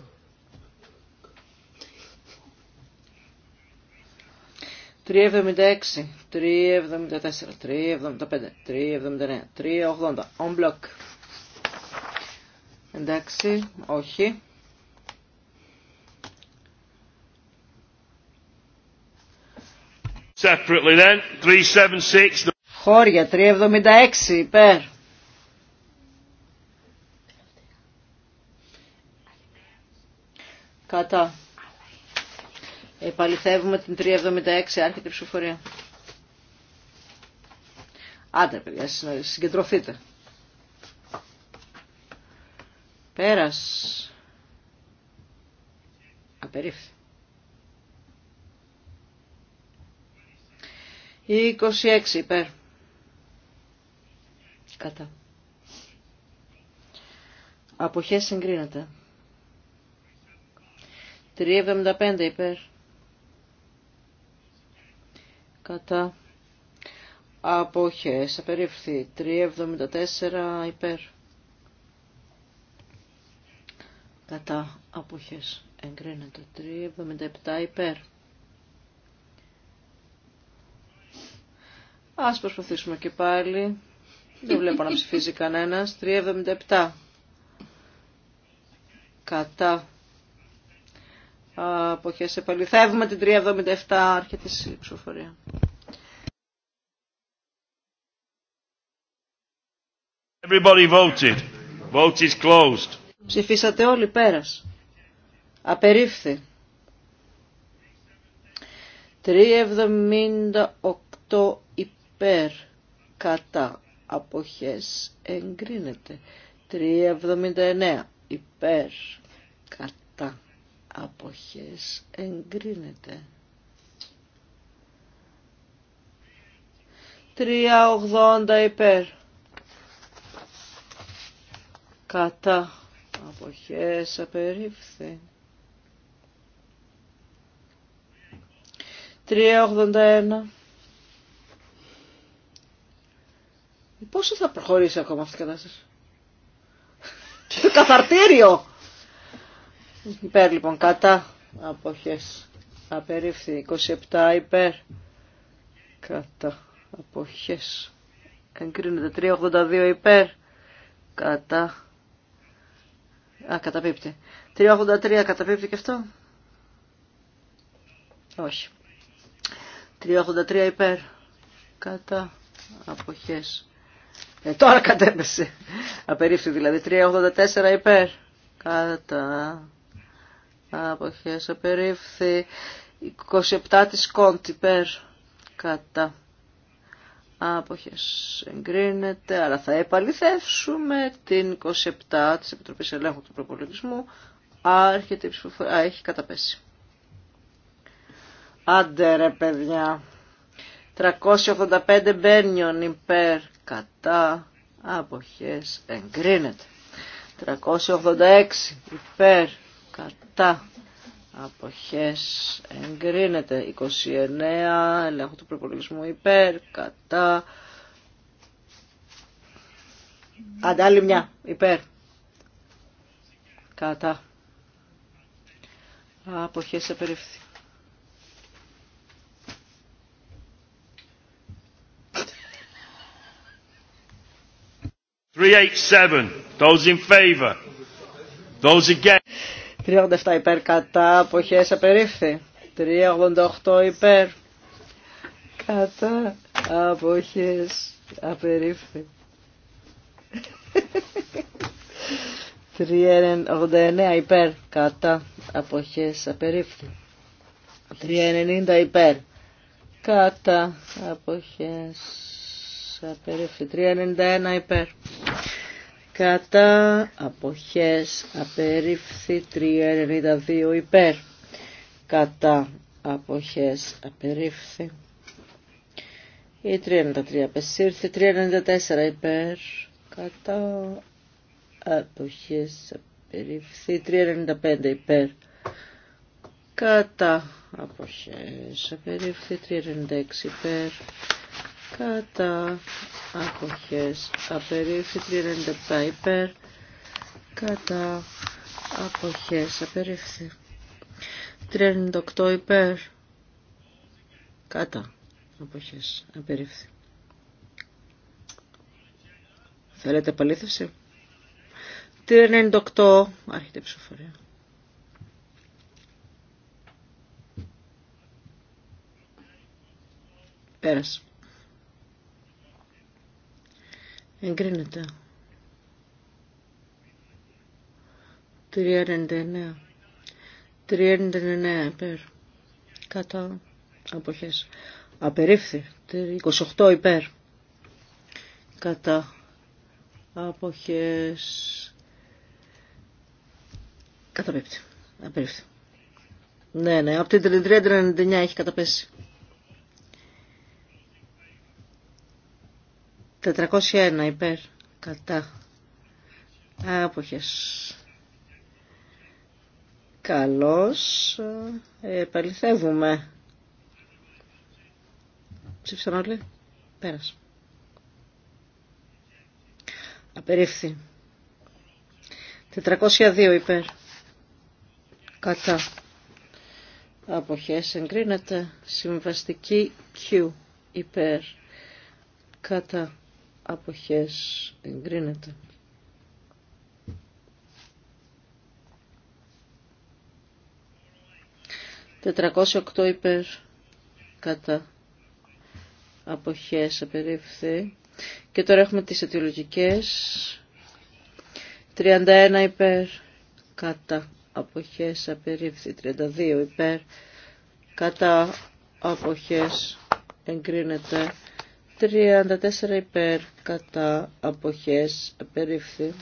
376, 374, 375, 379, 380, on block. Εντάξει, όχι. Separately 376. Χώρια 376 υπέρ. Κατά. Επαληθεύουμε την 376 άρχεται η ψηφοφορία. Άντε παιδιά, συγκεντρωθείτε. Πέρας. Απερίφθη. 26 υπέρ. Κατά. Αποχές συγκρίνεται. 3,75 υπέρ. Κατά. Αποχές απερίφθη. 3,74 υπέρ. Κατά. Αποχές εγκρίνεται. 3,77 υπέρ. Ας προσπαθήσουμε και πάλι. Δεν βλέπω να ψηφίζει κανένας. 377. Κατά. Αποχές επαληθεύουμε την 377. Άρχεται η ψηφοφορία. Everybody voted. Vote is closed. Ψηφίσατε όλοι πέρας. Απερίφθη. 378 υπέρ υπέρ κατά αποχές εγκρίνεται. 379 υπέρ κατά αποχές εγκρίνεται. 380 υπέρ κατά αποχές απερίφθη. 381 Πόσο θα προχωρήσει ακόμα αυτή η κατάσταση. Το καθαρτήριο. Υπέρ λοιπόν, κατά αποχές. Απερίφθη 27 υπέρ. Κατά αποχές. Εγκρίνεται 382 υπέρ. Κατά. Α, καταπίπτει. 383 καταπίπτει και αυτό. Όχι. 383 υπέρ. Κατά αποχές. Ε, τώρα κατέπεσε. Απερίφθη δηλαδή. 384 υπέρ. Κατά. Αποχές απερίφθη. 27 της κόντ υπέρ. Κατά. Άποχες εγκρίνεται, αλλά θα επαληθεύσουμε την 27 της Επιτροπής Ελέγχου του Προπολιτισμού Άρχεται η ψηφοφορία. έχει καταπέσει. Άντε ρε παιδιά. 385 μπένιον υπέρ κατά αποχές εγκρίνεται. 386 υπέρ κατά αποχές εγκρίνεται. 29 ελέγχου του προπολογισμού υπέρ κατά άλλη μια υπέρ κατά αποχές απερίφθη. 387. Those in favor. Those against. 387 υπέρ κατά αποχές απερίφθη. 388 υπέρ κατά αποχές απερίφθη. 389 υπέρ κατά αποχές απερίφθη. 390 υπέρ κατά αποχές απερίφθη. 391 υπέρ κατά αποχές απερίφθη 392 υπέρ κατά αποχές απερίφθη η 393 απεσύρθη 394 υπέρ κατά αποχές απερίφθη 395 υπέρ κατά αποχές απερίφθη 396 υπέρ κατά αποχές απερίφθη 397 υπέρ κατά αποχές απερίφθη 398 υπέρ κατά αποχές απερίφθη Θέλετε επαλήθευση 398 άρχεται η ψηφοφορία Πέρασε Εγκρίνεται. 399. 399 υπέρ. Κατά. Αποχές. Απερίφθη. 28 υπέρ. Κατά. Αποχές. Καταπίπτει. Απερίφθη. Ναι, ναι. Από την 399 έχει καταπέσει. 401 υπέρ κατά άποχες. Καλώς. Επαληθεύουμε. Ψήφισαν όλοι. Πέρασε. Απερίφθη. 402 υπέρ. Κατά. Αποχές εγκρίνεται. Συμβαστική Q υπέρ. Κατά αποχές εγκρίνεται. 408 υπέρ κατά αποχές απερίφθη. Και τώρα έχουμε τις αιτιολογικές. 31 υπέρ κατά αποχές απερίφθη. 32 υπέρ κατά αποχές εγκρίνεται. 34 υπέρ κατά αποχές απερίφθη.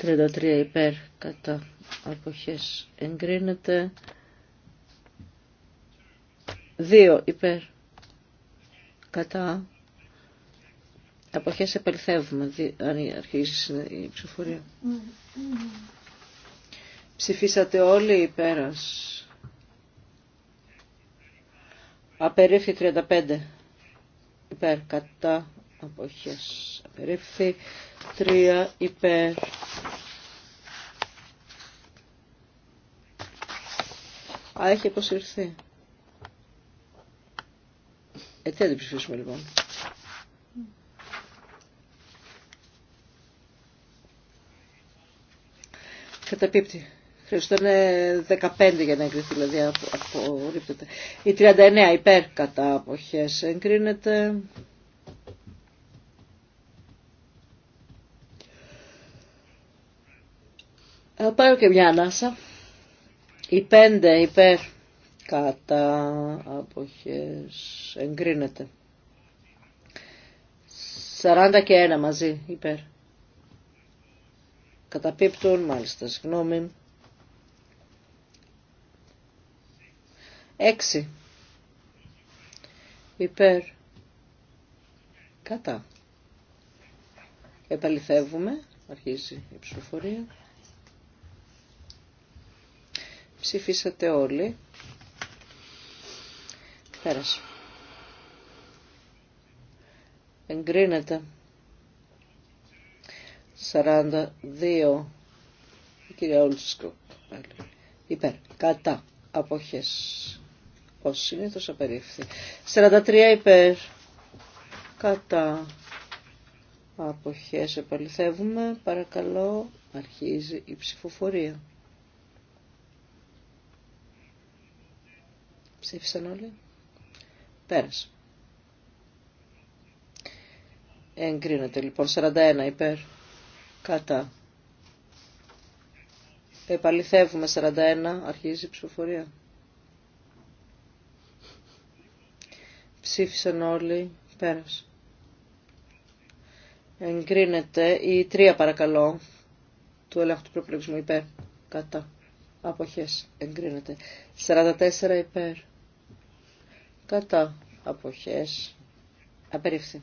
33 υπέρ κατά αποχές εγκρίνεται. 2 υπέρ κατά αποχές επελθεύουμε αν αρχίζει η ψηφορία. Mm-hmm. Ψηφίσατε όλοι υπέρας. Απερίφθη 35 υπέρ κατά αποχές. Απερίφθη 3 υπέρ Α, έχει αποσυρθεί. Ε, τι θα την ψηφίσουμε λοιπόν. Καταπίπτει. Χρειαζόταν 15 για να εγκριθεί, δηλαδή απορρίπτεται. Η 39 υπέρ κατά αποχές εγκρίνεται. Θα ε, πάρω και μια ανάσα. Η 5 υπέρ κατά αποχές εγκρίνεται. 40 και 1 μαζί υπέρ. Καταπίπτουν, μάλιστα, συγγνώμη. Έξι, υπέρ κατά. Επαληθεύουμε, αρχίζει η ψηφοφορία. Ψηφίσατε όλοι. Πέρασε. Εγκρίνεται. 42. Η κυρία Όλσκο. Υπέρ. Κατά. Αποχές όπως απερίφθη. 43 υπέρ κατά αποχέ επαληθεύουμε. Παρακαλώ αρχίζει η ψηφοφορία. Ψήφισαν όλοι. Πέρασε. Εγκρίνεται λοιπόν 41 υπέρ κατά. Επαληθεύουμε 41, αρχίζει η ψηφοφορία. Ψήφισαν όλοι. Πέρασε. Εγκρίνεται η τρία παρακαλώ του ελέγχου του υπέρ. Κατά. Αποχές. Εγκρίνεται. 44 υπέρ. Κατά. Αποχές. Απερίφθη.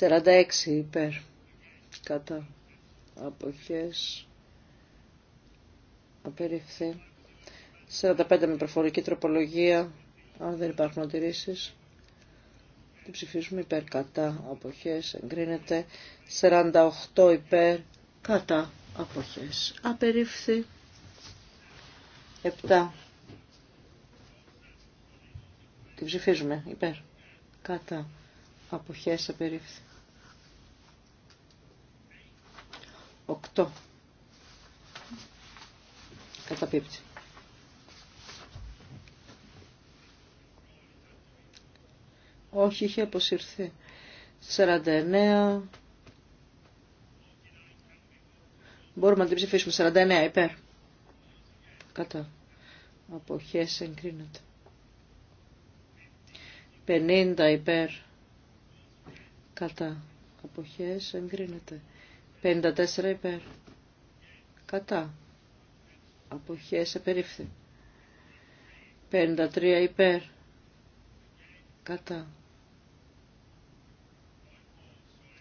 46 υπέρ. Κατά. Αποχές. Απερίφθη. 45 με προφορική τροπολογία. Αν δεν υπάρχουν αντιρρήσει. Την ψηφίζουμε υπέρ κατά αποχές. Εγκρίνεται. 48 υπέρ κατά αποχέ. Απερίφθη. 7. Την ψηφίζουμε υπέρ κατά αποχές. Απερίφθη. 8. Καταπίπτει. Όχι, είχε αποσυρθεί. 49. Μπορούμε να την ψηφίσουμε. 49 υπέρ. Κατά. Αποχές εγκρίνεται. 50 υπέρ. Κατά. Αποχές εγκρίνεται. 54 υπέρ. Κατά. Αποχές επερίφθη. 53 υπέρ. Κατά.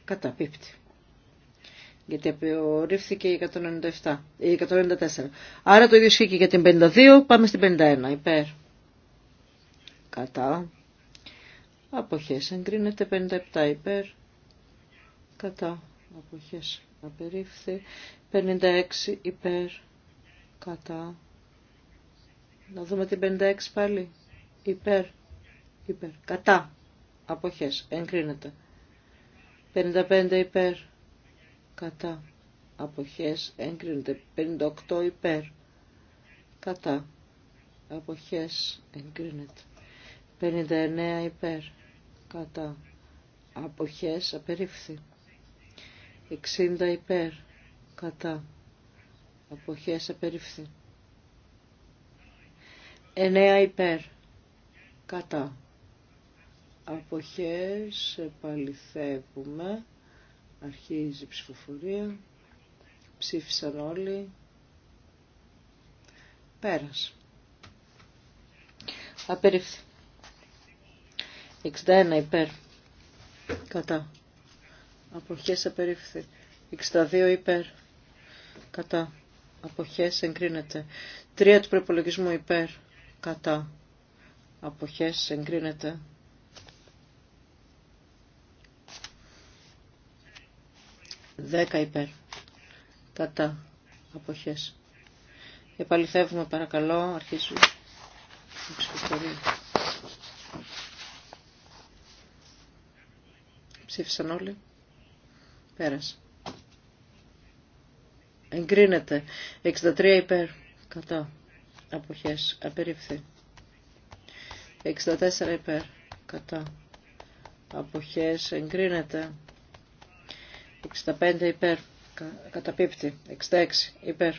καταπίπτει. Γιατί απορρίφθηκε η 197, η 194. Άρα το ίδιο ισχύει και για την 52, πάμε στην 51, υπέρ. Κατά. Αποχές εγκρίνεται 57 υπέρ. Κατά. Αποχές απερίφθη. 56 υπέρ. Κατά. Να δούμε την 56 πάλι. Υπέρ. Υπέρ. Κατά. Αποχές. Εγκρίνεται. 55 υπέρ. Κατά. Αποχές εγκρίνεται. 58 υπέρ. Κατά. Αποχές εγκρίνεται. 59 υπέρ. Κατά. Αποχές απερίφθη. 60 υπέρ. Κατά. Αποχές απερίφθη. 9 υπέρ. Κατά αποχές επαληθεύουμε αρχίζει η ψηφοφορία ψήφισαν όλοι πέρας απερίφθη 61 υπέρ κατά αποχές απερίφθη 62 υπέρ κατά αποχές εγκρίνεται 3 του προπολογισμού υπέρ κατά αποχές εγκρίνεται 10 υπέρ. Κατά. Αποχές. Επαληθεύουμε παρακαλώ. ψηφιστορία Ψήφισαν όλοι. Πέρασε. Εγκρίνεται. 63 υπέρ. Κατά. Αποχές. Απερίφθη. 64 υπέρ. Κατά. Αποχές. Εγκρίνεται. 65 υπέρ. Καταπίπτει. 66 υπέρ.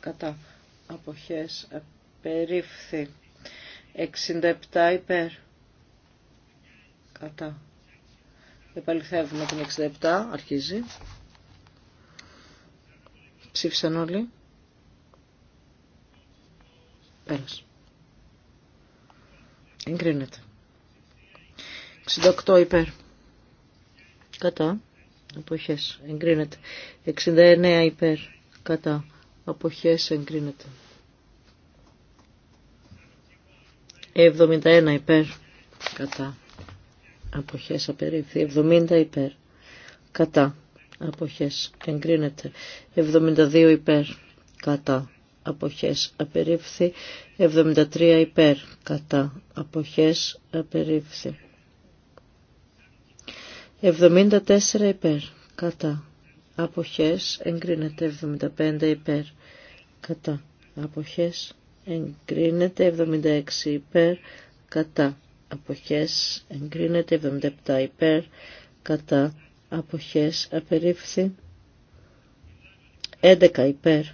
Κατά. Αποχές. περίφθη. 67 υπέρ. Κατά. Επαληθεύουμε την 67. Αρχίζει. Ψήφισαν όλοι. Πέρασε. Εγκρίνεται. 68 υπέρ. Κατά αποχές εγκρίνεται 69 υπέρ κατά αποχές εγκρίνεται 71 υπέρ κατά αποχές απερίφθη 70 υπέρ κατά αποχές εγκρίνεται 72 υπέρ κατά αποχές απερίφθη 73 υπέρ κατά αποχές απερίφθη 74 υπέρ. Κατά. Αποχές εγκρίνεται 75 υπέρ. Κατά. Αποχές εγκρίνεται 76 υπέρ. Κατά. Αποχές εγκρίνεται 77 υπέρ. Κατά. Αποχές απερίφθη 11 υπέρ.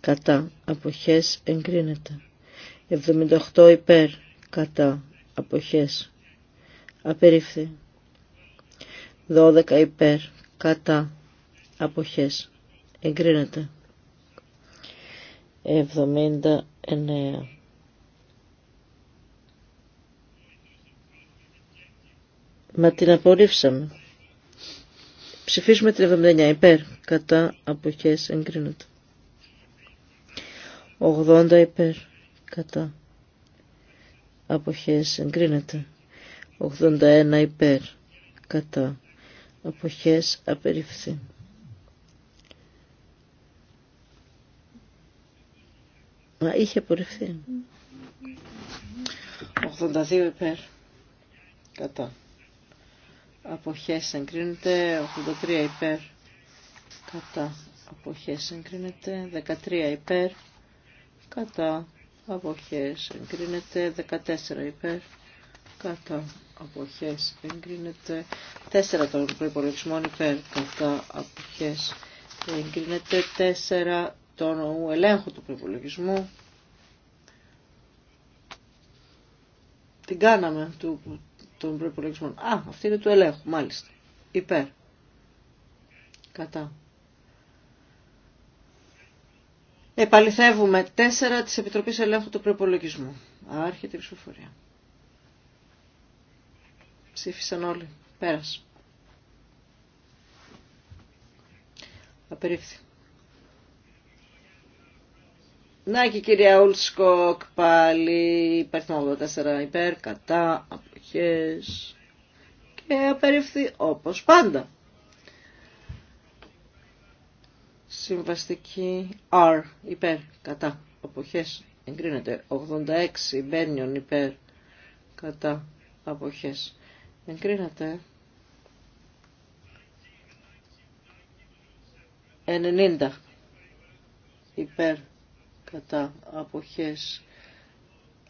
Κατά. Αποχές εγκρίνεται. 78 υπέρ. Κατά. Αποχές. Απερίφθη. 12 υπέρ κατά αποχές εγκρίνεται 79 Μα την απορρίψαμε. Ψηφίσουμε την 79 υπέρ κατά αποχές εγκρίνεται. 80 υπέρ κατά αποχές εγκρίνεται. 81 υπέρ κατά αποχές απερίφθη. Μα είχε απορριφθεί. 82 υπέρ. Κατά. Αποχές εγκρίνεται. 83 υπέρ. Κατά. Αποχές εγκρίνεται. 13 υπέρ. Κατά. Αποχές εγκρίνεται. 14 υπέρ. Κατά αποχές εγκρίνεται τέσσερα των προϋπολογισμών υπέρ κατά αποχές εγκρίνεται τέσσερα των ου ελέγχου του προϋπολογισμού την κάναμε του, των προϋπολογισμών α αυτή είναι του ελέγχου μάλιστα υπέρ κατά Επαληθεύουμε τέσσερα της Επιτροπής Ελέγχου του Προπολογισμού. Άρχεται η ψηφοφορία. Ψήφισαν όλοι. Πέρας. Απερίφθη. Να και η κυρία Ουλσκοκ πάλι υπερθμό 84 υπέρ, κατά, αποχές και απερίφθη όπως πάντα. Συμβαστική R υπέρ, κατά, αποχές εγκρίνεται 86 μπένιον υπέρ, κατά, αποχές Εγκρίνατε. 90 υπέρ κατά αποχές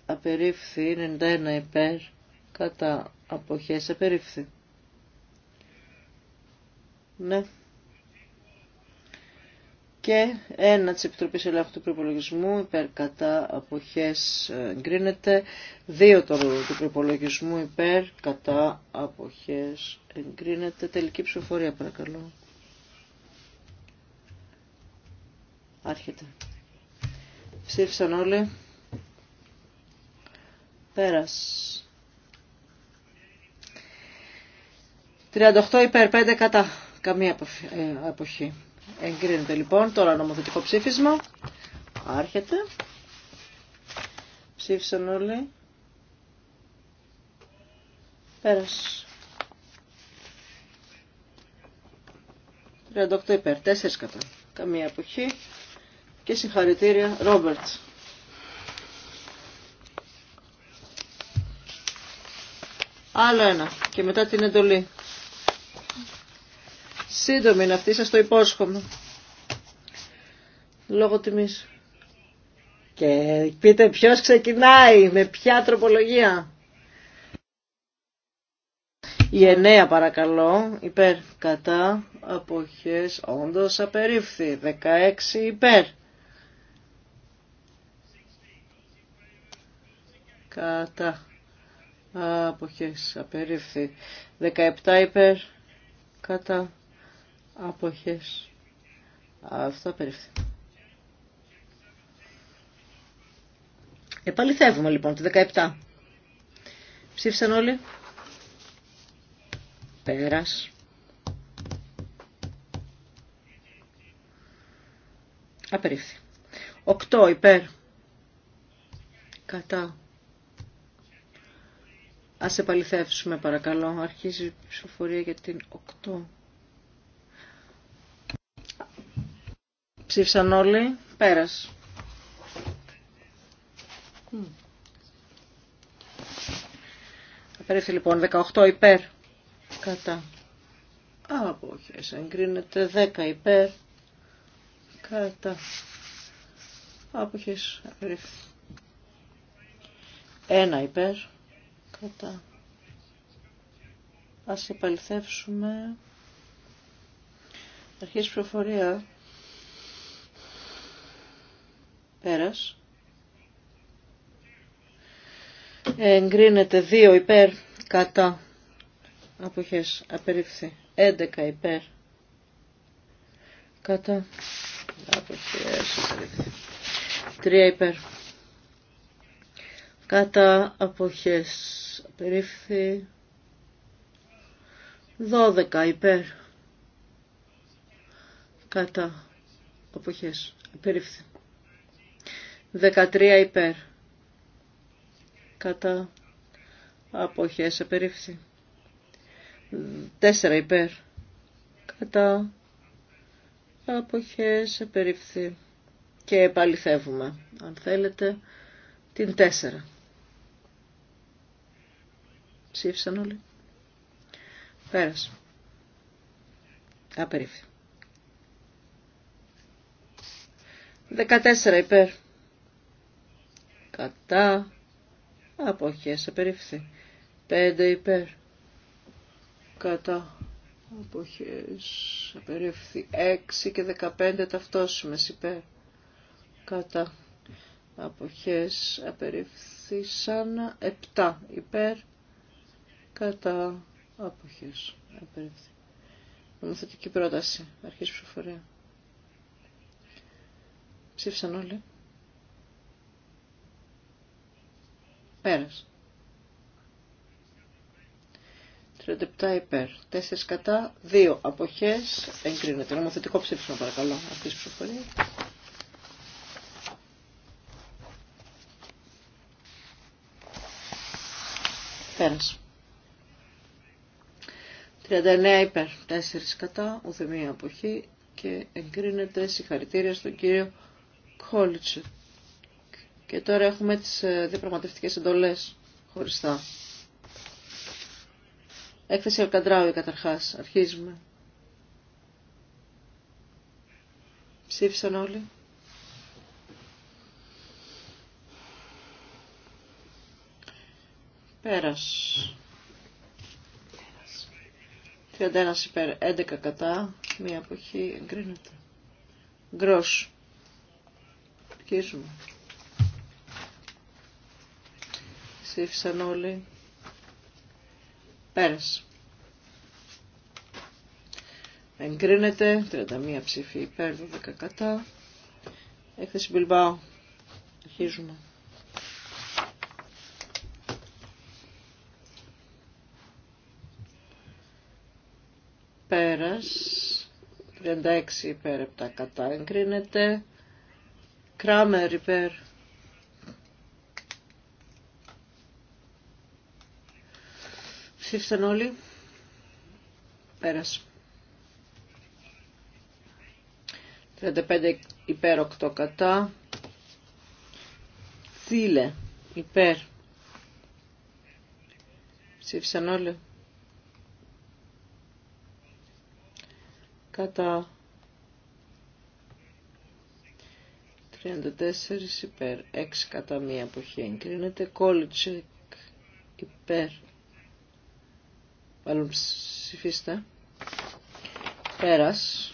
απερίφθη 91 υπέρ κατά αποχές απερίφθη ναι και ένα της Επιτροπής Ελέγχου του Προϋπολογισμού υπέρ κατά αποχές ε, εγκρίνεται, δύο το, του Προϋπολογισμού υπέρ κατά αποχές εγκρίνεται. Τελική ψηφοφορία παρακαλώ. Άρχεται. Ψήφισαν όλοι. Πέρας. 38 υπέρ, 5 κατά. Καμία ε, αποχή. Εγκρίνεται λοιπόν τώρα νομοθετικό ψήφισμα. Άρχεται. Ψήφισαν όλοι. Πέρασε. 38 υπέρ, 4 κατά. Καμία αποχή. Και συγχαρητήρια, Ρόμπερτ. Άλλο ένα. Και μετά την εντολή. Σύντομη είναι αυτή, σας το υπόσχομαι. Λόγω τιμής. Και πείτε ποιος ξεκινάει, με ποια τροπολογία. Η εννέα παρακαλώ, υπέρ, κατά, αποχές, όντως απερίφθη, 16 υπέρ. Κατά, αποχές, απερίφθη, 17 υπέρ, κατά, αποχές αυτό απερίφθη. Επαληθεύουμε λοιπόν τη 17. Ψήφισαν όλοι. Πέρας. Απερίφθη. 8 υπέρ. Κατά. Ας επαληθεύσουμε παρακαλώ. Αρχίζει η ψηφοφορία για την 8. Ψήφισαν όλοι. Πέρας. Απερίφθη λοιπόν 18 υπέρ. Κατά. Αποχές εγκρίνεται 10 υπέρ. Κατά. Αποχές απερίφθη. 1 υπέρ. Κατά. Ας επαληθεύσουμε. Αρχής προφορία. Πέρας. Εγκρίνεται 2 υπέρ κατά αποχές απερίφθη 11 υπέρ κατά αποχές απερίφθη 3 υπέρ κατά αποχές απερίφθη 12 υπέρ κατά αποχές απερίφθη 13 υπέρ. Κατά αποχές απερίφθη. 4 υπέρ. Κατά αποχές απερίφθη. Και επαληθεύουμε, αν θέλετε, την 4. Ψήφισαν όλοι. Πέρασε. Απερίφθη. 14 υπέρ κατά αποχές απερίφθη 5 υπέρ κατά αποχές απερίφθη 6 και 15 ταυτόχρονα υπέρ κατά αποχές Σαν 7 υπέρ κατά αποχές απερίφθη νομοθετική πρόταση αρχής ψηφοφορία ψήφισαν όλοι Πέρας. 37 υπέρ. 4 κατά. 2 αποχές. Εγκρίνεται. Νομοθετικό ψήφισμα παρακαλώ. Αυτή τη ψηφοφορία. Πέρας. 39 υπέρ. 4 κατά. Ούτε μία αποχή. Και εγκρίνεται συγχαρητήρια στον κύριο Κόλιτσεκ. Και τώρα έχουμε τις διαπραγματευτικές εντολές χωριστά. Έκθεση Αλκαντράουι καταρχάς. Αρχίζουμε. Ψήφισαν όλοι. Πέρας. 31 υπέρ 11 κατά. Μία αποχή εγκρίνεται. Γκρος. Αρχίζουμε. Ψήφισαν όλοι. Πέρασε. Εγκρίνεται. 31 ψήφοι υπέρ, 12 κατά. Έκθεση Μπιλμπάου. Αρχίζουμε. Πέρας. 36 υπέρ, 7 κατά. Εγκρίνεται. Κράμερ υπέρ. Ψήφισαν όλοι. Πέρασε. 35 υπέρ 8 κατά. Θύλε υπέρ. Ψήφισαν όλοι. Κατά. 34 υπέρ. 6 κατά μία αποχή εγκρίνεται. Κόλτσεκ υπέρ. Μάλλον ψηφίστε. Πέρας.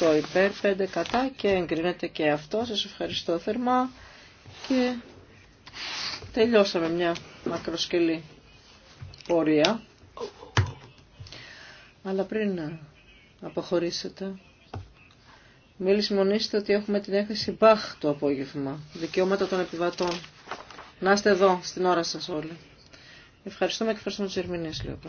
38 υπέρ, 5 κατά και εγκρίνεται και αυτό. Σας ευχαριστώ θερμά και τελειώσαμε μια μακροσκελή πορεία. Αλλά πριν να αποχωρήσετε, μην λησμονήσετε ότι έχουμε την έκθεση Μπαχ το απόγευμα. Δικαιώματα των επιβατών. Να είστε εδώ, στην ώρα σας όλοι. Ευχαριστούμε και ευχαριστούμε τους Ερμηνείς, λέω ο